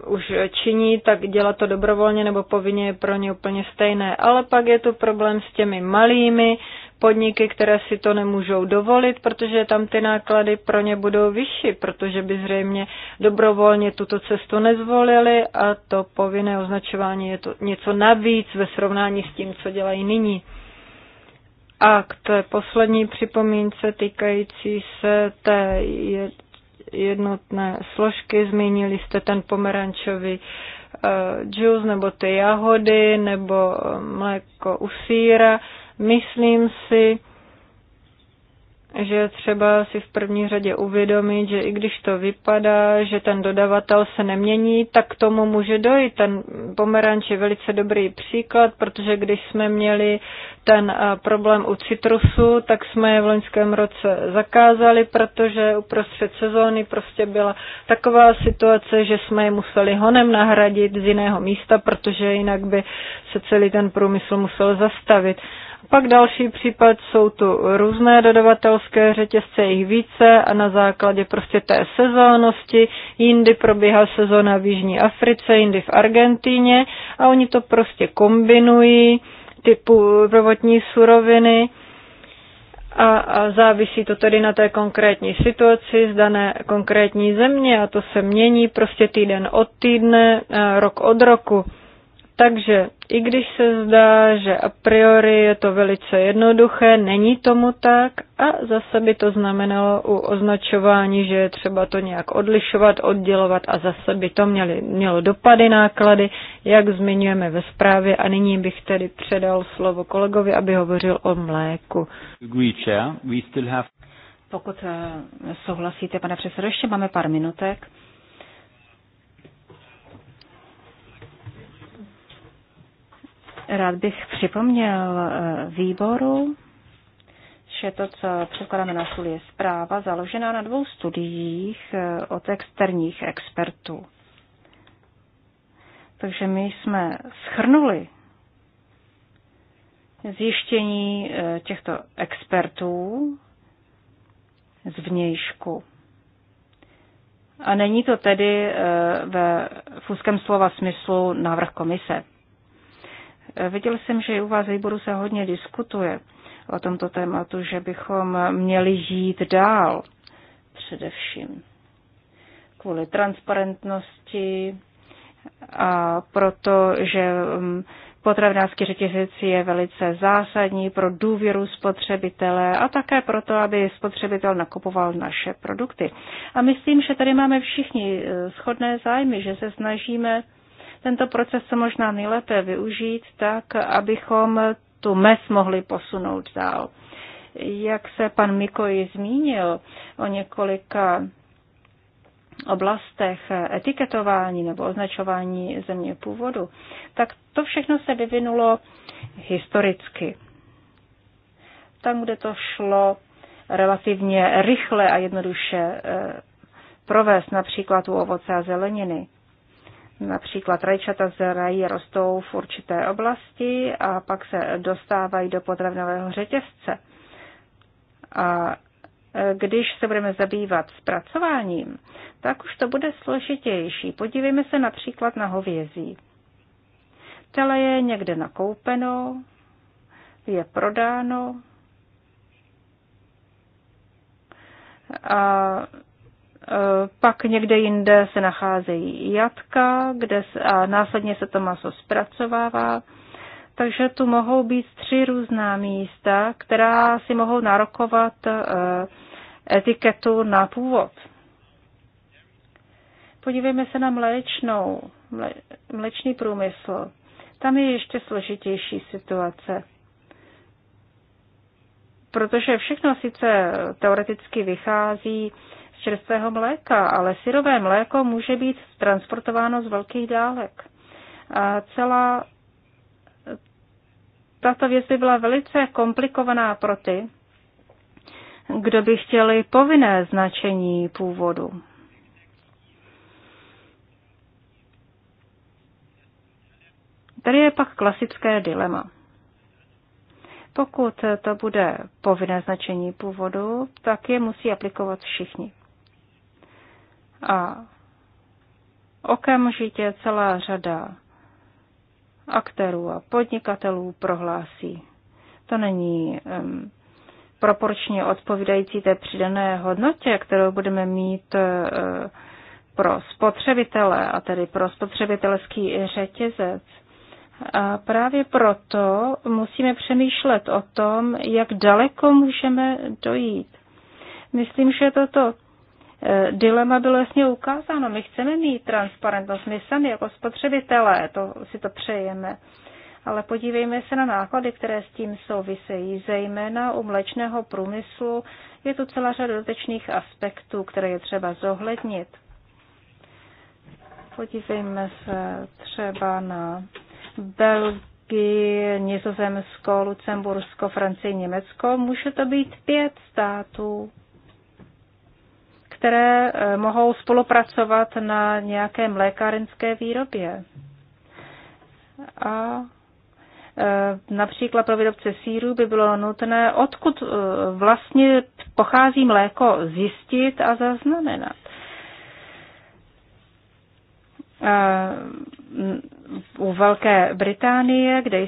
už činí, tak dělat to dobrovolně nebo povinně je pro ně úplně stejné. Ale pak je tu problém s těmi malými podniky, které si to nemůžou dovolit, protože tam ty náklady pro ně budou vyšší, protože by zřejmě dobrovolně tuto cestu nezvolili a to povinné označování je to něco navíc ve srovnání s tím, co dělají nyní. A k té poslední připomínce týkající se té jednotné složky. Zmínili jste ten pomerančový eh, džus nebo ty jahody nebo mléko u síra. Myslím si, že třeba si v první řadě uvědomit, že i když to vypadá, že ten dodavatel se nemění, tak k tomu může dojít. Ten pomeranč je velice dobrý příklad, protože když jsme měli ten eh, problém u citrusu, tak jsme je v loňském roce zakázali, protože uprostřed sezóny prostě byla taková situace, že jsme je museli honem nahradit z jiného místa, protože jinak by se celý ten průmysl musel zastavit. Pak další případ jsou tu různé dodavatelské řetězce, jich více a na základě prostě té sezónnosti. Jindy probíhá sezóna v Jižní Africe, jindy v Argentíně a oni to prostě kombinují, typu prvotní suroviny a, a závisí to tedy na té konkrétní situaci z dané konkrétní země a to se mění prostě týden od týdne, eh, rok od roku. Takže i když se zdá, že a priori je to velice jednoduché, není tomu tak a zase by to znamenalo u označování, že je třeba to nějak odlišovat, oddělovat a zase by to měli, mělo dopady, náklady, jak zmiňujeme ve zprávě a nyní bych tedy předal slovo kolegovi, aby hovořil o mléku. Pokud eh, souhlasíte, pane předsedo, ještě máme pár minutek. Rád bych připomněl eh, výboru, že to, co předkládáme na stůl, je zpráva založená na dvou studiích eh, od externích expertů. Takže my jsme schrnuli zjištění eh, těchto expertů z vnějšku. A není to tedy ve v slova smyslu návrh komise. Viděl jsem, že u vás výboru se hodně diskutuje o tomto tématu, že bychom měli jít dál především kvůli transparentnosti a proto, že mm, potravinářský řetězec je velice zásadní pro důvěru spotřebitele a také proto, aby spotřebitel nakupoval naše produkty. A myslím, že tady máme všichni eh, shodné zájmy, že se snažíme tento proces se možná nejlépe využít tak, abychom tu mes mohli posunout dál. Jak se pan Mikoji zmínil o několika oblastech etiketování nebo označování země původu, tak to všechno se vyvinulo historicky. Tam, kde to šlo relativně rychle a jednoduše eh, provést, například u ovoce a zeleniny. Například rajčata z rají rostou v určité oblasti a pak se dostávají do potravinového řetězce. A e, když se budeme zabývat zpracováním, tak už to bude složitější. Podívejme se například na hovězí. Tele je někde nakoupeno, je prodáno a Eh, pak někde jinde se nacházejí jatka, kde se, a následně se to maso zpracovává. Takže tu mohou být tři různá místa, která si mohou narokovat eh, etiketu na původ. Podívejme se na mléčnou, mléčný průmysl. Tam je ještě složitější situace. Protože všechno sice teoreticky vychází čerstvého mléka, ale syrové mléko může být transportováno z velkých dálek. A celá tato věc by byla velice komplikovaná pro ty, kdo by chtěli povinné značení původu. Tady je pak klasické dilema. Pokud to bude povinné značení původu, tak je musí aplikovat všichni. A okamžitě celá řada aktérů a podnikatelů prohlásí. To není um, proporčně odpovídající té přidané hodnotě, kterou budeme mít uh, pro spotřebitele, a tedy pro spotřebitelský řetězec. A právě proto musíme přemýšlet o tom, jak daleko můžeme dojít. Myslím, že toto Eh, dilema bylo jasně ukázáno. My chceme mít transparentnost, my sami jako spotřebitelé to, si to přejeme. Ale podívejme se na náklady, které s tím souvisejí. Zejména u mlečného průmyslu je tu celá řada dotečných aspektů, které je třeba zohlednit. Podívejme se třeba na Belgii, Nizozemsko, Lucembursko, Francii, Německo. Může to být pět států které eh, mohou spolupracovat na nějaké mlékárenské výrobě. A eh, například pro výrobce síru by bylo nutné, odkud eh, vlastně pochází mléko, zjistit a zaznamenat. U Velké Británie, kde,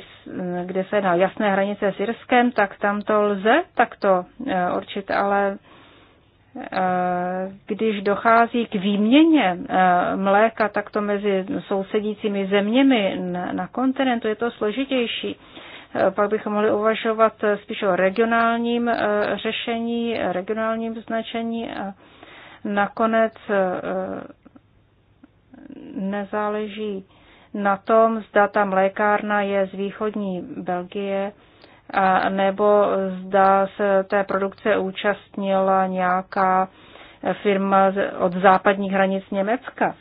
kde se na jasné hranice s Irskem, tak tam to lze takto určit, ale Eh, když dochází k výměně eh, mléka takto mezi sousedícími zeměmi na kontinentu, je to složitější. Eh, pak bychom mohli uvažovat spíš o regionálním řešení, regionálním značení a nakonec nezáleží na tom, zda ta mlékárna je z východní Belgie a nebo zda se té produkce účastnila nějaká firma od západních hranic Německa.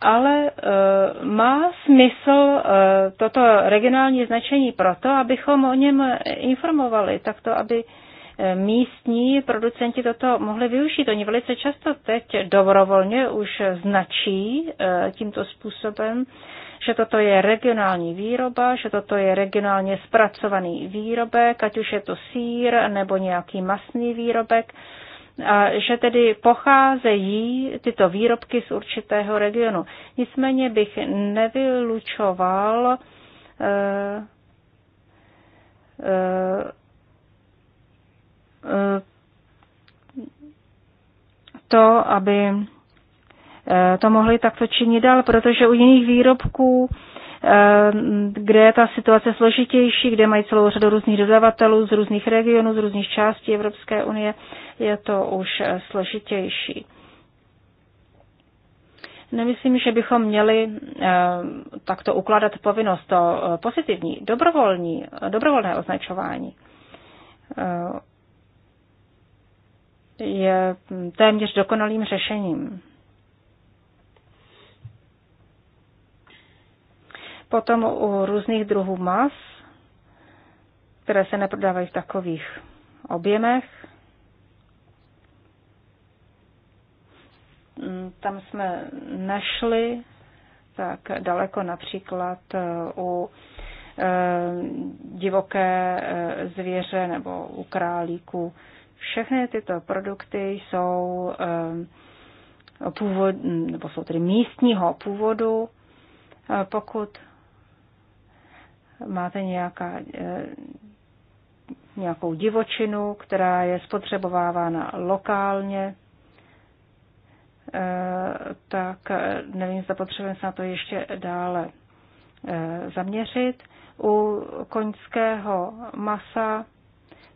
ale e, má smysl e, toto regionální značení proto, abychom o něm informovali, takto, aby e, místní producenti toto mohli využít. Oni velice často teď dobrovolně už značí tímto způsobem že toto je regionální výroba, že toto je regionálně zpracovaný výrobek, ať už je to sír nebo nějaký masný výrobek, a že tedy pocházejí tyto výrobky z určitého regionu. Nicméně bych nevylučoval eh, eh, to, aby Eh, to mohli takto činit dál, protože u jiných výrobků, eh, kde je ta situace složitější, kde mají celou řadu různých dodavatelů z různých regionů, z různých částí Evropské unie, je to už eh, složitější. Nemyslím, že bychom měli takto ukládat povinnost to pozitivní, dobrovolní, dobrovolné označování je téměř dokonalým řešením. Potom u různých druhů mas, které se neprodávají v takových objemech. Mm, tam jsme nešli tak daleko například eh, u eh, divoké eh, zvěře nebo u králíku. Všechny tyto produkty jsou původ, nebo jsou tedy místního původu. Pokud máte nějaká, eh, nějakou divočinu, která je spotřebovávána lokálně, eh, tak eh, nevím, zda potřebujeme se na to ještě dále zaměřit. U koňského masa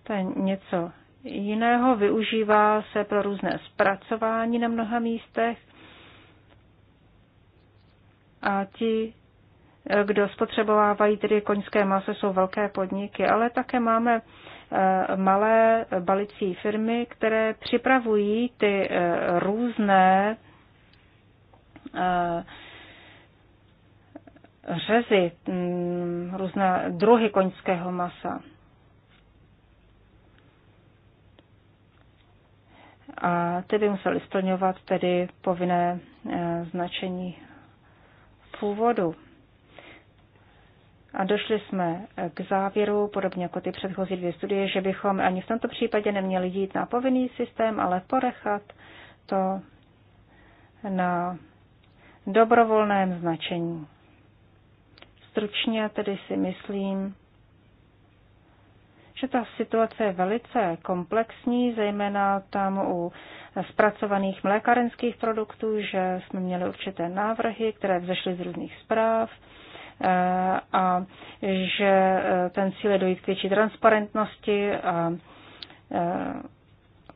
to je něco jiného. Využívá se pro různé zpracování na mnoha místech a ti kdo spotřebovávají tedy koňské maso, jsou velké podniky, ale také máme eh, malé balicí firmy, které připravují ty eh, různé eh, řezy, mm, různé druhy koňského masa. A ty by museli splňovat tedy povinné značení původu. A došli jsme eh, k závěru, podobně jako ty předchozí dvě studie, že bychom ani v tomto případě neměli jít na povinný systém, ale porechat to na dobrovolném značení. Stručně tedy si myslím, že ta situace je velice komplexní, zejména tam u zpracovaných mlékárenských produktů, že jsme měli určité návrhy, které vzešly z různých zpráv Eh, a že eh, ten cíl je dojít k větší transparentnosti a eh,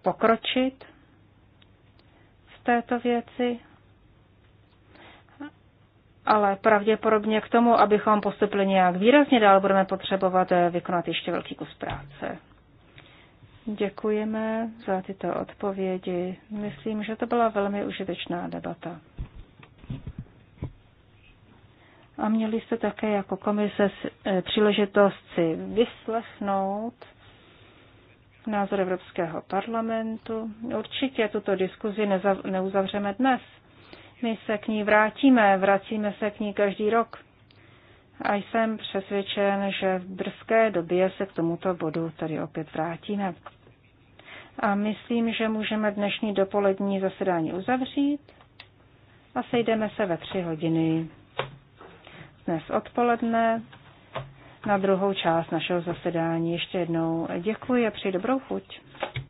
pokročit v této věci. Ale pravděpodobně k tomu, abychom postupili nějak výrazně dál, budeme potřebovat vykonat ještě velký kus práce. Děkujeme za tyto odpovědi. Myslím, že to byla velmi užitečná debata. A měli jste také jako komise e, příležitost si vyslechnout názor Evropského parlamentu. Určitě tuto diskuzi neuzavřeme dnes. My se k ní vrátíme, vracíme se k ní každý rok. A jsem přesvědčen, že v brzké době se k tomuto bodu tady opět vrátíme. A myslím, že můžeme dnešní dopolední zasedání uzavřít a sejdeme se ve tři hodiny dnes odpoledne na druhou část našeho zasedání. Ještě jednou děkuji a přeji dobrou chuť.